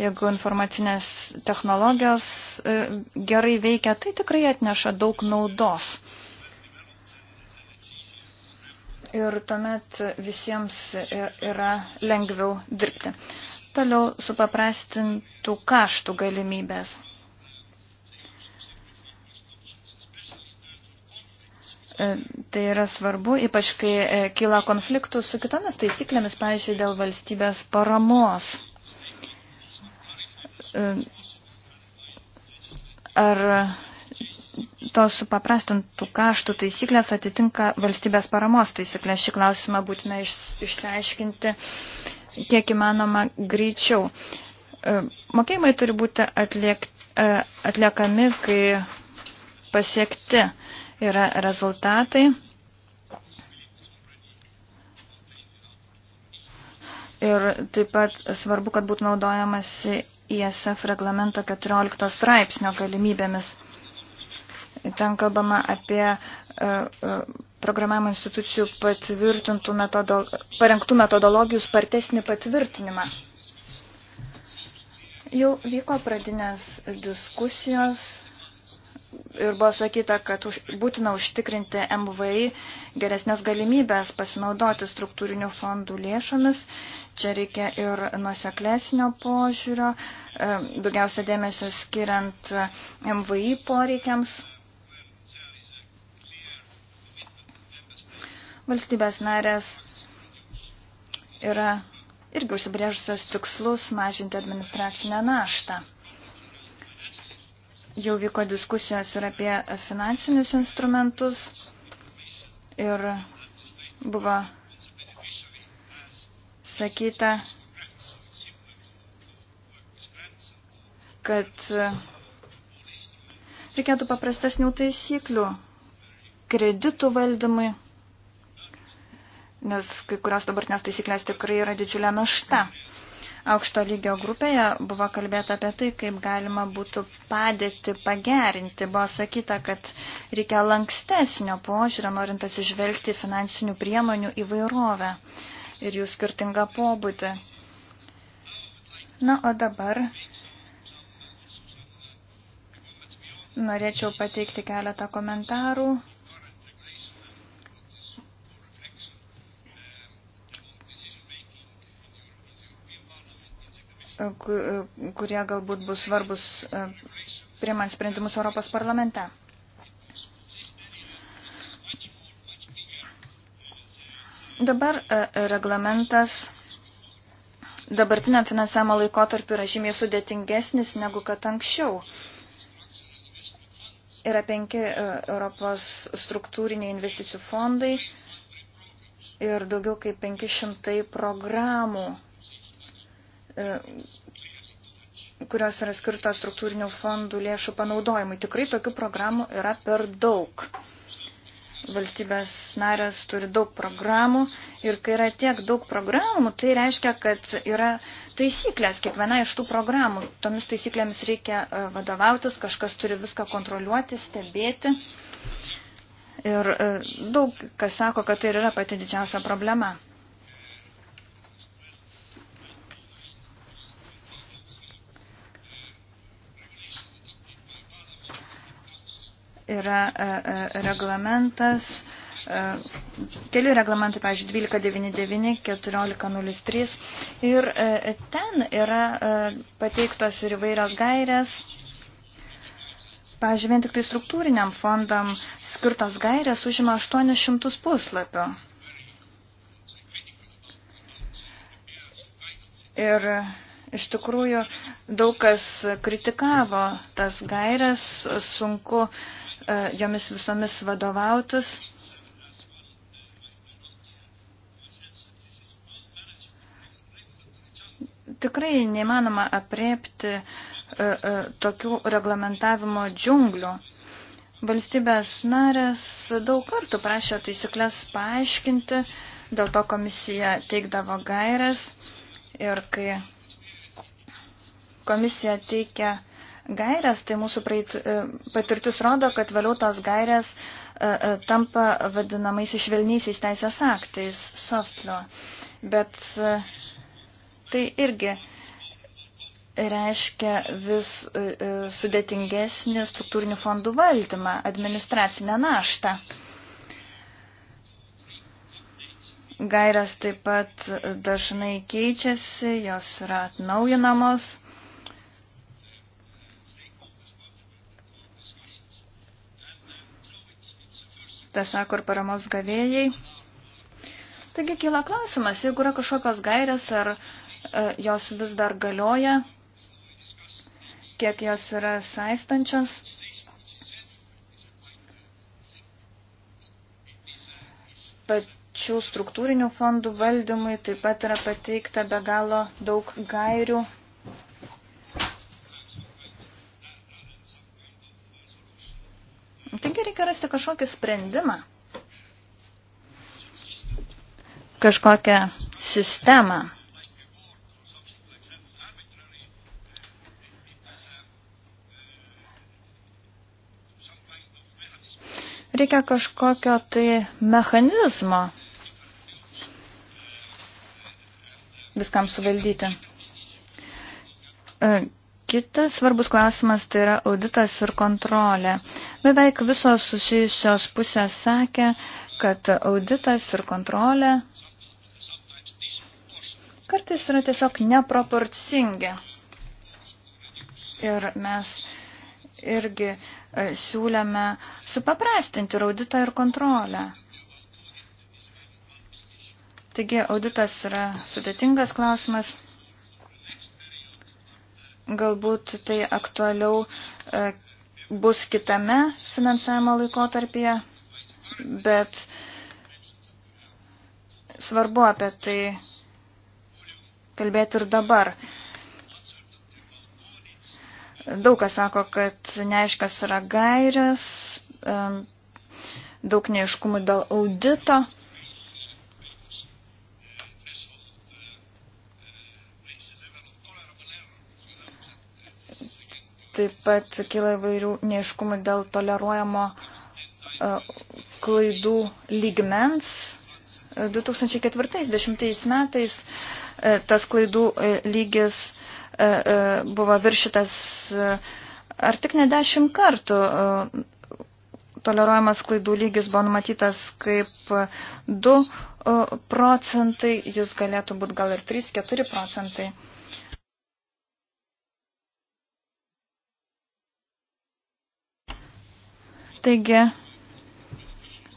jeigu informacinės technologijos e, gerai veikia, tai tikrai atneša daug naudos. Ir tuomet visiems yra lengviau dirbti. Toliau supaprastintų kaštų galimybės. E, tai yra svarbu, ypač kai e, kyla konfliktų su kitomis taisyklėmis, pavyzdžiui, dėl valstybės paramos. E, ar tos supaprastintų kaštų taisyklės atitinka valstybės paramos taisyklės? Šį klausimą būtina išsiaiškinti kiek įmanoma greičiau. E, mokėjimai turi būti atliek, e, atliekami, kai pasiekti yra rezultatai. Ir taip pat svarbu, kad būtų naudojamas ISF reglamento 14 straipsnio galimybėmis. Ten kalbama apie e, programavimo institucijų patvirtintų metodol, parengtų metodologijų spartesnį patvirtinimą. Jau vyko pradinės diskusijos ir buvo sakyta, kad už, būtina užtikrinti MVI geresnės galimybės pasinaudoti struktūrinių fondų lėšomis. Čia reikia ir nuoseklesnio požiūrio, e, daugiausia dėmesio skiriant MVI poreikiams. valstybės narės yra irgi užsibrėžusios tikslus mažinti administracinę naštą. Jau vyko diskusijos ir apie finansinius instrumentus ir buvo sakyta, kad reikėtų paprastesnių taisyklių kreditų valdymui nes kai kurios dabartinės taisyklės tikrai yra didžiulė našta. Aukšto lygio grupėje buvo kalbėta apie tai, kaip galima būtų padėti pagerinti. Buvo sakyta, kad reikia lankstesnio požiūrio, norint atsižvelgti finansinių priemonių įvairovę ir jų skirtingą pobūdį. Na, o dabar norėčiau pateikti keletą komentarų E, e, kurie galbūt bus svarbus e, priemant sprendimus Europos parlamente. Dabar reglamentas dabartiniam finansavimo laikotarpiu yra žymiai sudėtingesnis negu kad anksčiau. Yra penki Europos struktūriniai investicijų fondai ir daugiau kaip 500 programų E, kurios yra skirtos struktūrinių fondų lėšų panaudojimui. Tikrai tokių programų yra per daug. Valstybės narės turi daug programų ir kai yra tiek daug programų, tai reiškia, kad yra taisyklės kiekviena iš tų programų. Tomis taisyklėmis reikia e, vadovautis, kažkas turi viską kontroliuoti, stebėti. Ir e, daug kas sako, kad tai yra pati didžiausia problema. yra e, e, reglamentas, e, keli reglamentai, pavyzdžiui, 1299, 1403 ir ten yra pateiktos ir įvairios gairės. Pavyzdžiui, vien tik tai struktūriniam fondam skirtos gairės užima 800 puslapio. Ir iš tikrųjų daug kas kritikavo tas gairias, sunku E, jomis visomis vadovautis. Tikrai neįmanoma apriepti e, e, tokių reglamentavimo džiunglių. Valstybės narės daug kartų prašė taisyklės paaiškinti, dėl to komisija teikdavo gairias ir kai komisija teikia gairias, tai mūsų praeit, e, patirtis rodo, kad vėliau tos gairias e, e, tampa vadinamais išvelnysiais teisės aktais, soft law. Bet tai irgi reiškia vis sudėtingesnį struktūrinių fondų valdymą, administracinę naštą. Gairias taip pat dažnai keičiasi, jos yra atnaujinamos. tą sako ir paramos gavėjai. Taigi kyla klausimas, jeigu yra kažkokios gairės, ar e, jos vis dar galioja, kiek jos yra saistančios. Pačių struktūrinių fondų valdymui taip pat yra pateikta be galo daug gairių Taigi reikia rasti kažkokį sprendimą, kažkokią sistemą. Reikia kažkokio tai mechanizmo viskam suvaldyti e, Kitas svarbus klausimas tai yra auditas ir kontrolė. Beveik visos susijusios pusės sakė, kad auditas ir kontrolė kartais yra tiesiog neproporcingi. Ir mes irgi e, siūlėme supaprastinti ir auditą ir kontrolę. Taigi auditas yra sudėtingas klausimas. Galbūt tai aktualiau e, bus kitame finansavimo laikotarpyje, bet svarbu apie tai kalbėti ir dabar. Daug kas sako, kad neaiškas yra gairės, e, daug neiškumų dėl audito. Taip pat kyla įvairių neiškumų dėl toleruojamo e, klaidų lygmens. 2040 e, metais e, tas klaidų lygis buvo viršytas ar tik ne dešimt kartų. Toleruojamas klaidų lygis buvo numatytas kaip 2 procentai, jis galėtų būti gal ir 3-4 procentai. Taigi,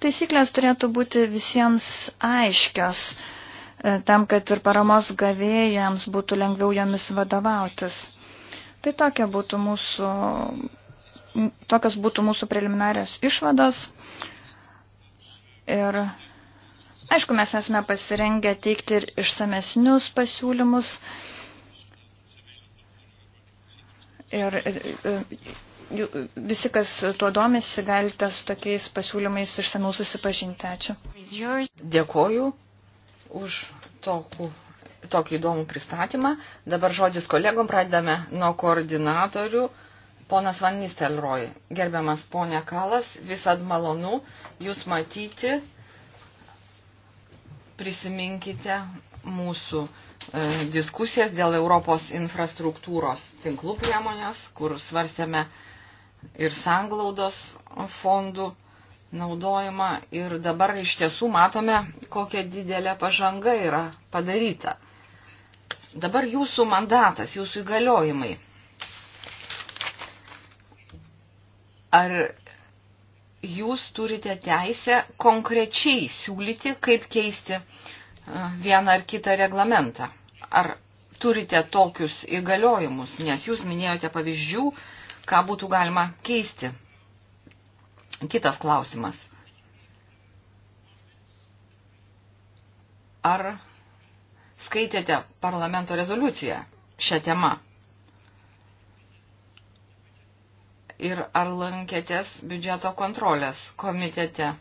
taisyklės turėtų būti visiems aiškios, e, tam, kad ir paramos gavėjams būtų lengviau jomis vadovautis. Tai tokia būtų mūsų, tokios būtų mūsų preliminarios išvados. Ir aišku, mes esame pasirengę teikti ir išsamesnius pasiūlymus. Ir, ir, ir visi, kas tuo domisi, galite su tokiais pasiūlymais išsamiau susipažinti. Ačiū. Dėkoju už tokų, tokį įdomų pristatymą. Dabar žodis kolegom pradedame nuo koordinatorių. Ponas Van Nistelroj, gerbiamas ponia Kalas, visad malonu jūs matyti. Prisiminkite mūsų e, diskusijas dėl Europos infrastruktūros tinklų priemonės, kur svarstėme ir sanglaudos fondų naudojimą ir dabar iš tiesų matome, kokia didelė pažanga yra padaryta. Dabar jūsų mandatas, jūsų įgaliojimai. Ar jūs turite teisę konkrečiai siūlyti, kaip keisti vieną ar kitą reglamentą? Ar turite tokius įgaliojimus? Nes jūs minėjote pavyzdžių, ką būtų galima keisti. Kitas klausimas. Ar skaitėte parlamento rezoliuciją šią temą? Ir ar lankėtės biudžeto kontrolės komitete?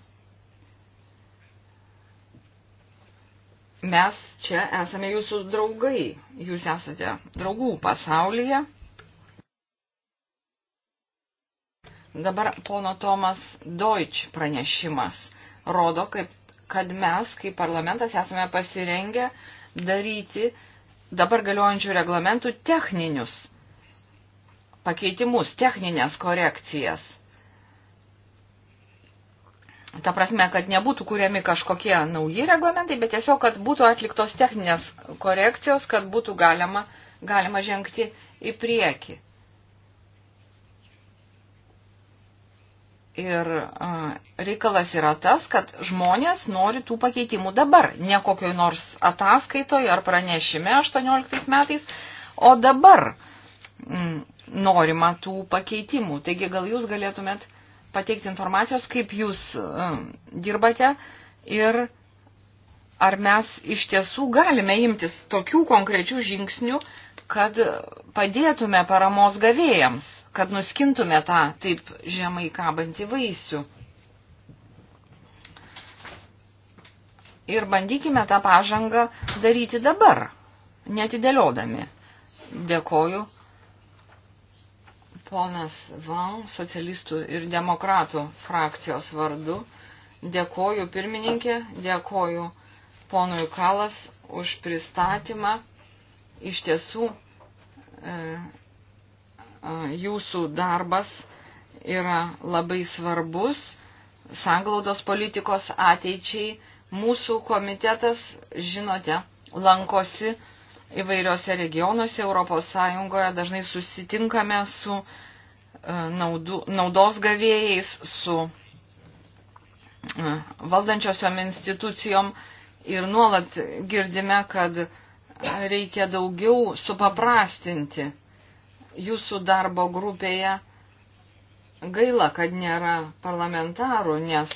Mes čia esame jūsų draugai. Jūs esate draugų pasaulyje. Dabar pono Tomas Deutsch pranešimas rodo, kaip, kad mes, kaip parlamentas, esame pasirengę daryti dabar galiojančių reglamentų techninius pakeitimus, techninės korekcijas. Ta prasme, kad nebūtų kuriami kažkokie nauji reglamentai, bet tiesiog, kad būtų atliktos techninės korekcijos, kad būtų galima, galima žengti į priekį. Ir reikalas yra tas, kad žmonės nori tų pakeitimų dabar, ne kokioj nors ataskaitoje ar pranešime 18 metais, o dabar mm, norima tų pakeitimų. Taigi gal jūs galėtumėt pateikti informacijos, kaip jūs dirbate ir ar mes iš tiesų galime imtis tokių konkrečių žingsnių, kad padėtume paramos gavėjams kad nuskintume tą taip žemai kabantį vaisių. Ir bandykime tą pažangą daryti dabar, netidėliodami. Dėkoju. Ponas Van, socialistų ir demokratų frakcijos vardu. Dėkoju pirmininkė, dėkoju ponui Kalas už pristatymą. Iš tiesų, e, jūsų darbas yra labai svarbus sanglaudos politikos ateičiai. Mūsų komitetas, žinote, lankosi įvairiose regionuose Europos Sąjungoje, dažnai susitinkame su e, naudu, naudos gavėjais, su e, valdančiosiom institucijom ir nuolat girdime, kad reikia daugiau supaprastinti jūsų darbo grupėje gaila, kad nėra parlamentarų, nes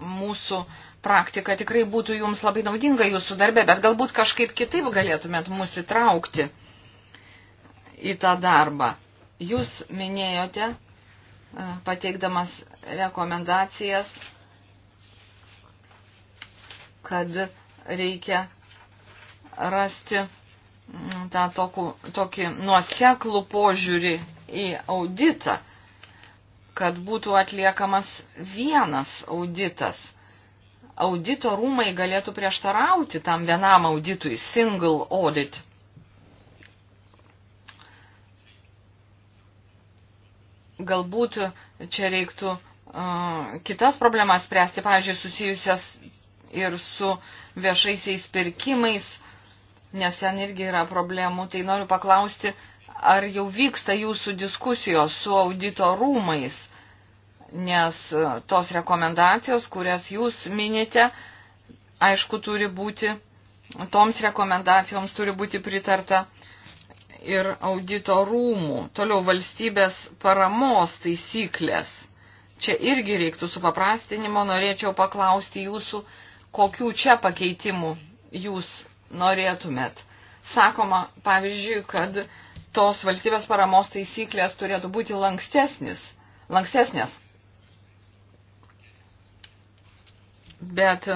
mūsų praktika tikrai būtų jums labai naudinga jūsų darbe, bet galbūt kažkaip kitaip galėtumėt mūsų įtraukti į tą darbą. Jūs minėjote, e, pateikdamas rekomendacijas, kad reikia rasti tą tokų, tokį nuoseklų požiūrį į auditą, kad būtų atliekamas vienas auditas. Audito rūmai galėtų prieštarauti tam vienam auditui, single audit. Galbūt čia reiktų uh, kitas problemas spręsti, pavyzdžiui, susijusias ir su viešaisiais pirkimais, uh, nes ten irgi yra problemų, tai noriu paklausti, ar jau vyksta jūsų diskusijos su audito rūmais, nes e, tos rekomendacijos, kurias jūs minite, aišku, turi būti, toms rekomendacijoms turi būti pritarta ir audito rūmų. Toliau valstybės paramos taisyklės. Čia irgi reiktų supaprastinimo, norėčiau paklausti jūsų, kokių čia pakeitimų jūs norėtumėt. Sakoma, pavyzdžiui, kad tos valstybės paramos taisyklės turėtų būti lankstesnis, lankstesnės. Bet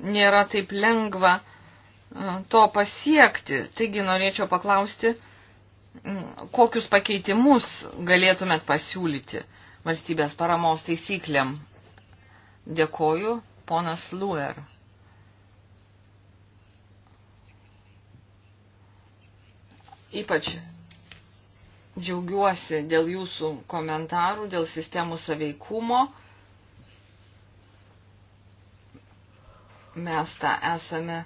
nėra taip lengva e, to pasiekti. Taigi norėčiau paklausti, kokius pakeitimus galėtumėt pasiūlyti valstybės paramos taisyklėm. Dėkoju, ponas Luer. Ypač džiaugiuosi dėl jūsų komentarų, dėl sistemų saveikumo. Mes tą esame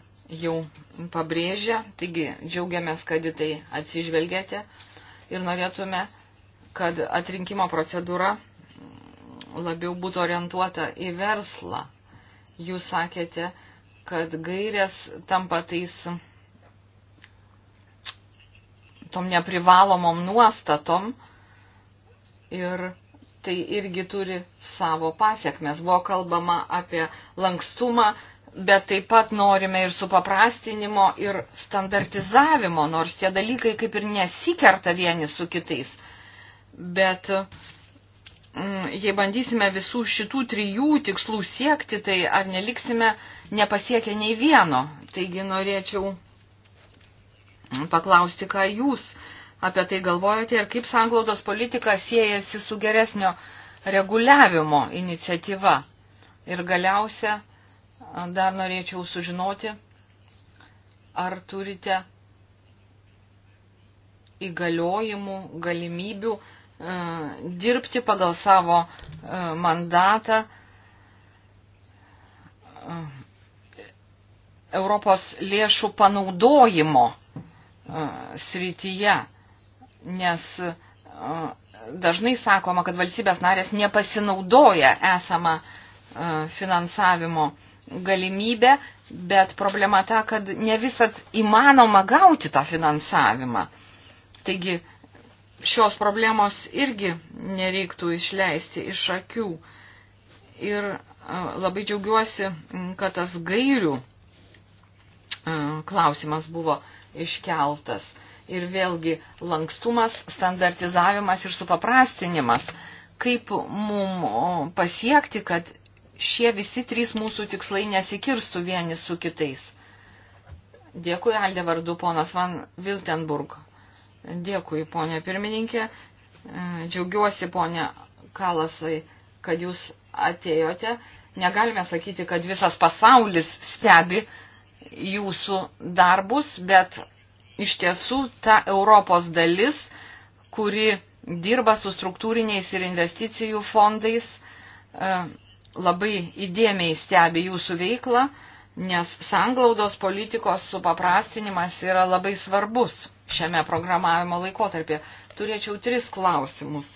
jau pabrėžę, taigi džiaugiamės, kad į tai atsižvelgėte ir norėtume, kad atrinkimo procedūra labiau būtų orientuota į verslą. Jūs sakėte, kad gairės tampa tais tom neprivalomom nuostatom ir tai irgi turi savo pasiekmes. Buvo kalbama apie lankstumą, bet taip pat norime ir supaprastinimo, ir standartizavimo, nors tie dalykai kaip ir nesikerta vieni su kitais. Bet mm, jei bandysime visų šitų trijų tikslų siekti, tai ar neliksime nepasiekę nei vieno. Taigi norėčiau paklausti, ką jūs apie tai galvojate ir kaip sanglaudos politika siejasi su geresnio reguliavimo iniciatyva. Ir galiausia, dar norėčiau sužinoti, ar turite įgaliojimų, galimybių e, dirbti pagal savo e, mandatą e, Europos lėšų panaudojimo srityje, nes dažnai sakoma, kad valstybės narės nepasinaudoja esamą finansavimo galimybę, bet problema ta, kad ne visat įmanoma gauti tą finansavimą. Taigi šios problemos irgi nereiktų išleisti iš akių. Ir labai džiaugiuosi, kad tas gairių klausimas buvo iškeltas. Ir vėlgi lankstumas, standartizavimas ir supaprastinimas. Kaip mum pasiekti, kad šie visi trys mūsų tikslai nesikirstų vieni su kitais. Dėkui, Aldė vardu, ponas Van Viltenburg. Dėkui, ponė pirmininkė. E, džiaugiuosi, ponė Kalasai, kad jūs atėjote. Negalime sakyti, kad visas pasaulis stebi jūsų darbus, bet iš tiesų ta Europos dalis, kuri dirba su struktūriniais ir investicijų fondais, e, labai įdėmiai stebi jūsų veiklą, nes sanglaudos politikos supaprastinimas yra labai svarbus šiame programavimo laikotarpyje. Turėčiau tris klausimus.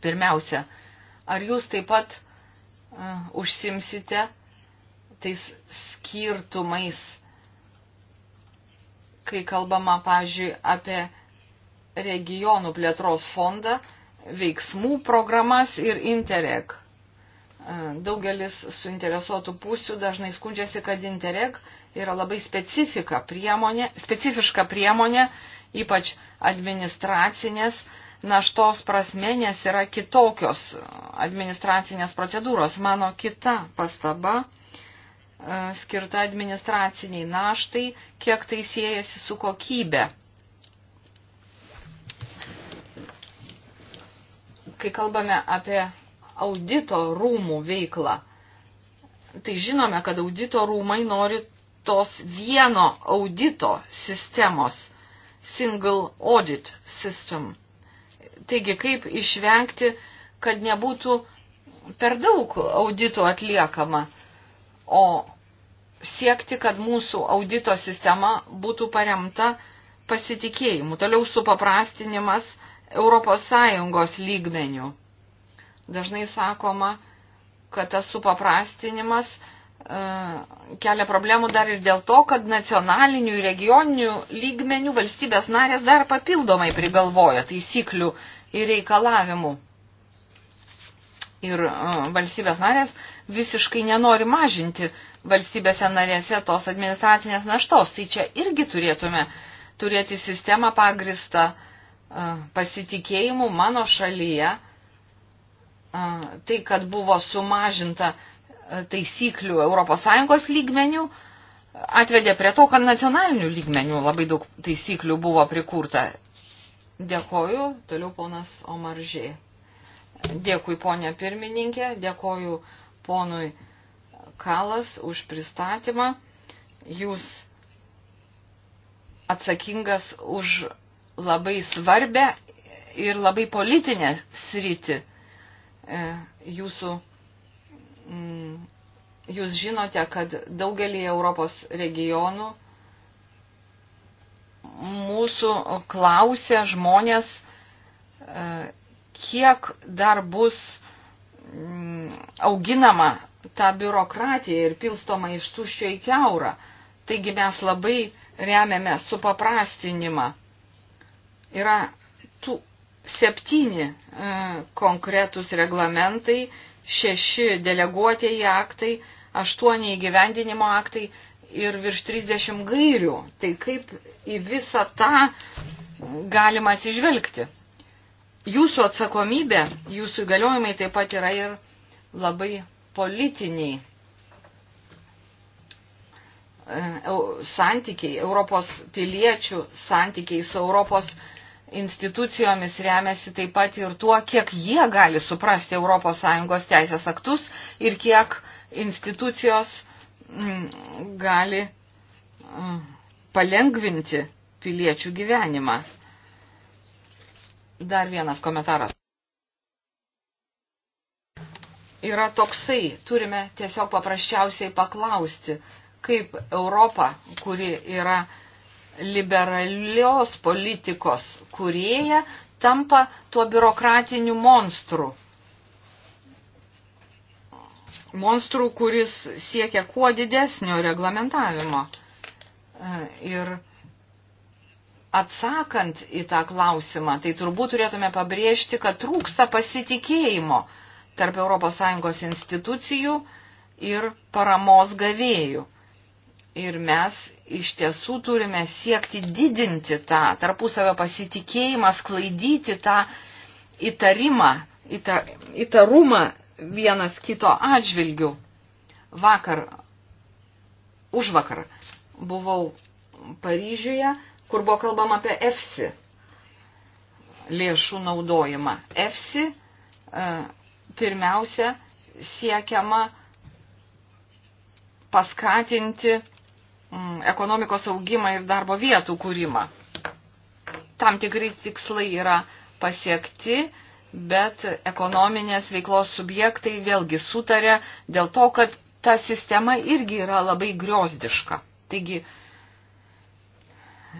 Pirmiausia, ar jūs taip pat uh, užsimsite tais skirtumais, kai kalbama, pavyzdžiui, apie regionų plėtros fondą, veiksmų programas ir Interreg. E, daugelis suinteresuotų pusių dažnai skundžiasi, kad Interreg yra labai specifika priemonė, specifiška priemonė, ypač administracinės naštos prasme, nes yra kitokios administracinės procedūros. Mano kita pastaba skirta administraciniai naštai, kiek tai siejasi su kokybė. Kai kalbame apie audito rūmų veiklą, tai žinome, kad audito rūmai nori tos vieno audito sistemos, single audit system. Taigi, kaip išvengti, kad nebūtų per daug audito atliekama o siekti, kad mūsų audito sistema būtų paremta pasitikėjimu. Toliau supaprastinimas ES lygmenių. Dažnai sakoma, kad tas supaprastinimas e, kelia problemų dar ir dėl to, kad nacionalinių ir regioninių lygmenių valstybės narės dar papildomai prigalvoja taisyklių ir reikalavimų ir valstybės narės visiškai nenori mažinti valstybėse narėse tos administracinės naštos. Tai čia irgi turėtume turėti sistemą pagristą pasitikėjimu mano šalyje. Tai, kad buvo sumažinta taisyklių ES lygmenių, atvedė prie to, kad nacionalinių lygmenių labai daug taisyklių buvo prikurta. Dėkoju, toliau ponas Omaržiai. Dėkui ponė pirmininkė, dėkoju ponui Kalas už pristatymą. Jūs atsakingas už labai svarbę ir labai politinę sritį. E, jūsų, mm, jūs žinote, kad daugelį Europos regionų mūsų klausia žmonės e, kiek dar bus mm, auginama ta biurokratija ir pilstoma iš tuščio į keurą. Taigi mes labai remiame supaprastinimą. Yra tų septyni e, konkretus reglamentai, šeši deleguotieji aktai, aštuoni įgyvendinimo aktai ir virš 30 gairių. Tai kaip į visą tą galima atsižvelgti? jūsų atsakomybė, jūsų įgaliojimai taip pat yra ir labai politiniai e, santykiai, Europos piliečių santykiai su Europos institucijomis remiasi taip pat ir tuo, kiek jie gali suprasti ES teisės aktus ir kiek institucijos mm, gali mm, palengvinti piliečių gyvenimą. Dar vienas komentaras. Yra toksai, turime tiesiog paprasčiausiai paklausti, kaip Europa, kuri yra liberalios politikos kurieja, tampa tuo biurokratiniu monstru. Monstru, kuris siekia kuo didesnio reglamentavimo. E, ir atsakant į tą klausimą, tai turbūt turėtume pabrėžti, kad trūksta pasitikėjimo tarp ES institucijų ir paramos gavėjų. Ir mes iš tiesų turime siekti didinti tą tarpusavio pasitikėjimą, sklaidyti tą įtarimą, įta, įtarumą vienas kito atžvilgių. Vakar, už vakar buvau Paryžiuje kur buvo kalbama apie EFSI lėšų naudojimą. EFSI e, pirmiausia siekiama paskatinti mm, ekonomikos augimą ir darbo vietų kūrimą. Tam tikrai tikslai yra pasiekti, bet ekonominės veiklos subjektai vėlgi sutarė dėl to, kad ta sistema irgi yra labai griozdiška. Taigi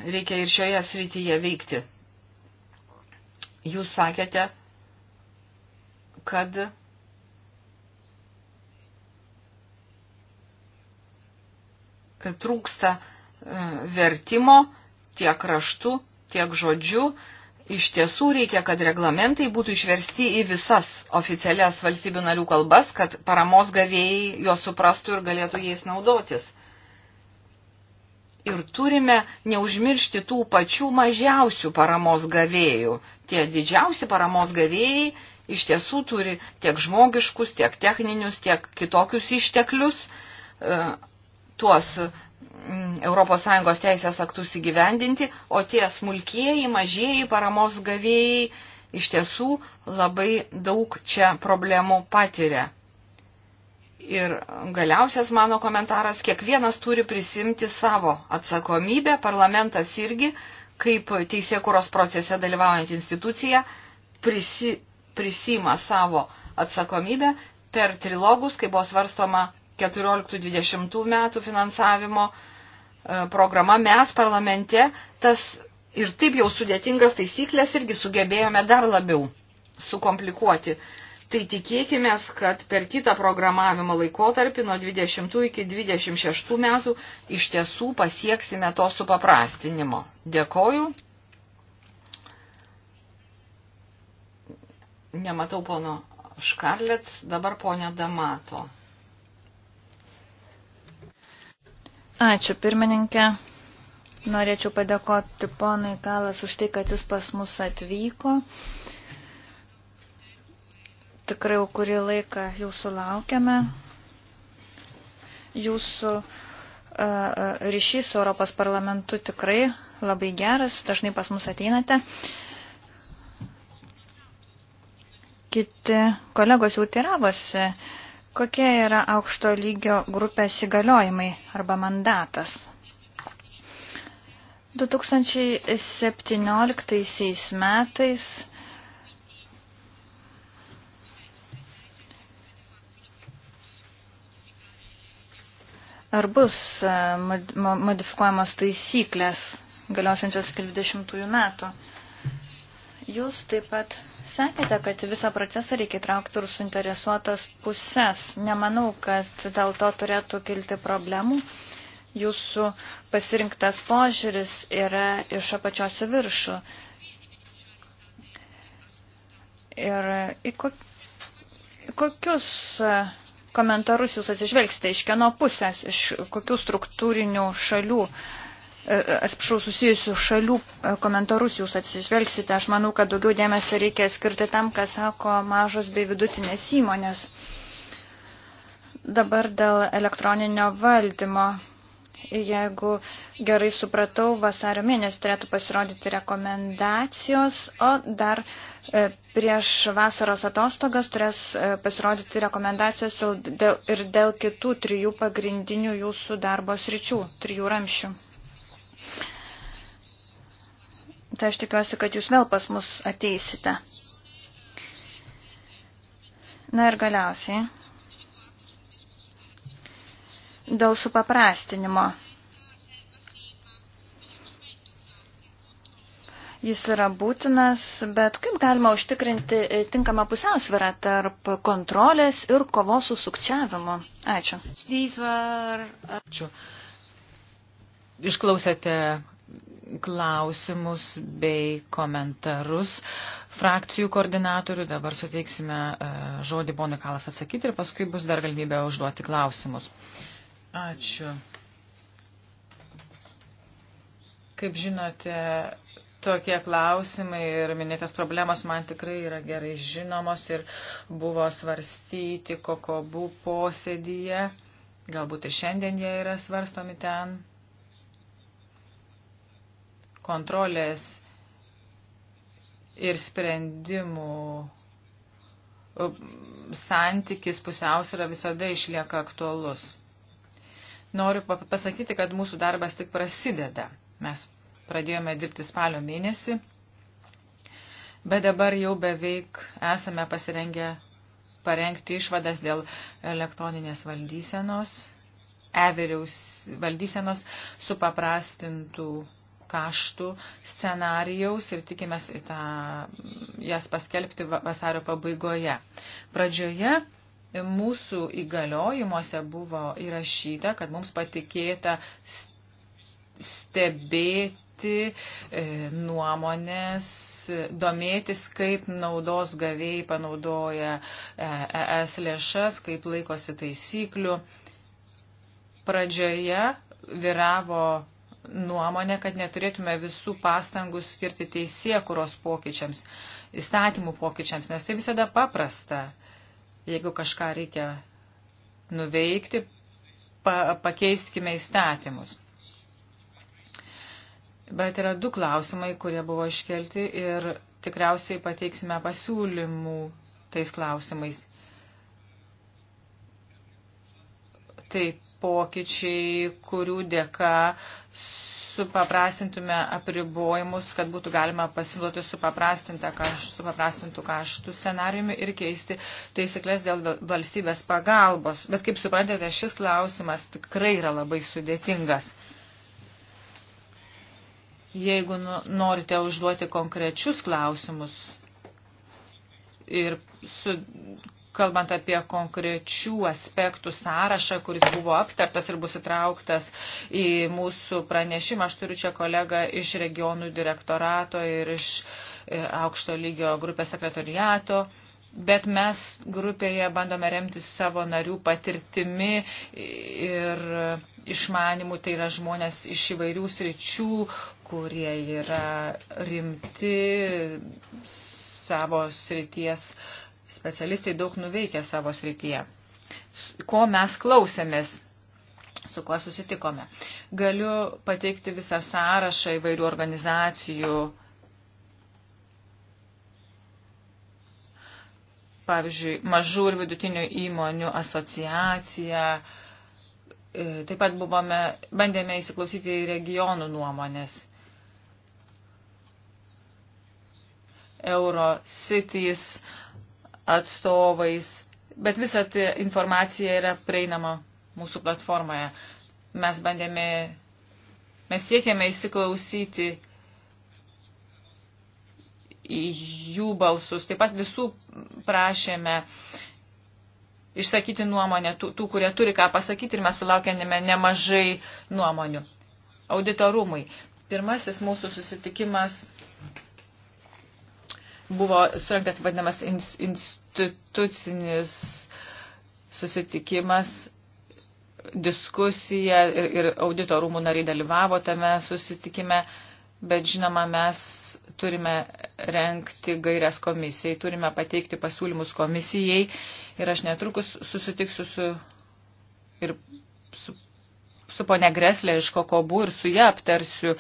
reikia ir šioje srityje veikti. Jūs sakėte, kad trūksta e, vertimo tiek raštu, tiek žodžiu. Iš tiesų reikia, kad reglamentai būtų išversti į visas oficialias valstybių narių kalbas, kad paramos gavėjai juos suprastų ir galėtų jais naudotis ir turime neužmiršti tų pačių mažiausių paramos gavėjų. Tie didžiausi paramos gavėjai iš tiesų turi tiek žmogiškus, tiek techninius, tiek kitokius išteklius. E, tuos mm, ES teisės aktus įgyvendinti, o tie smulkieji, mažieji paramos gavėjai iš tiesų labai daug čia problemų patiria. Ir galiausias mano komentaras, kiekvienas turi prisimti savo atsakomybę, parlamentas irgi, kaip teisėkuros procese dalyvaujant institucija, prisi, prisima savo atsakomybę per trilogus, kai buvo svarstoma 14-20 metų finansavimo e, programa, mes parlamente tas ir taip jau sudėtingas taisyklės irgi sugebėjome dar labiau sukomplikuoti Tai tikėkime, kad per kitą programavimo laikotarpį nuo 20 iki 26 metų iš tiesų pasieksime to supaprastinimo. Dėkoju. Nematau pono Škarlets, dabar ponia Damato. Ačiū pirmininkė. Norėčiau padėkoti ponai Kalas už tai, kad jis pas mus atvyko tikrai jau kurį laiką jūsų laukiame. Jūsų ryšys su Europos parlamentu tikrai labai geras, dažnai pas mus ateinate. Kiti kolegos jau tiravosi, kokie yra aukšto lygio grupės įgaliojimai arba mandatas. 2017 metais ar bus e, modifikuojamos taisyklės galiosiančios iki 20 metų. Jūs taip pat sakėte, kad visą procesą reikia traukti ir suinteresuotas pusės. Nemanau, kad dėl to turėtų kilti problemų. Jūsų pasirinktas požiūris yra iš apačios į viršų. Ir į kokius komentarus jūs atsižvelgsite, iš kieno pusės, iš kokių struktūrinių šalių, e, e, atsiprašau, susijusių šalių e, komentarus jūs atsižvelgsite. Aš manau, kad daugiau dėmesio reikia skirti tam, ką sako mažos bei vidutinės įmonės. Dabar dėl elektroninio valdymo. Jeigu gerai supratau, vasario mėnesį turėtų pasirodyti rekomendacijos, o dar e, prieš vasaros atostogas turės e, pasirodyti rekomendacijos ir dėl kitų trijų pagrindinių jūsų darbo sričių, trijų ramšių. Tai aš tikiuosi, kad jūs vėl pas mus ateisite. Na ir galiausiai dėl supaprastinimo. Jis yra būtinas, bet kaip galima užtikrinti tinkamą pusiausvyrą tarp kontrolės ir kovos su sukčiavimu? Ačiū. Uh, Ačiū. Išklausėte klausimus bei komentarus frakcijų koordinatorių. Dabar suteiksime uh, žodį Bonikalas atsakyti ir paskui bus dar galimybė užduoti klausimus. Uh, Ačiū. Kaip žinote, tokie klausimai ir minėtas problemas man tikrai yra gerai žinomos ir buvo svarstyti kokobų posėdyje. Galbūt ir šiandien jie yra svarstomi ten. Kontrolės ir sprendimų uh, santykis pusiausvėra visada išlieka aktualus. Noriu pasakyti, kad mūsų darbas tik prasideda. Mes pradėjome dirbti spalio mėnesį, bet dabar jau beveik esame pasirengę parengti išvadas dėl elektroninės valdysenos, e-vyriaus valdysenos supaprastintų kaštų scenarijaus ir tikimės tą, jas paskelbti vasario pabaigoje. Pradžioje mūsų įgaliojimuose buvo įrašyta, kad mums patikėta stebėti e, nuomonės, domėtis, kaip naudos gavėjai panaudoja ES e lėšas, kaip laikosi taisyklių. Pradžioje vyravo nuomonė, kad neturėtume visų pastangų skirti teisėkuros pokyčiams, įstatymų pokyčiams, nes tai visada paprasta Jeigu kažką reikia nuveikti, pa, pakeiskime įstatymus. Bet yra du klausimai, kurie buvo iškelti ir tikriausiai pateiksime pasiūlymų tais klausimais. Tai pokyčiai, kurių dėka supaprastintume apribojimus, kad būtų galima pasiduoti supaprastintą kaštų, supaprastintų kaštų scenariumi ir keisti taisyklės dėl valstybės pagalbos. Bet kaip suprantate, šis klausimas tikrai yra labai sudėtingas. Jeigu nu, norite užduoti konkrečius klausimus ir su, kalbant apie konkrečių aspektų sąrašą, kuris buvo aptartas ir bus įtrauktas į mūsų pranešimą. Aš turiu čia kolegą iš regionų direktorato ir iš e, aukšto lygio grupės sekretoriato. Bet mes grupėje bandome remtis savo narių patirtimi ir išmanimu, tai yra žmonės iš įvairių sričių, kurie yra rimti savo srities uh, specialistai daug nuveikė savo srityje. Ko mes klausėmės, su kuo susitikome. Galiu pateikti visą sąrašą įvairių organizacijų. Pavyzdžiui, mažų ir vidutinių įmonių asociacija. E, taip pat buvome, bandėme įsiklausyti į regionų nuomonės. Euro cities, uh, atstovais, bet visa ta informacija yra prieinama mūsų platformoje. Mes bandėme, mes siekėme įsiklausyti į jų balsus. Taip pat visų prašėme išsakyti nuomonę, tų, tų kurie turi ką pasakyti ir mes sulaukėme nemažai nuomonių. Auditorumai. Pirmasis mūsų susitikimas buvo surinktas vadinamas institucinis susitikimas, diskusija ir, ir audito rūmų nariai dalyvavo tame susitikime, bet žinoma, mes turime renkti gairias komisijai, turime pateikti pasiūlymus komisijai ir aš netrukus susitiksiu su ir su su ponia Greslė iš Kokobų ir su ją aptarsiu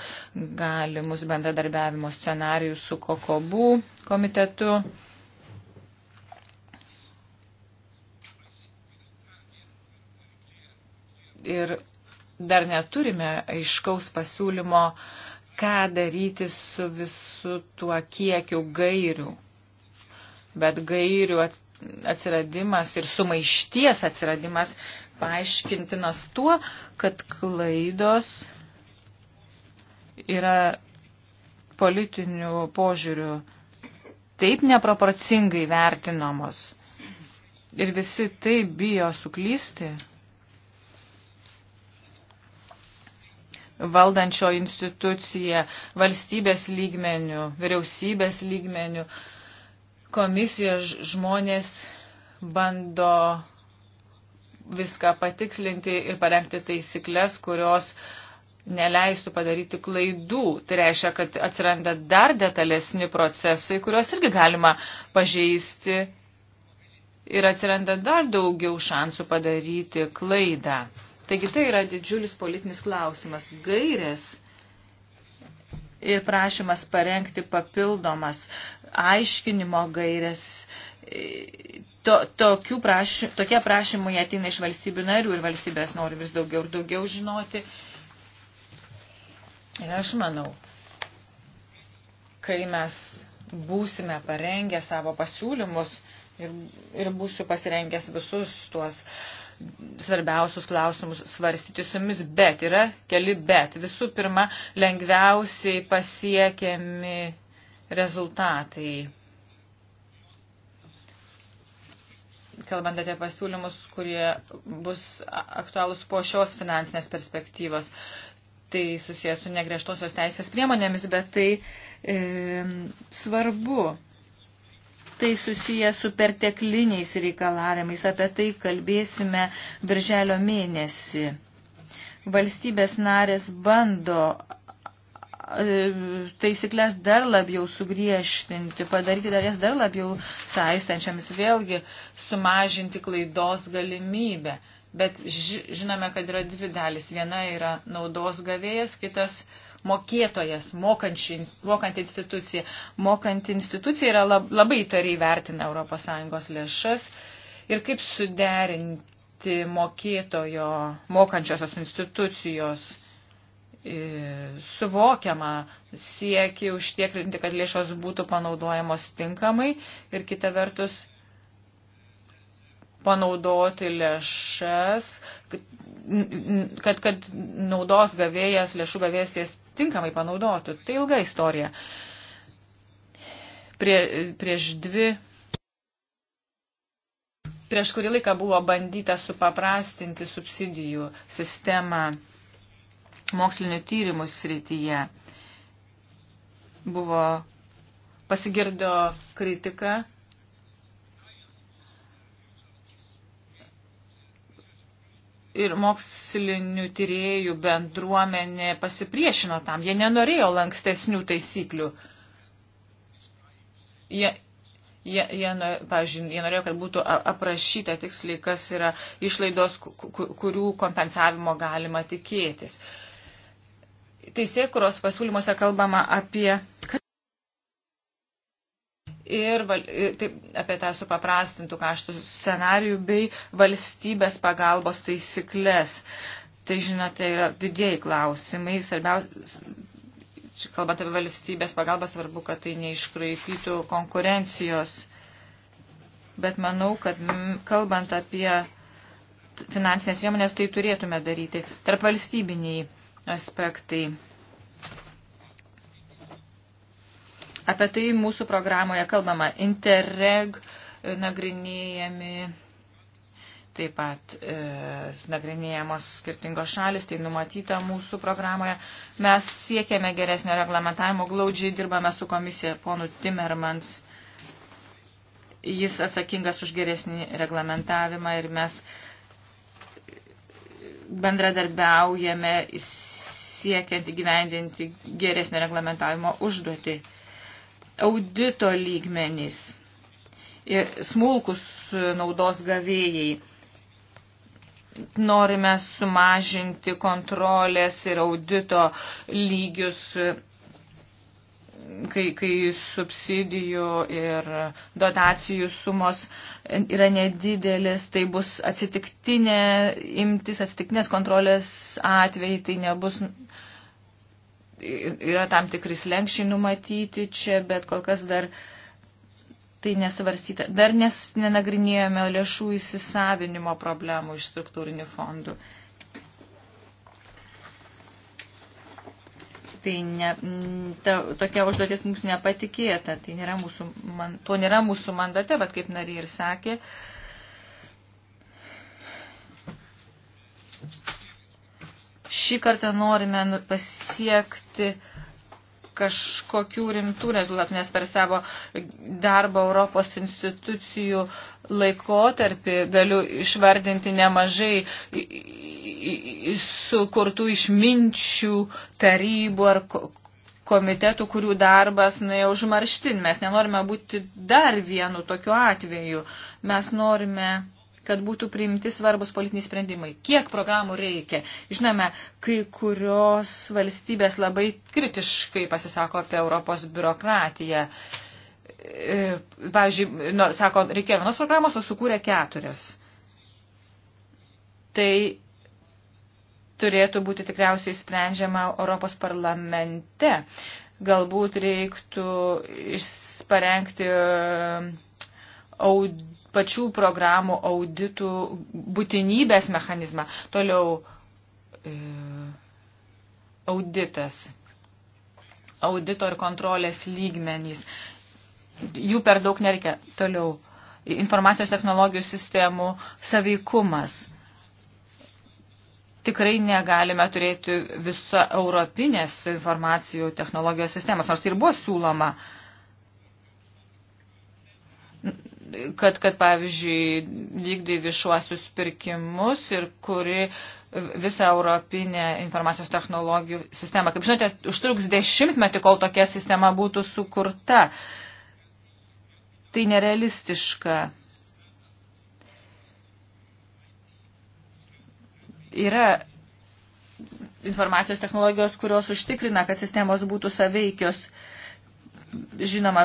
galimus bendradarbiavimo scenarijus su Kokobų komitetu. Ir dar neturime aiškaus pasiūlymo, ką daryti su visu tuo kiekiu gairių. Bet gairių atsiradimas ir sumaišties atsiradimas paaiškintinas tuo, kad klaidos yra politinių požiūrių taip neproporcingai vertinamos ir visi taip bijo suklysti. valdančio institucija, valstybės lygmenių, vyriausybės lygmenių, komisijos žmonės bando viską patikslinti ir parengti taisyklės, kurios neleistų padaryti klaidų. Tai reiškia, kad atsiranda dar detalesni procesai, kuriuos irgi galima pažeisti ir atsiranda dar daugiau šansų padaryti klaidą. Taigi tai yra didžiulis politinis klausimas. Gairės ir prašymas parengti papildomas aiškinimo gairės to, tokių prašy, tokie prašymai ateina iš valstybių narių ir valstybės nori vis daugiau ir daugiau žinoti. Ir aš manau, kai mes būsime parengę savo pasiūlymus ir, ir būsiu pasirengęs visus tuos svarbiausius klausimus svarstyti su jumis, bet yra keli bet. Visų pirma, lengviausiai pasiekiami rezultatai kalbant apie pasiūlymus, kurie bus aktualūs po šios finansinės perspektyvos. Tai susijęs su negriežtosios teisės priemonėmis, bet tai e, svarbu. Tai susijęs su pertekliniais reikalavimais. Apie tai kalbėsime birželio mėnesį. Valstybės narės bando E, taisyklės dar labiau sugriežtinti, padaryti dar jas dar labiau saistančiams, vėlgi sumažinti klaidos galimybę. Bet žinome, kad yra dvi dalis. Viena yra naudos gavėjas, kitas mokėtojas, mokanti institucija. Mokanti institucija yra lab, labai tariai vertina ES lėšas ir kaip suderinti mokėtojo mokančiosios institucijos suvokiamą siekį užtiekrinti, kad lėšos būtų panaudojamos tinkamai ir kita vertus panaudoti lėšas, kad, kad naudos gavėjas, lėšų gavėjas jas tinkamai panaudotų. Tai ilga istorija. Prie, prieš dvi prieš kurį laiką buvo bandyta supaprastinti subsidijų sistemą mokslinių tyrimų srityje. Buvo pasigirdo kritika ir mokslinių tyriejų bendruomenė pasipriešino tam. Jie nenorėjo lankstesnių taisyklių. Jie, jie, jie, pavyzdžiui, jie norėjo, kad būtų aprašyta tiksliai, kas yra išlaidos, kurių kompensavimo galima tikėtis. Uh, teisėkuros pasiūlymuose kalbama apie ir taip, apie tą supaprastintų kaštų scenarių bei valstybės pagalbos taisyklės. Tai, žinote, yra didėjai klausimai. Svarbiausia, kalbant apie valstybės pagalbą, svarbu, kad tai neiškraipytų konkurencijos. Bet manau, kad kalbant apie finansinės priemonės, tai turėtume daryti tarp valstybiniai aspektai. Apie tai mūsų programoje kalbama. Interreg e, nagrinėjami, taip pat e, nagrinėjamos skirtingos šalis, tai numatyta mūsų programoje. Mes siekiame geresnio reglamentavimo, glaudžiai dirbame su komisija ponu Timmermans. Jis atsakingas už geresnį reglamentavimą ir mes e, bendradarbiaujame siekiant įgyvendinti geresnio reglamentavimo užduotį. Audito lygmenys ir smulkus naudos gavėjai. Norime sumažinti kontrolės ir audito lygius kai, kai subsidijų ir dotacijų sumos yra nedidelis, tai bus atsitiktinė imtis, atsitiktinės kontrolės atvejai, tai nebus. Yra tam tikri slengščiai numatyti čia, bet kol kas dar tai nesvarstyta. Dar nes nenagrinėjome lėšų įsisavinimo problemų iš struktūrinių fondų. Uh, tai ne, ta, tokia užduotis mums nepatikėta, tai nėra mūsų, man, to nėra mūsų mandate, bet kaip nariai ir sakė. Šį kartą norime pasiekti uh, kažkokių rimtų rezultatų, nes per savo darbą Europos institucijų laikotarpį galiu išvardinti nemažai sukurtų išminčių tarybų ar komitetų, kurių darbas nuėjo užmarštin. Mes nenorime būti dar vienu tokiu atveju. Mes norime kad būtų priimti svarbus politiniai sprendimai. Kiek programų reikia? Žinome, kai kurios valstybės labai kritiškai pasisako apie Europos biurokratiją. E, pavyzdžiui, nu, sako, reikėjo vienos programos, o sukūrė keturias. Tai turėtų būti tikriausiai sprendžiama Europos parlamente. Galbūt reiktų parengti e, auditą pačių programų auditų būtinybės mechanizmą. Toliau e, auditas, audito ir kontrolės lygmenys. Jų per daug nereikia. Toliau informacijos technologijų sistemų saveikumas. Tikrai negalime turėti visą europinės informacijų technologijos sistemos, nors tai ir buvo siūloma. E, kad, kad pavyzdžiui, vykdai viešuosius pirkimus ir kuri visą europinę informacijos technologijų sistemą. Kaip žinote, užtruks dešimtmetį, kol tokia sistema būtų sukurta. Tai nerealistiška. Yra informacijos technologijos, kurios užtikrina, kad sistemos būtų saveikios žinoma,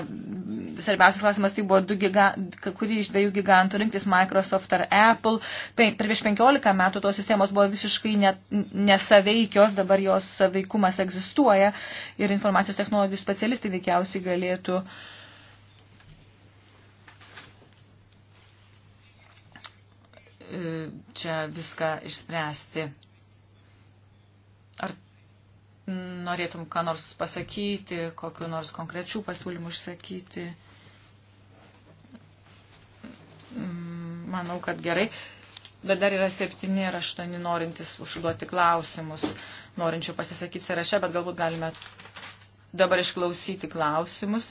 svarbiausias klausimas tai buvo, giga, kurį iš dviejų gigantų rinktis Microsoft ar Apple. Prieš 15 metų tos sistemos buvo visiškai net, nesaveikios, dabar jos veikumas egzistuoja ir informacijos technologijų specialistai veikiausiai galėtų e, čia viską išspręsti norėtum ką nors pasakyti, kokiu nors konkrečių pasiūlymų išsakyti. Mm, manau, kad gerai. Bet dar yra septyni ar aštuoni norintys užduoti klausimus, norinčių pasisakyti sąraše, bet galbūt galime dabar išklausyti klausimus.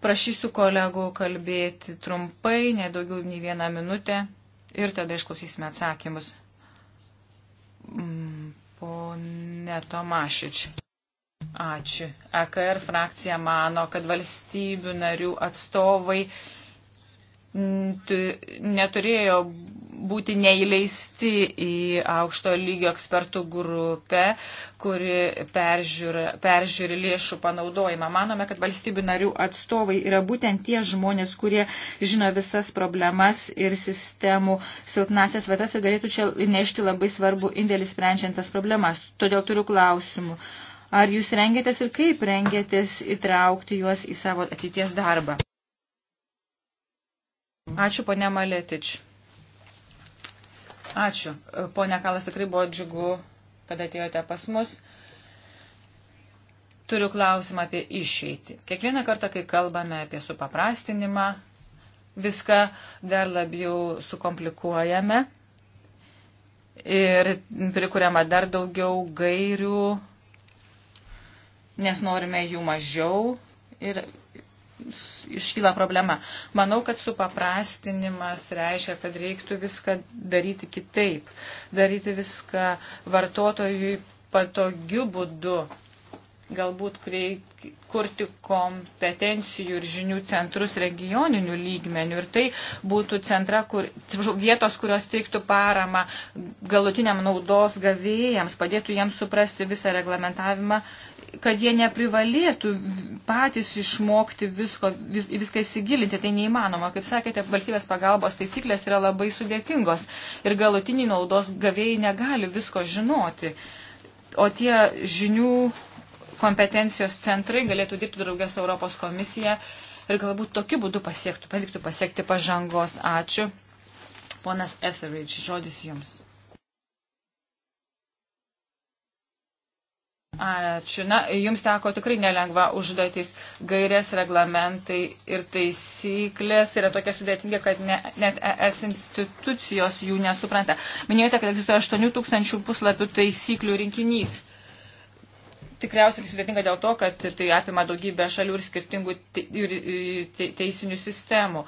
Prašysiu kolegų kalbėti trumpai, nedaugiau nei vieną minutę ir tada išklausysime atsakymus. Mm, Pone Pone Tomašič. Ačiū. EKR er frakcija mano, kad valstybių narių atstovai neturėjo būti neįleisti į aukšto lygio ekspertų grupę, kuri peržiūri, peržiūri lėšų panaudojimą. Manome, kad valstybių narių atstovai yra būtent tie žmonės, kurie žino visas problemas ir sistemų silpnasias vietas ir galėtų čia nešti labai svarbu indėlį sprendžiant tas problemas. Todėl turiu klausimų. Ar jūs rengėtės ir kaip rengėtės įtraukti juos į savo ateities darbą? Ačiū, ponė Maletič. Ačiū. Pone Kalas, tikrai buvo džiugu, kad atėjote pas mus. Turiu klausimą apie išeitį. Kiekvieną kartą, kai kalbame apie supaprastinimą, viską dar labiau sukomplikuojame ir prikuriama dar daugiau gairių, nes norime jų mažiau ir iškyla problema. Manau, kad supaprastinimas reiškia, kad reiktų viską daryti kitaip, daryti viską vartotojui patogiu būdu galbūt kreik, kurti kompetencijų ir žinių centrus regioninių lygmenių. Ir tai būtų centra, kur, vietos, kurios teiktų paramą galutiniam naudos gavėjams, padėtų jiems suprasti visą reglamentavimą, kad jie neprivalėtų patys išmokti visko, vis, viską įsigilinti. Tai neįmanoma. Kaip sakėte, valstybės pagalbos taisyklės yra labai sudėtingos ir galutiniai naudos gavėjai negali visko žinoti. O tie žinių kompetencijos centrai galėtų dirbti draugės Europos komisija ir galbūt tokiu būdu pasiektų, pavyktų pasiekti pažangos. Ačiū. Ponas Etheridge, žodis jums. Ačiū. Na, jums teko tikrai nelengva užduotis. Gairės, reglamentai ir taisyklės yra tokia sudėtinga, kad ne, net ES institucijos jų nesupranta. Minėjote, kad egzistuoja 8 tūkstančių puslapių taisyklių rinkinys tikriausiai tai sudėtinga dėl to, kad tai apima daugybę šalių ir skirtingų e, teisinių sistemų.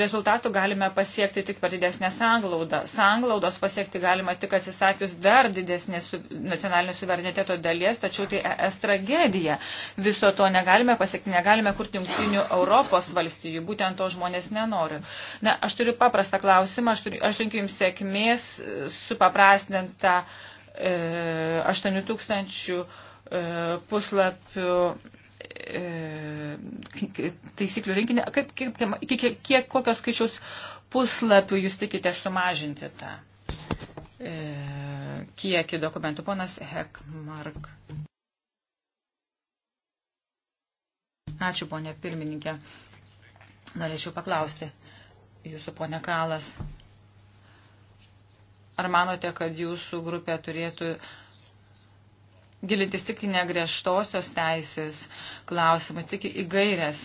Rezultatų galime pasiekti tik per didesnę sanglaudą. Sanglaudos pasiekti galima tik atsisakius dar didesnės nacionalinio suvereniteto dalies, tačiau tai es tragedija. Viso to negalime pasiekti, negalime kurti jungtinių Europos valstijų, būtent to žmonės nenori. Na, aš turiu paprastą klausimą, aš, turiu, aš linkiu jums sėkmės e, supaprastinant tą uh, 8 e, tūkstančių e, puslapių e, taisyklių rinkinį. Kaip, kaip, kiek, kiek, kokios skaičiaus puslapių jūs tikite sumažinti tą e, kiekį dokumentų? Ponas Hekmark. Ačiū, ponė pirmininkė. Norėčiau paklausti jūsų, ponė Kalas. Ar manote, kad jūsų grupė turėtų gilintis tik į negriežtosios teisės klausimą, tik į gairias?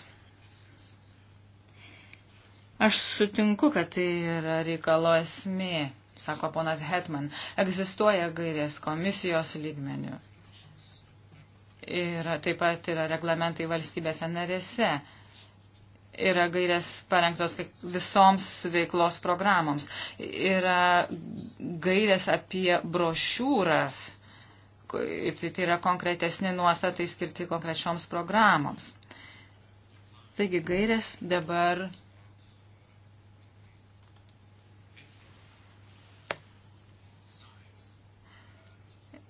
Aš sutinku, kad tai yra reikalo esmė, sako ponas Hetman. Egzistuoja gairės komisijos lygmenių. Ir taip pat yra reglamentai valstybėse narėse. Yra gairės parengtos visoms veiklos programoms. Yra gairės apie brošiūras. Tai, tai yra konkretesni nuostatai skirti konkrečioms programoms. Taigi gairės dabar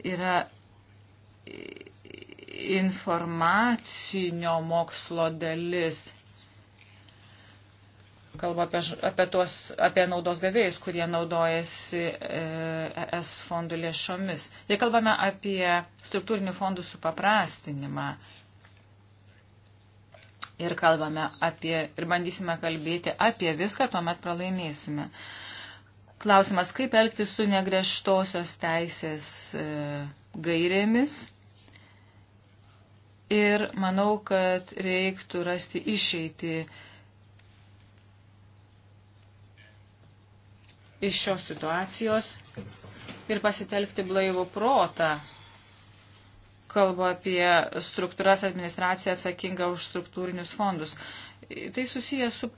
yra informacinio mokslo dalis kalba apie, apie, tuos, apie naudos gavėjus, kurie naudojasi ES e fondų lėšomis. Tai kalbame apie struktūrinių fondų supaprastinimą. Ir kalbame apie, ir bandysime kalbėti apie viską, tuomet pralaimėsime. Klausimas, kaip elgtis su negreštosios teisės e, gairėmis. Ir manau, kad reiktų rasti išeitį iš šios situacijos ir pasitelkti blaivų protą. Kalba apie struktūras administraciją atsakingą už struktūrinius fondus. Tai susijęs su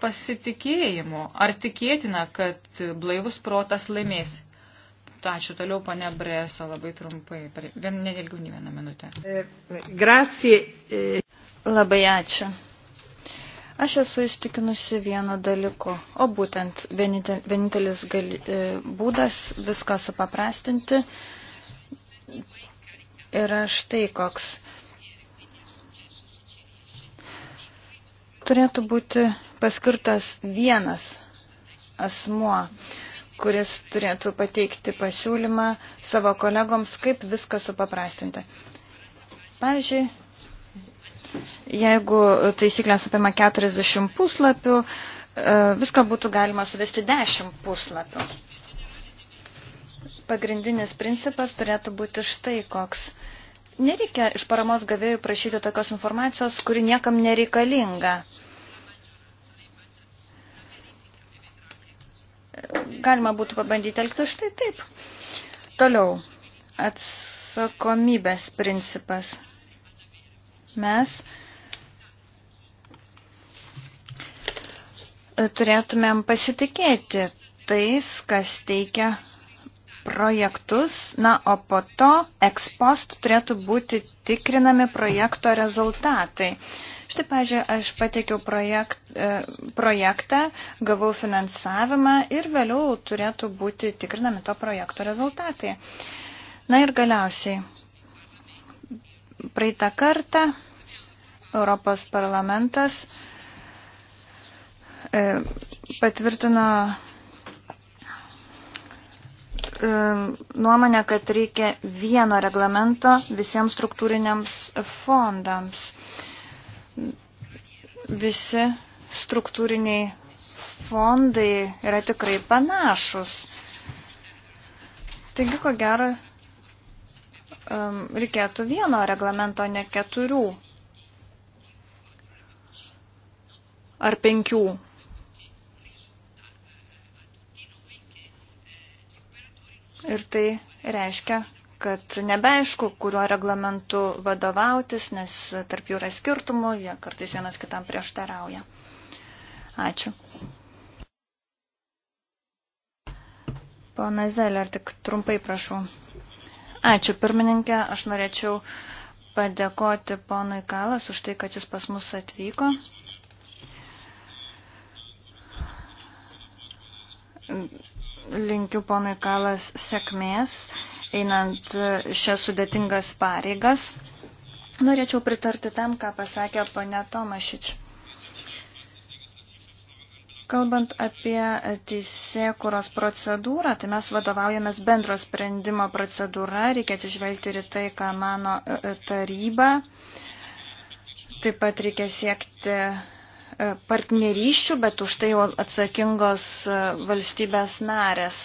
pasitikėjimu. Ar tikėtina, kad blaivus protas laimės? Ačiū toliau, pane Breso, labai trumpai, vien, ne ilgiau nei vieną minutę. Gracija. E- labai ačiū. Aš esu įstikinusi vieno dalyko, o būtent vienintelis gali, e, būdas viską supaprastinti yra štai koks. Turėtų būti paskirtas vienas asmuo, kuris turėtų pateikti pasiūlymą savo kolegoms, kaip viską supaprastinti. Pavyzdžiui, Jeigu taisyklės apima 40 puslapių, e, viską būtų galima suvesti 10 puslapių. Pagrindinis principas turėtų būti štai koks. Nereikia iš paramos gavėjų prašyti tokios informacijos, kuri niekam nereikalinga. Galima būtų pabandyti elgtis štai taip. Toliau. Atsakomybės principas mes turėtumėm pasitikėti tais, kas teikia projektus, na, o po to ekspost turėtų būti tikrinami projekto rezultatai. Štai, pažiūrėjau, aš pateikiau projekt, e, projektą, gavau finansavimą ir vėliau turėtų būti tikrinami to projekto rezultatai. Na ir galiausiai, praeitą kartą Europos parlamentas e, patvirtino e, nuomonę, kad reikia vieno reglamento visiems struktūriniams fondams. Visi struktūriniai fondai yra tikrai panašus. Taigi, ko gero, um, reikėtų vieno reglamento, ne keturių ar penkių. Ir tai reiškia, kad nebeaišku, kuriuo reglamentu vadovautis, nes tarp jų yra skirtumų, jie kartais vienas kitam prieštarauja. Ačiū. Pana Zeller, tik trumpai prašau. Ačiū pirmininkė, aš norėčiau padėkoti ponui Kalas už tai, kad jis pas mus atvyko. Linkiu ponui Kalas sėkmės, einant šias sudėtingas pareigas. Norėčiau pritarti tam, ką pasakė ponė Tomašič. Kalbant apie teisėkuros procedūrą, tai mes vadovaujamės bendro sprendimo procedūra, reikia atsižvelgti ir tai, ką mano e, e, taryba. Taip pat reikia siekti e, partnerysčių, bet už tai atsakingos valstybės narės.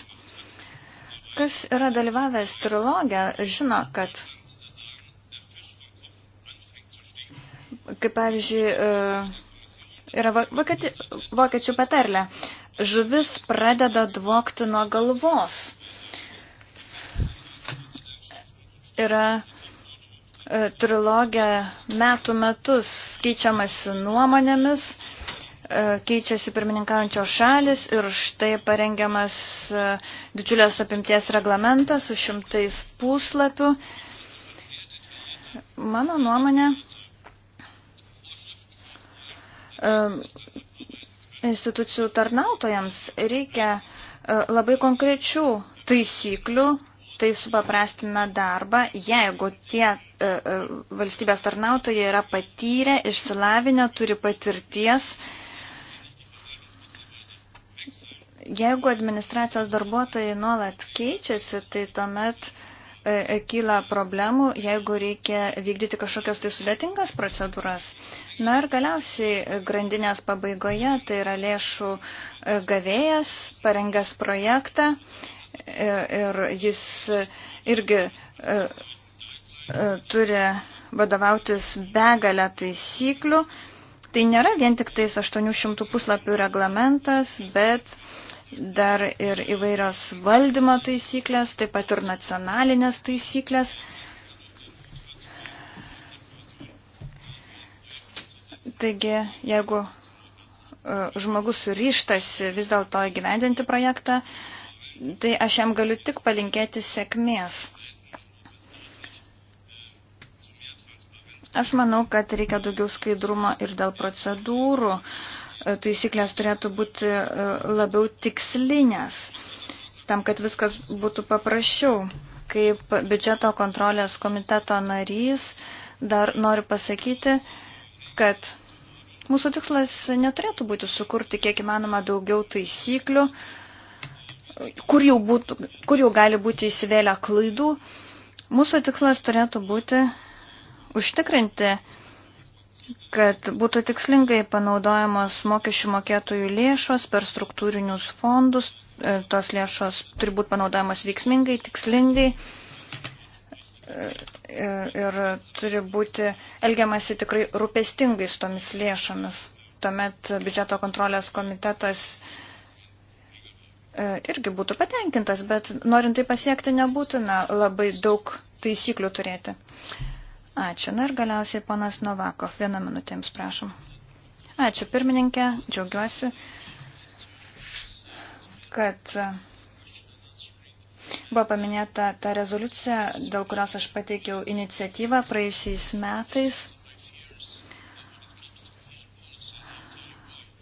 Kas yra dalyvavęs trilogę, žino, kad kaip pavyzdžiui, yra vokiečių, vokiečių patarlė. Žuvis pradeda dvokti nuo galvos. Yra e, trilogija metų metus keičiamasi nuomonėmis, e, keičiasi pirmininkaujančios šalis ir štai parengiamas e, didžiulės apimties reglamentas su šimtais puslapių. Mano nuomonė, institucijų tarnautojams reikia e, labai konkrečių taisyklių, tai supaprastina darbą, jeigu tie e, e, valstybės tarnautojai yra patyrę, išsilavinę, turi patirties. Jeigu administracijos darbuotojai nuolat keičiasi, tai tuomet uh, E, e, kyla problemų, jeigu reikia vykdyti kažkokias tai sudėtingas procedūras. Na ir galiausiai e, grandinės pabaigoje tai yra lėšų gavėjas, parengęs projektą ir jis irgi turi vadovautis begalę taisyklių. Tai nėra vien tik tais 800 puslapių reglamentas, bet uh, dar ir įvairios valdymo taisyklės, taip pat ir nacionalinės taisyklės. Taigi, jeigu e, žmogus ryštasi vis dėlto įgyvendinti projektą, tai aš jam galiu tik palinkėti sėkmės. Aš manau, kad reikia daugiau skaidrumo ir dėl procedūrų. Uh, taisyklės turėtų būti e, labiau tikslinės, tam, kad viskas būtų paprasčiau. Kaip biudžeto kontrolės komiteto narys dar noriu pasakyti, kad mūsų tikslas neturėtų būti sukurti kiek įmanoma daugiau taisyklių, kur jau, būtų, kur jau gali būti įsivėlę klaidų. Mūsų tikslas turėtų būti užtikrinti kad būtų tikslingai panaudojamos mokesčių mokėtojų lėšos per struktūrinius fondus. E, tos lėšos turi būti panaudojamos veiksmingai, tikslingai e, ir turi būti elgiamasi tikrai rūpestingai su tomis lėšomis. Tuomet biudžeto kontrolės komitetas e, irgi būtų patenkintas, bet norint tai pasiekti nebūtina labai daug taisyklių turėti. Ačiū. Na ir galiausiai panas Novakov. Vieną minutę jums prašom. Ačiū pirmininkė. Džiaugiuosi, kad buvo paminėta ta rezoliucija, dėl kurios aš pateikiau iniciatyvą praėjusiais metais.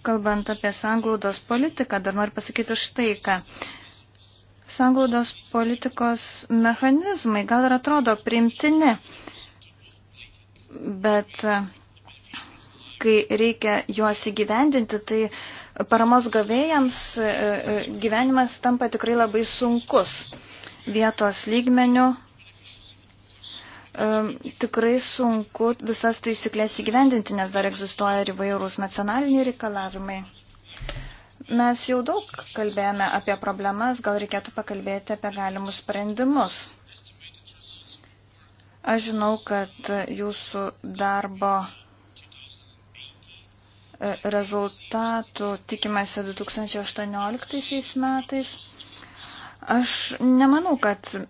Kalbant apie sanglaudos politiką, dar noriu pasakyti štai ką. Sanglaudos politikos mechanizmai gal ir atrodo primtini, bet e, kai reikia juos įgyvendinti, tai paramos gavėjams e, e, gyvenimas tampa tikrai labai sunkus vietos lygmenių. Tikrai sunku visas taisyklės įgyvendinti, nes dar egzistuoja ir įvairūs nacionaliniai reikalavimai. Mes jau daug kalbėjome apie problemas, gal reikėtų pakalbėti apie galimus sprendimus. Aš žinau, kad jūsų darbo e, rezultatų tikimasi 2018 metais. Aš nemanau, kad e,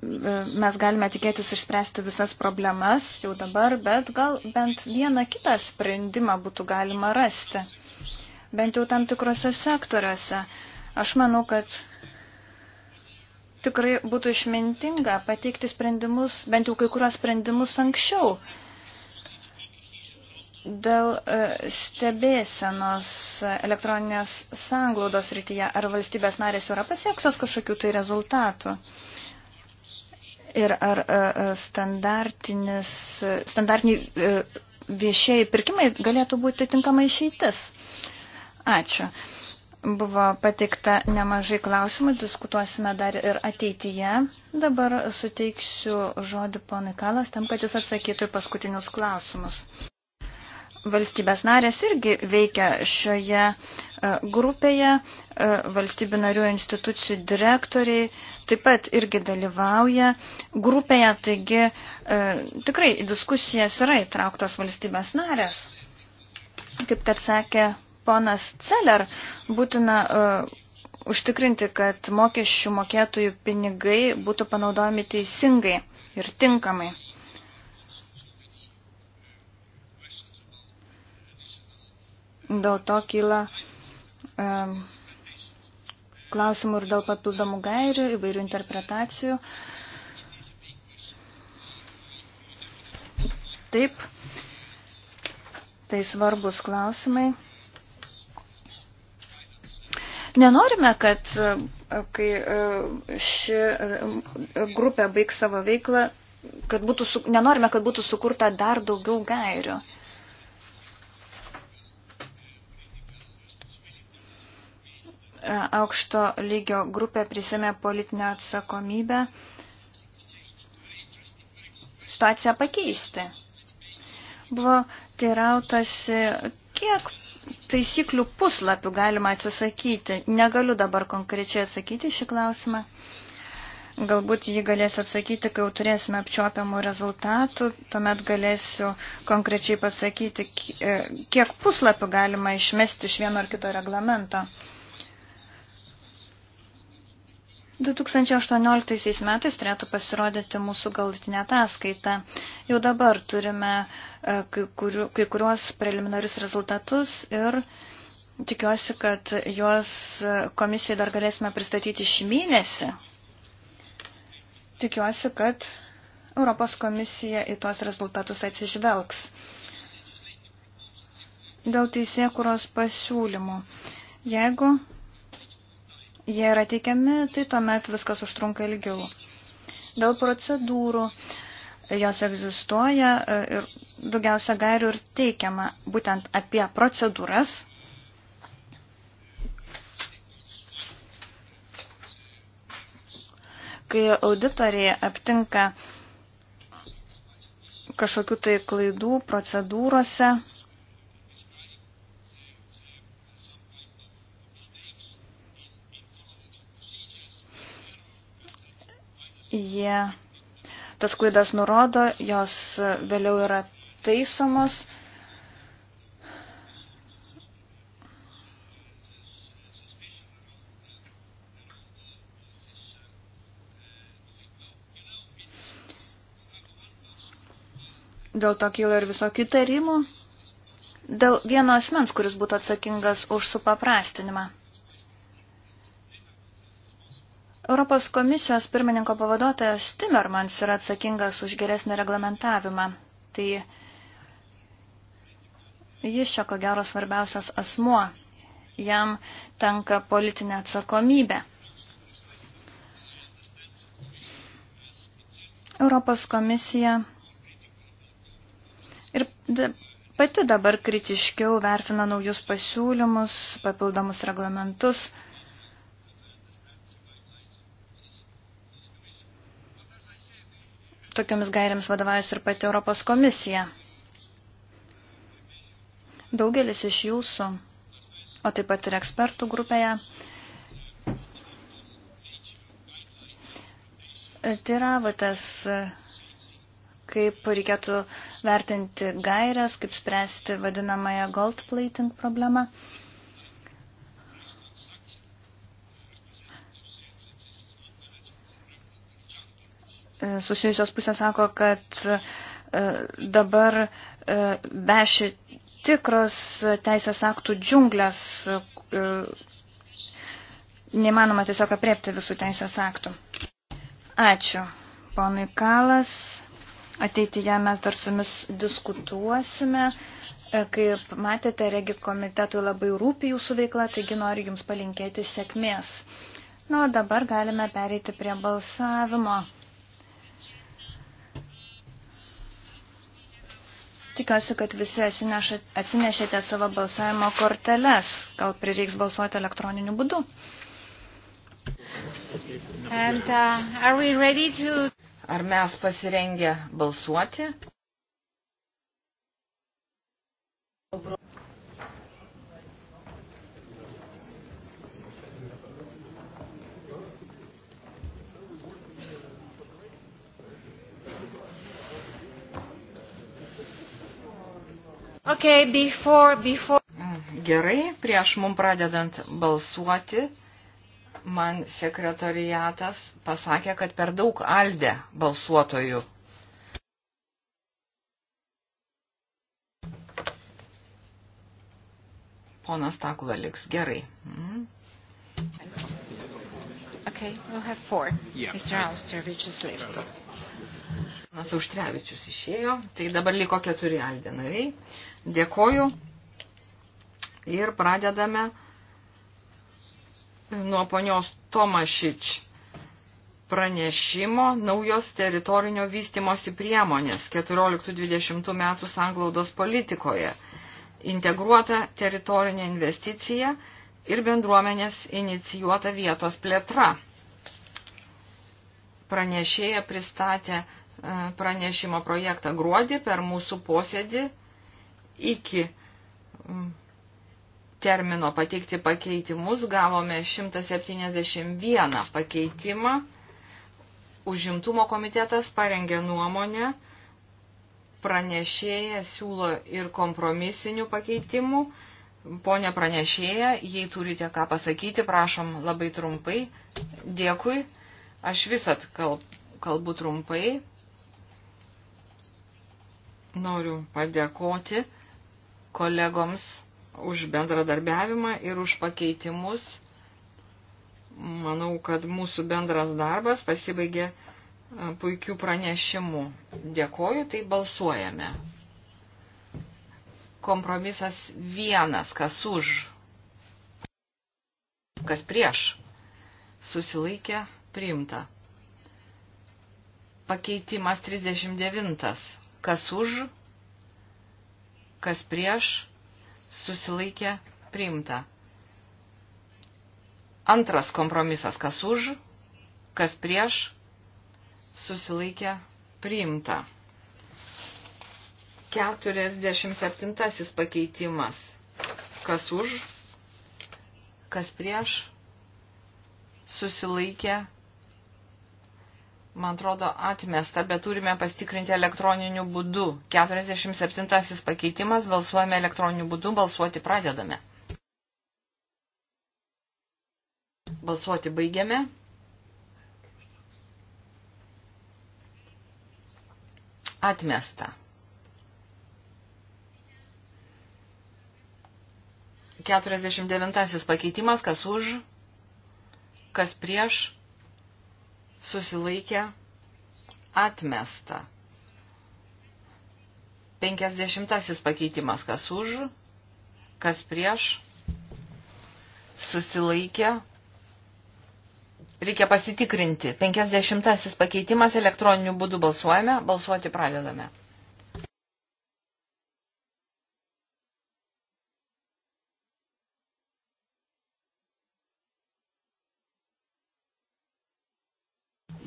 mes galime tikėtis išspręsti visas problemas jau dabar, bet gal bent vieną kitą sprendimą būtų galima rasti. Bent jau tam tikrose sektoriuose. Aš manau, kad tikrai būtų išmintinga pateikti sprendimus, bent jau kai kurios sprendimus anksčiau. Dėl e, stebėsenos elektroninės sanglaudos rytyje ar valstybės narės yra pasieksios kažkokių tai rezultatų? Ir ar e, e, standartinis, standartiniai viešieji pirkimai galėtų būti tinkama išeitis? Ačiū. Buvo patikta nemažai klausimų, diskutuosime dar ir ateityje. Dabar suteiksiu žodį ponui Kalas tam, kad jis atsakytų į paskutinius klausimus. Valstybės narės irgi veikia šioje e, grupėje, e, valstybių narių institucijų direktoriai taip pat irgi dalyvauja grupėje, taigi e, tikrai į diskusijas yra įtrauktos valstybės narės. Kaip kad sakė ponas Celer, būtina uh, užtikrinti, kad mokesčių mokėtojų pinigai būtų panaudojami teisingai ir tinkamai. Dėl to kyla um, klausimų ir dėl papildomų gairių, įvairių interpretacijų. Taip, tai svarbus klausimai. Nenorime, kad e, kai e, ši e, grupė baigs savo veiklą, kad būtų, nenorime, kad būtų sukurta dar daugiau gairių. aukšto lygio grupė prisėmė politinę atsakomybę situaciją pakeisti. Buvo teirautasi, kiek taisyklių puslapių galima atsisakyti. Negaliu dabar konkrečiai atsakyti šį klausimą. Galbūt jį galėsiu atsakyti, kai jau turėsime apčiopiamų rezultatų, tuomet galėsiu konkrečiai pasakyti, e, kiek puslapių galima išmesti iš vieno ar kito reglamento. 2018 metais turėtų pasirodyti mūsų galutinė ataskaita. Jau dabar turime e, kai, kuriu, kai kuriuos preliminarius rezultatus ir tikiuosi, kad juos e, komisijai dar galėsime pristatyti šį mėnesį. Tikiuosi, kad Europos komisija į tuos rezultatus atsižvelgs. Dėl teisėkuros pasiūlymų. Jeigu jie yra teikiami, tai tuomet viskas užtrunka ilgiau. Dėl procedūrų jos egzistuoja e, ir daugiausia gairių ir teikiama būtent apie procedūras. Kai auditoriai aptinka kažkokių tai klaidų procedūrose, jie tas klaidas nurodo, jos vėliau yra taisomos. Dėl to kyla ir visokių tarimų. Dėl vieno asmens, kuris būtų atsakingas už supaprastinimą. Europos komisijos pirmininko pavaduotojas Timmermans yra atsakingas už geresnį reglamentavimą. Tai jis čia ko gero svarbiausias asmuo. Jam tenka politinė atsakomybė. Europos komisija ir pati dabar kritiškiau vertina naujus pasiūlymus, papildomus reglamentus. tokiamis gairiams vadovaujas ir pati Europos komisija. Daugelis iš jūsų, o taip pat ir ekspertų grupėje, tiravotės, kaip reikėtų vertinti gairias, kaip spręsti vadinamąją gold plating problemą. E, susijusios pusės sako, kad e, dabar e, veši tikros teisės aktų džiunglės, neįmanoma tiesiog apriepti visų teisės aktų. Ačiū, ponui Kalas. Ateityje mes dar su jumis diskutuosime. Kaip matėte, regi komitetui labai rūpi jūsų veikla, taigi noriu jums palinkėti sėkmės. Na, nu, o dabar galime pereiti prie balsavimo. Tikiuosi, kad visi atsinešėte savo balsavimo korteles. Gal prireiks balsuoti elektroniniu būdu. And, uh, to... Ar mes pasirengę balsuoti? Okay, before, before... Mm, gerai, prieš mum pradedant balsuoti, man sekretariatas pasakė, kad per daug aldė balsuotojų. Ponas Takula liks. Gerai. Mm. Okay, we'll have four. Yeah. Mr. Austervich is left. Nas Auštrevičius išėjo, tai dabar liko keturi aldenariai. Dėkoju ir pradedame nuo ponios Tomašič pranešimo naujos teritorinio vystimosi priemonės 14-20 metų sanglaudos politikoje, integruota teritorinė investicija ir bendruomenės inicijuota vietos plėtra. Pranešėja pristatė e, pranešimo projektą gruodį per mūsų posėdį iki mm, termino pateikti pakeitimus gavome 171 pakeitimą. Užimtumo komitetas parengė nuomonę, pranešėja siūlo ir kompromisinių pakeitimų. Pone pranešėja, jei turite ką pasakyti, prašom labai trumpai. Dėkui. Aš visat kalbu trumpai. Noriu padėkoti kolegoms už bendradarbiavimą ir už pakeitimus. Manau, kad mūsų bendras darbas pasibaigė e, puikių pranešimų. Dėkoju, tai balsuojame. Kompromisas vienas, kas už, kas prieš, susilaikė priimta. Pakeitimas 39, kas už, kas prieš, susilaikė, priimta. Antras kompromisas, kas už, kas prieš, susilaikė, priimta. 47 pakeitimas, kas už, kas prieš, susilaikė, priimta man atrodo, atmesta, bet turime pastikrinti elektroniniu būdu. 47 pakeitimas, balsuojame elektroniniu būdu, balsuoti pradedame. Balsuoti baigiame. Atmesta. 49 pakeitimas, kas už, kas prieš susilaikė atmesta. 50 pakeitimas kas už, kas prieš, susilaikė. Reikia pasitikrinti. 50 pakeitimas elektroniniu būdu balsuojame, balsuoti pradedame.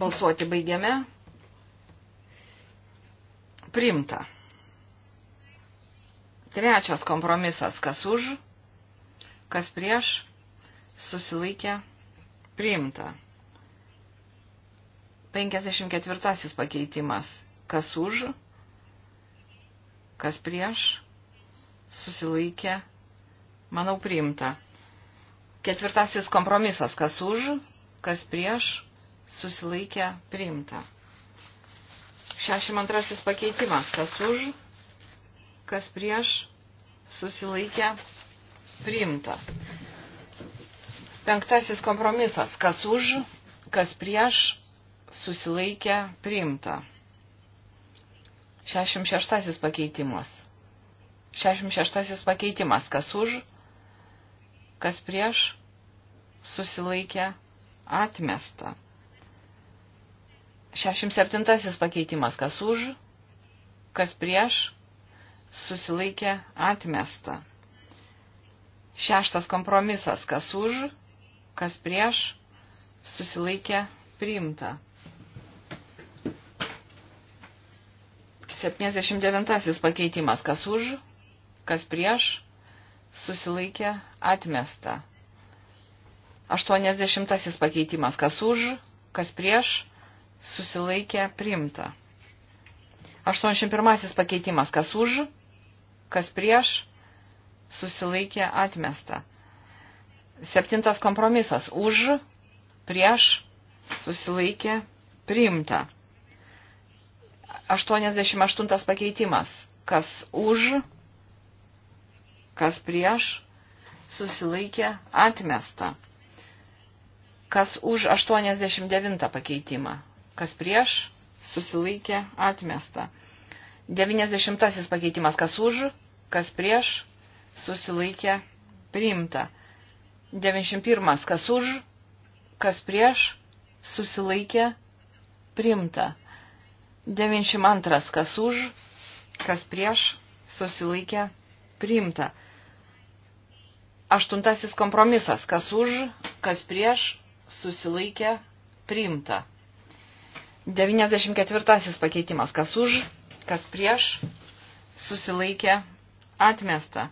Balsuoti baigiame. Primta. Trečias kompromisas, kas už, kas prieš, susilaikė, priimta. 54 pakeitimas, kas už, kas prieš, susilaikė, manau, priimta. Ketvirtasis kompromisas, kas už, kas prieš, susilaikę priimta. 62 pakeitimas. Kas už, kas prieš, susilaikę priimta. Penktasis kompromisas. Kas už, kas prieš, susilaikę priimta. 66 pakeitimas. 66 pakeitimas. Kas už, kas prieš, susilaikę atmesta. 67 pakeitimas. Kas už, kas prieš, susilaikė atmesta. Šeštas kompromisas. Kas už, kas prieš, susilaikė priimta. 79 pakeitimas. Kas už, kas prieš, susilaikė atmesta. 80 pakeitimas. Kas už, kas prieš, susilaikė priimta. 81 pakeitimas, kas už, kas prieš, susilaikė atmesta. Septintas kompromisas, už, prieš, susilaikė priimta. 88 pakeitimas, kas už, kas prieš, susilaikė atmesta. Kas už 89 pakeitimą? kas prieš, susilaikė, atmesta. 90 pakeitimas, kas už, kas prieš, susilaikė, priimta. 91, kas už, kas prieš, susilaikė, priimta. 92, kas už, kas prieš, susilaikė, priimta. Aštuntasis kompromisas, kas už, kas prieš, susilaikė, priimta. 94 pakeitimas. Kas už, kas prieš, susilaikė, atmesta.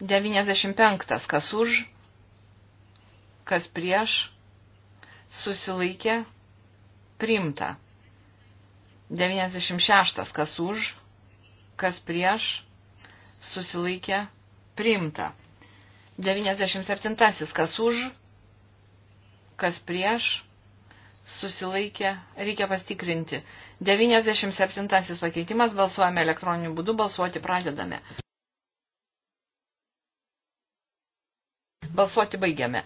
95. Kas už, kas prieš, susilaikė, priimta. 96. Kas už, kas prieš, susilaikė, priimta. 97. Kas už, kas prieš, susilaikė, reikia pastikrinti. 97 pakeitimas, balsuojame elektroniniu būdu, balsuoti pradedame. Balsuoti baigiame.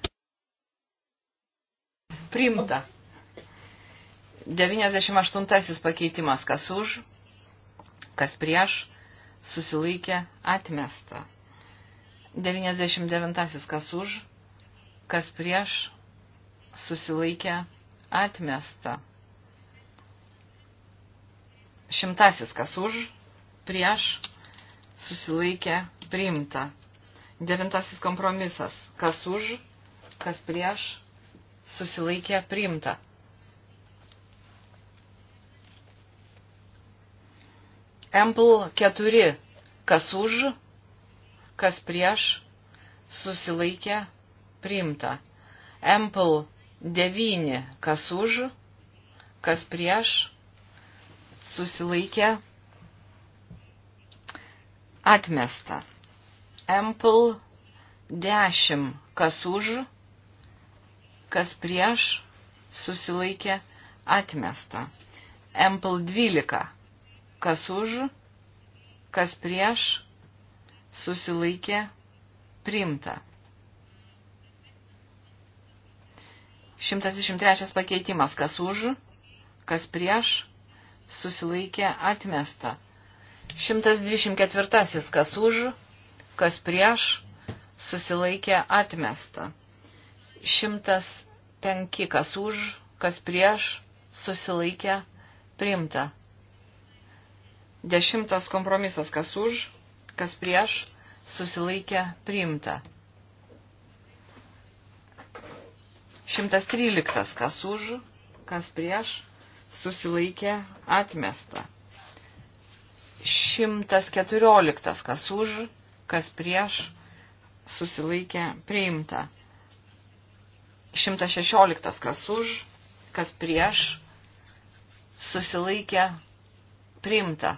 Primta. 98 pakeitimas, kas už, kas prieš, susilaikė atmesta. 99 kas už, kas prieš, susilaikė atmesta. Šimtasis kas už, prieš, susilaikė, priimta. Devintasis kompromisas, kas už, kas prieš, susilaikė, priimta. Empl 4, kas už, kas prieš, susilaikė, priimta. Empl Devyni, kas už, kas prieš, susilaikė, atmesta. Ample 10, kas už, kas prieš, susilaikė, atmesta. Ample 12, kas už, kas prieš, susilaikė, primta. 123 pakeitimas, kas už, kas prieš, susilaikė atmesta. 124 kas už, kas prieš, susilaikė atmesta. 105 kas už, kas prieš, susilaikė primta. Dešimtas kompromisas kas už, kas prieš, susilaikė primta. 113. Kas už, kas prieš, susilaikė atmesta. 114. Kas už, kas prieš, susilaikė priimta. 116. Kas už, kas prieš, susilaikė priimta.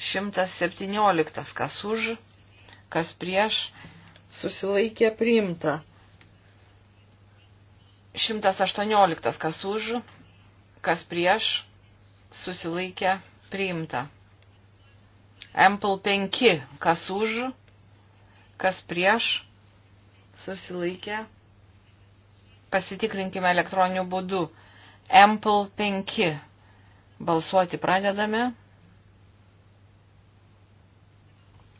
117. Kas už, kas prieš, susilaikė priimta. 118. Kas už, kas prieš, susilaikė, priimta. Ample 5. Kas už, kas prieš, susilaikė. Pasitikrinkime elektroniniu būdu. Ample 5. Balsuoti pradedame.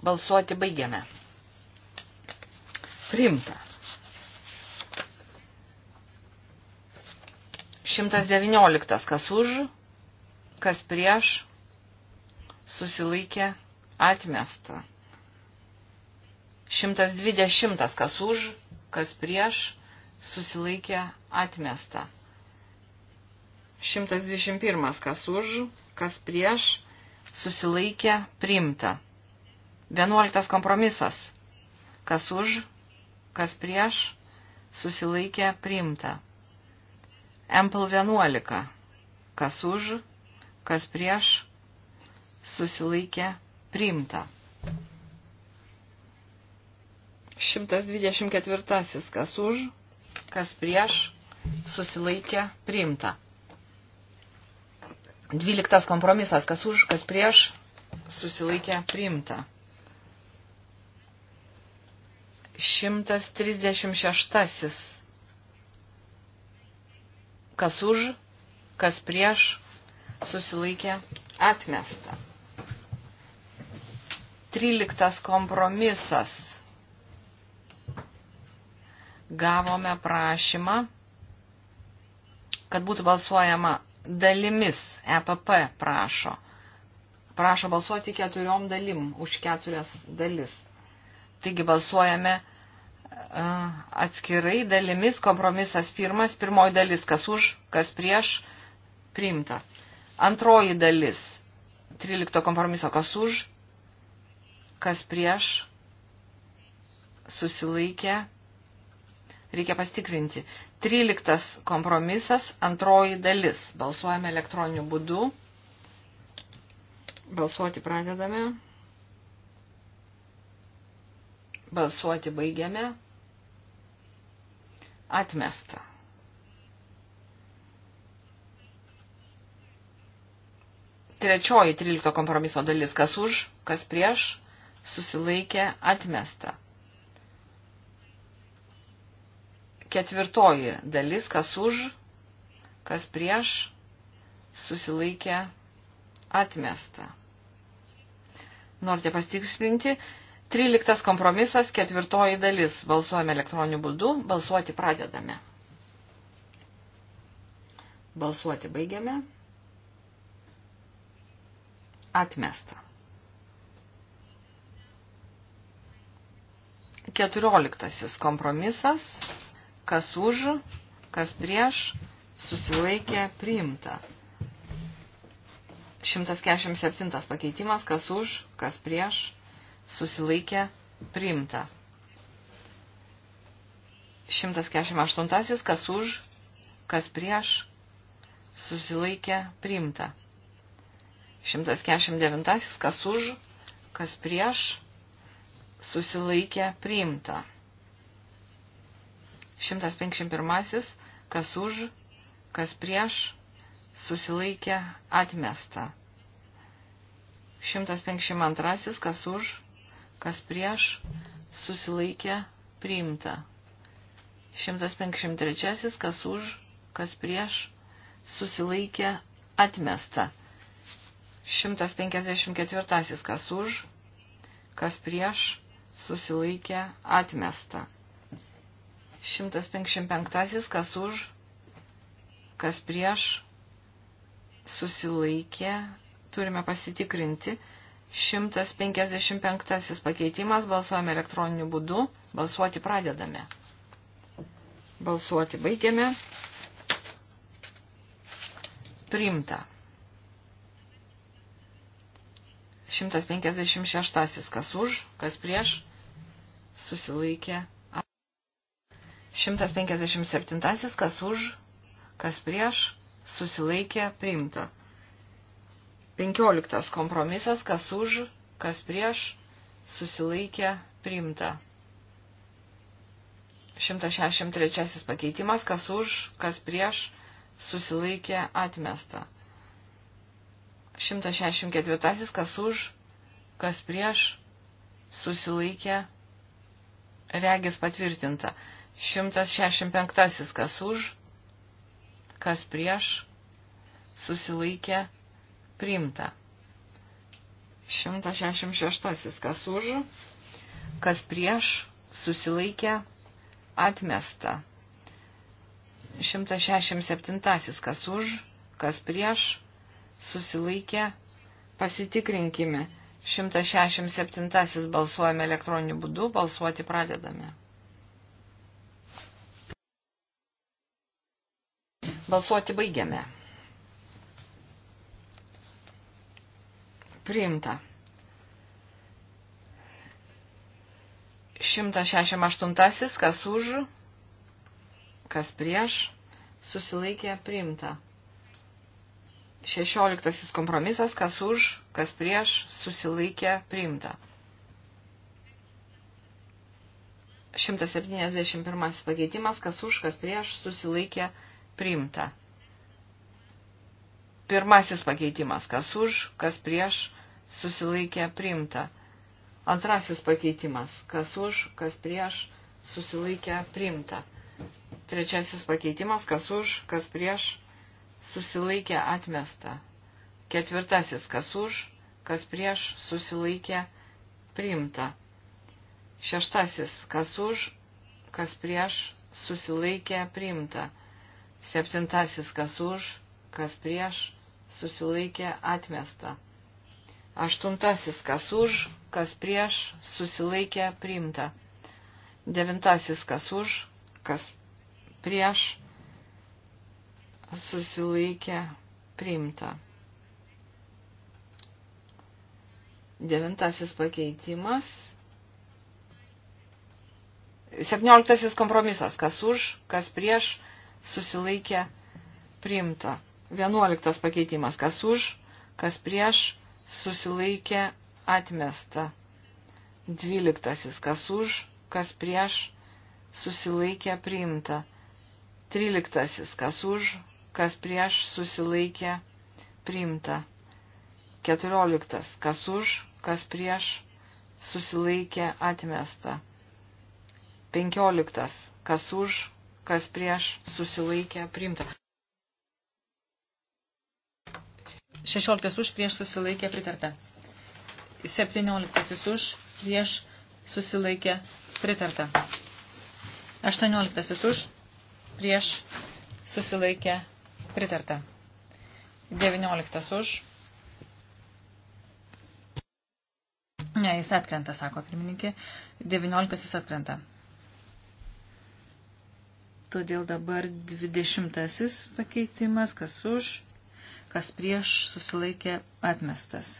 Balsuoti baigiame. Primta. 119. Kas už, kas prieš, susilaikė atmesta. 120. Kas už, kas prieš, susilaikė atmesta. 121. Kas už, kas prieš, susilaikė priimta. 11. Kompromisas. Kas už, kas prieš, susilaikė priimta. MPL 11. Kas už, kas prieš, susilaikė priimta. 124. Kas už, kas prieš, susilaikė priimta. 12. Kompromisas. Kas už, kas prieš, susilaikė priimta. 136 Kas už, kas prieš, susilaikė atmesta. Tryliktas kompromisas. Gavome prašymą, kad būtų balsuojama dalimis. EPP prašo. Prašo balsuoti keturiom dalim už keturias dalis. Taigi balsuojame atskirai dalimis kompromisas pirmas, pirmoji dalis, kas už, kas prieš, priimta. Antroji dalis, 13 kompromiso, kas už, kas prieš, susilaikė, reikia pastikrinti. 13 kompromisas, antroji dalis, balsuojame elektroniniu būdu, balsuoti pradedame. Balsuoti baigiame. Atmesta. Trečioji 13 kompromiso dalis, kas už, kas prieš, susilaikė atmesta. Ketvirtoji dalis, kas už, kas prieš, susilaikė atmesta. Norite pastikslinti, 13 kompromisas, ketvirtoji dalis. Balsuojame elektroniniu būdu, balsuoti pradedame. Balsuoti baigiame. Atmesta. 14 kompromisas. Kas už, kas prieš, susilaikė priimta. 147 pakeitimas, kas už, kas prieš, susilaikė priimta. 148. Kas už, kas prieš, susilaikė priimta. 149. Kas už, kas prieš, susilaikė priimta. 151. Kas už, kas prieš, susilaikė atmesta. 152. Kas už, kas prieš, susilaikė, priimta. 153, kas už, kas prieš, susilaikė, atmesta. 154, kas už, kas prieš, susilaikė, atmesta. 155, kas už, kas prieš, susilaikė, turime pasitikrinti. 155 pakeitimas, balsuojame elektroniniu būdu, balsuoti pradedame. Balsuoti baigiame. Primta. 156 kas už, kas prieš, susilaikė. 157 kas už, kas prieš, susilaikė, priimta. 15 kompromisas, kas už, kas prieš, susilaikė, priimta. 163 pakeitimas, kas už, kas prieš, susilaikė, atmesta. 164 kas už, kas prieš, susilaikė, regis patvirtinta. 165 kas už, kas prieš, susilaikė, atmesta priimta. 166. Kas už, kas prieš, susilaikė, atmesta. 167. Kas už, kas prieš, susilaikė, pasitikrinkime. 167. Balsuojame elektroniniu būdu, balsuoti pradedame. Balsuoti baigiame. priimta. 168. Kas už, kas prieš, susilaikė priimta. 16. Kompromisas. Kas už, kas prieš, susilaikė priimta. 171 pakeitimas, kas už, kas prieš, susilaikė priimta. Pirmasis pakeitimas, kas už, kas prieš, susilaikė priimta. Antrasis pakeitimas, kas už, kas prieš, susilaikė priimta. Trečiasis pakeitimas, kas už, kas prieš, susilaikė atmesta. Ketvirtasis, kas už, kas prieš, susilaikė priimta. Šeštasis, kas už, kas prieš, susilaikė priimta. Septintasis, kas už, kas prieš, susilaikė atmesta. Aštuntasis, kas už, kas prieš, susilaikė priimta. Devintasis, kas už, kas prieš, susilaikė priimta. Devintasis pakeitimas. Septynioliktasis kompromisas. Kas už, kas prieš, susilaikė priimta. 11 pakeitimas. Kas už, kas prieš, susilaikė, atmesta. 12. Kas už, kas prieš, susilaikė, priimta. 13. Kas už, kas prieš, susilaikė, priimta. 14. Kas už, kas prieš, susilaikė, atmesta. 15. Kas už, kas prieš, susilaikė, priimta. 16 už prieš susilaikė pritarta. 17 už prieš susilaikė pritarta. 18 už prieš susilaikė pritarta. 19 už. Ne, jis atkrenta, sako pirmininkė. 19 jis atkrenta. Todėl dabar 20 pakeitimas, kas už kas prieš susilaikė atmestas.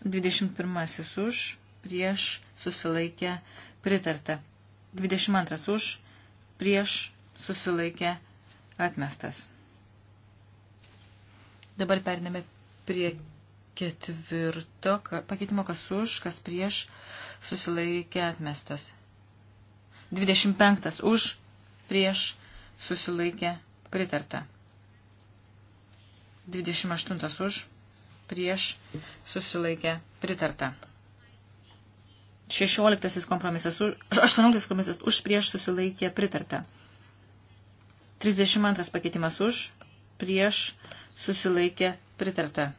21 už, prieš susilaikė pritarta. 22 už, prieš susilaikė atmestas. Dabar periname prie ketvirto pakeitimo, kas už, kas prieš susilaikė atmestas. 25 už, prieš susilaikė pritarta. 28 už, prieš susilaikė pritarta. 16 kompromisas už, 18 kompromisas už, prieš susilaikė pritarta. 32 pakeitimas už, prieš susilaikė pritarta.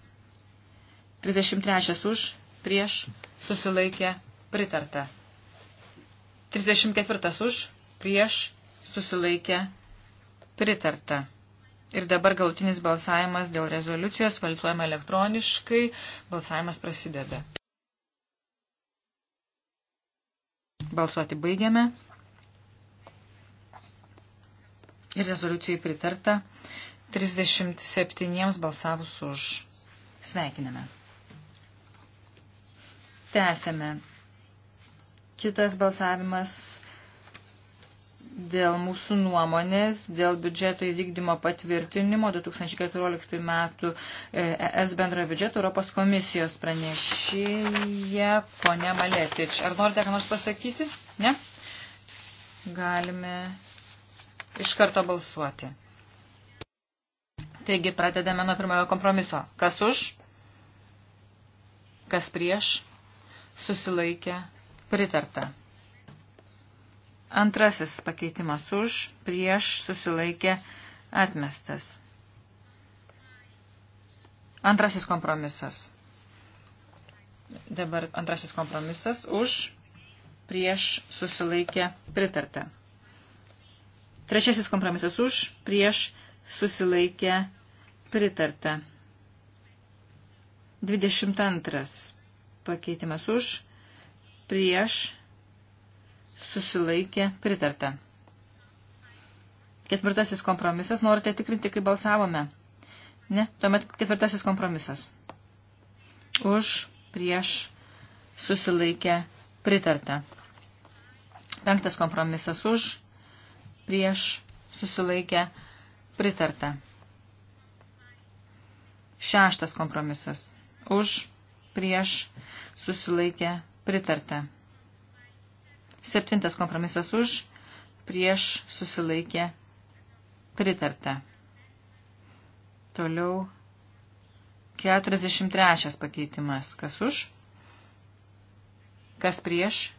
33 už, prieš susilaikė pritarta. 34 už, prieš susilaikė pritarta. Ir dabar galutinis balsavimas dėl rezoliucijos valituojama elektroniškai. Balsavimas prasideda. Balsuoti baigiame. Ir rezoliucijai pritarta 37 balsavus už. Sveikiname. Tęsėme. Kitas balsavimas dėl mūsų nuomonės, dėl biudžeto įvykdymo patvirtinimo 2014 metų ES e bendrojo biudžeto Europos komisijos pranešėja ponia Maletič. Ar norite ką nors pasakyti? Ne? Galime iš karto balsuoti. Taigi pradedame nuo pirmojo kompromiso. Kas už? Kas prieš? Susilaikė? Pritarta. Antrasis pakeitimas už, prieš, susilaikė, atmestas. Antrasis kompromisas. Dabar antrasis kompromisas už, prieš, susilaikė, pritarta. Trečiasis kompromisas už, prieš, susilaikė, pritarta. 22 pakeitimas už, prieš, susilaikė pritarta. Ketvirtasis kompromisas. Norite tikrinti, kaip balsavome? Ne? Tuomet ketvirtasis kompromisas. Už, prieš, susilaikė, pritarta. Penktas kompromisas už, prieš, susilaikė, pritarta. Šeštas kompromisas. Už, prieš, susilaikė, pritarta. Septintas kompromisas už, prieš susilaikė pritarta. Toliau 43 pakeitimas. Kas už? Kas prieš?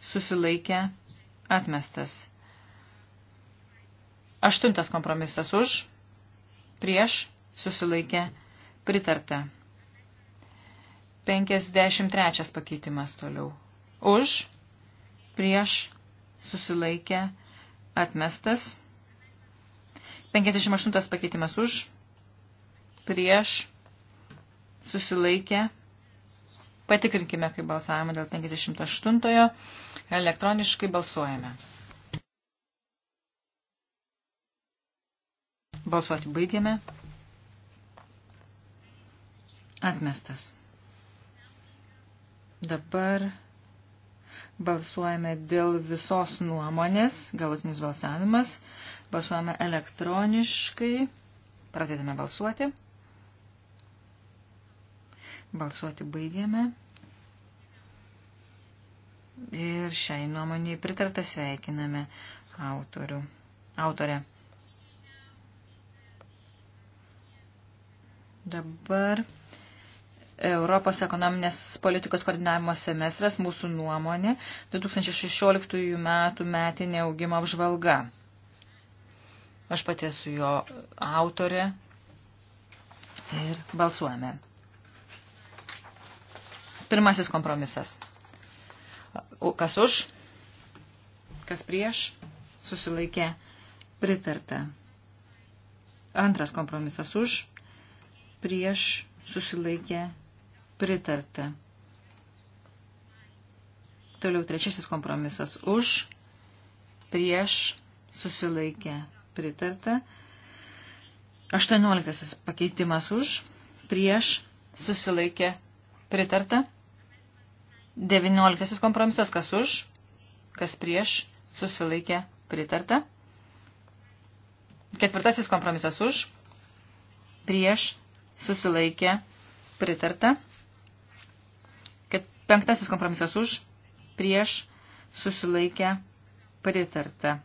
Susilaikė atmestas. Aštuntas kompromisas už, prieš, susilaikė, pritarta. 53 pakeitimas toliau. Už, prieš susilaikę atmestas. 58 pakeitimas už prieš susilaikę. Patikrinkime, kaip balsavome dėl 58-ojo. Elektroniškai balsuojame. Balsuoti baigėme. Atmestas. Dabar Balsuojame dėl visos nuomonės, galutinis balsavimas. Balsuojame elektroniškai. Pradedame balsuoti. Balsuoti baigėme. Ir šiai nuomoniai pritartą sveikiname autorių. Autorė. Dabar Europos ekonominės politikos koordinavimo semestras mūsų nuomonė 2016 metų metinė augimo apžvalga. Aš pati esu jo autorė ir balsuojame. Pirmasis kompromisas. Kas už, kas prieš, susilaikė pritarta. Antras kompromisas už, prieš, susilaikė pritarta Pritarta. Toliau trečiasis kompromisas už, prieš, susilaikė, pritarta. Aštuonioliktasis pakeitimas už, prieš, susilaikė, pritarta. Devinioliktasis kompromisas kas už, kas prieš, susilaikė, pritarta. Ketvirtasis kompromisas už, prieš, susilaikė, pritarta. Penktasis kompromisas už, prieš, susilaikę, pritarta.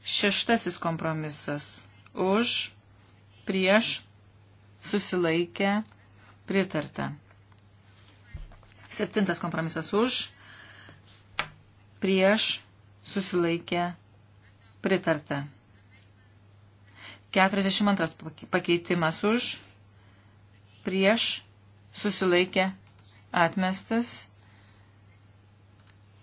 Šeštasis kompromisas už, prieš, susilaikę, pritarta. Septintas kompromisas už, prieš, susilaikę, pritarta. 42 pakeitimas už, prieš, susilaikę, atmestas.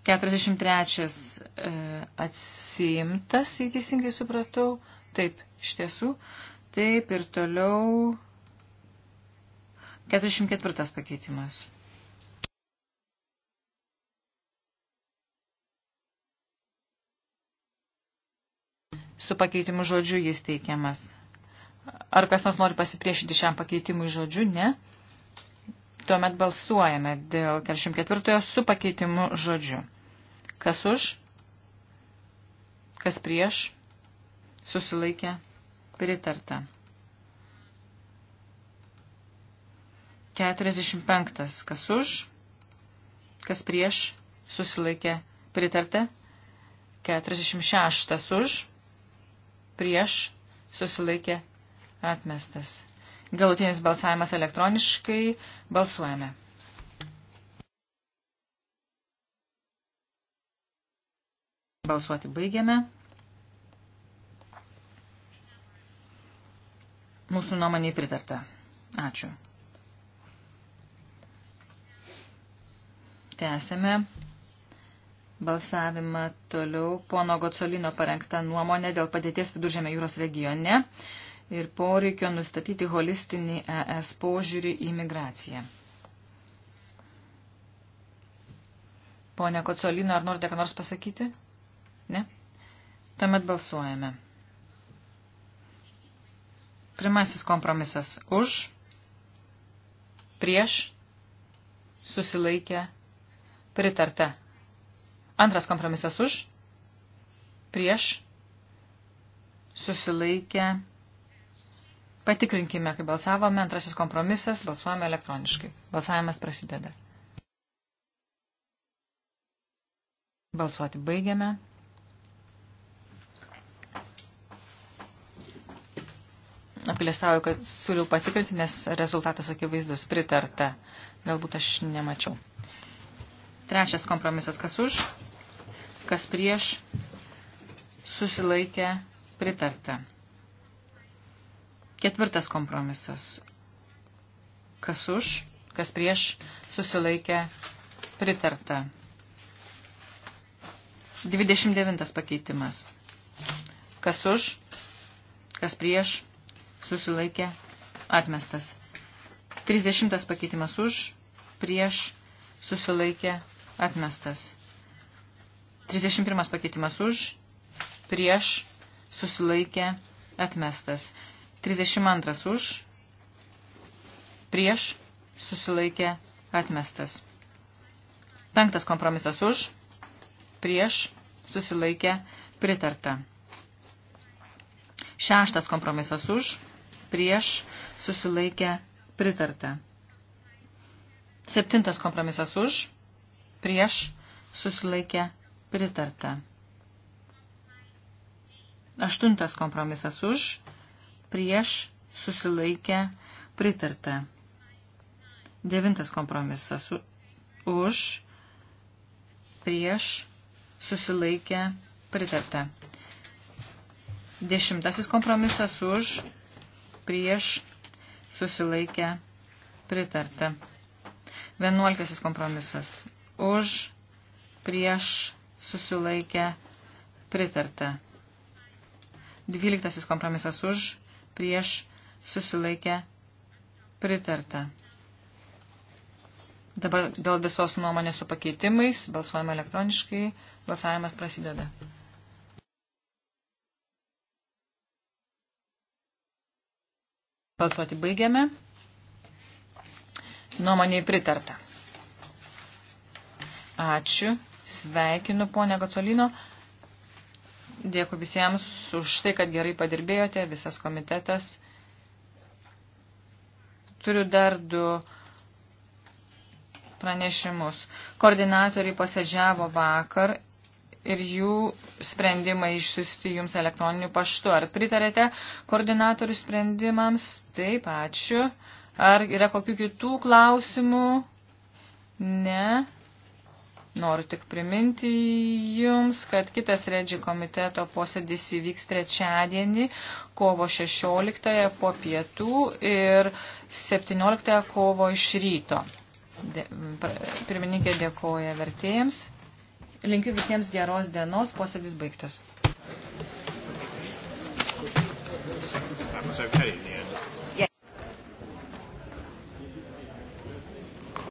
43 e, atsiimtas, jei teisingai supratau. Taip, iš tiesų. Taip ir toliau 44 pakeitimas. Su pakeitimu žodžiu jis teikiamas. Ar kas nors nori pasipriešinti šiam pakeitimui žodžiu? Ne. Tuomet balsuojame dėl 44 su pakeitimu žodžiu. Kas už? Kas prieš? Susilaikė. Pritarta. 45. Kas už? Kas prieš? Susilaikė. Pritarta. 46. Už? Prieš? Susilaikė. Atmestas. Galutinis balsavimas elektroniškai. Balsuojame. Balsuoti baigiame. Mūsų nuomonė pritarta. Ačiū. Tęsėme balsavimą toliau pono Gocolino parengtą nuomonę dėl padėties viduržėme jūros regione ir poreikio nustatyti holistinį ES požiūrį į migraciją. Pone Kocolino, ar norite ką nors pasakyti? Ne? Tuomet balsuojame. Pirmasis kompromisas už, prieš, susilaikę, pritarta. Antras kompromisas už, prieš, susilaikę, pritarta Patikrinkime, kai balsavome, antrasis kompromisas, balsuojame elektroniškai. Balsavimas prasideda. Balsuoti baigiame. Apilėstauju, kad siūliau patikrinti, nes rezultatas akivaizdus pritarta. Galbūt aš nemačiau. Trečias kompromisas, kas už, kas prieš, susilaikė pritarta. Ketvirtas kompromisas. Kas už, kas prieš, susilaikė pritarta. 29 pakeitimas. Kas už, kas prieš, susilaikė atmestas. 30 pakeitimas už, prieš, susilaikė atmestas. 31 pakeitimas už, prieš, susilaikė atmestas. 32 už, prieš, susilaikė, atmestas. Penktas kompromisas už, prieš, susilaikė, pritarta. Šeštas kompromisas už, prieš, susilaikė, pritarta. Septintas kompromisas už, prieš, susilaikė, pritarta. Aštuntas kompromisas už, prieš susilaikę pritarta. Devintas kompromisas už prieš susilaikę pritarta. Dešimtasis kompromisas už prieš susilaikę pritarta. Vienuoliktasis kompromisas už prieš susilaikę pritarta. Dvyliktasis kompromisas už prieš susilaikę pritarta. Dabar dėl visos nuomonės su pakeitimais balsuojame elektroniškai, balsavimas prasideda. Balsuoti baigiame. Nuomonėje pritarta. Ačiū. Sveikinu, ponia Gacolino. Dėkui visiems už tai, kad gerai padirbėjote, visas komitetas. Turiu dar du pranešimus. Koordinatoriai posėdžiavo vakar ir jų sprendimai išsiusti jums elektroniniu paštu. Ar pritarėte koordinatorių sprendimams? Taip, ačiū. Ar yra kokių kitų klausimų? Ne. Noriu tik priminti Jums, kad kitas Redži komiteto posėdis įvyks trečiadienį, kovo 16 po pietų ir 17 kovo iš ryto. De, pirmininkė dėkoja vertėjams. Linkiu visiems geros dienos, posėdis baigtas. That was okay in the end.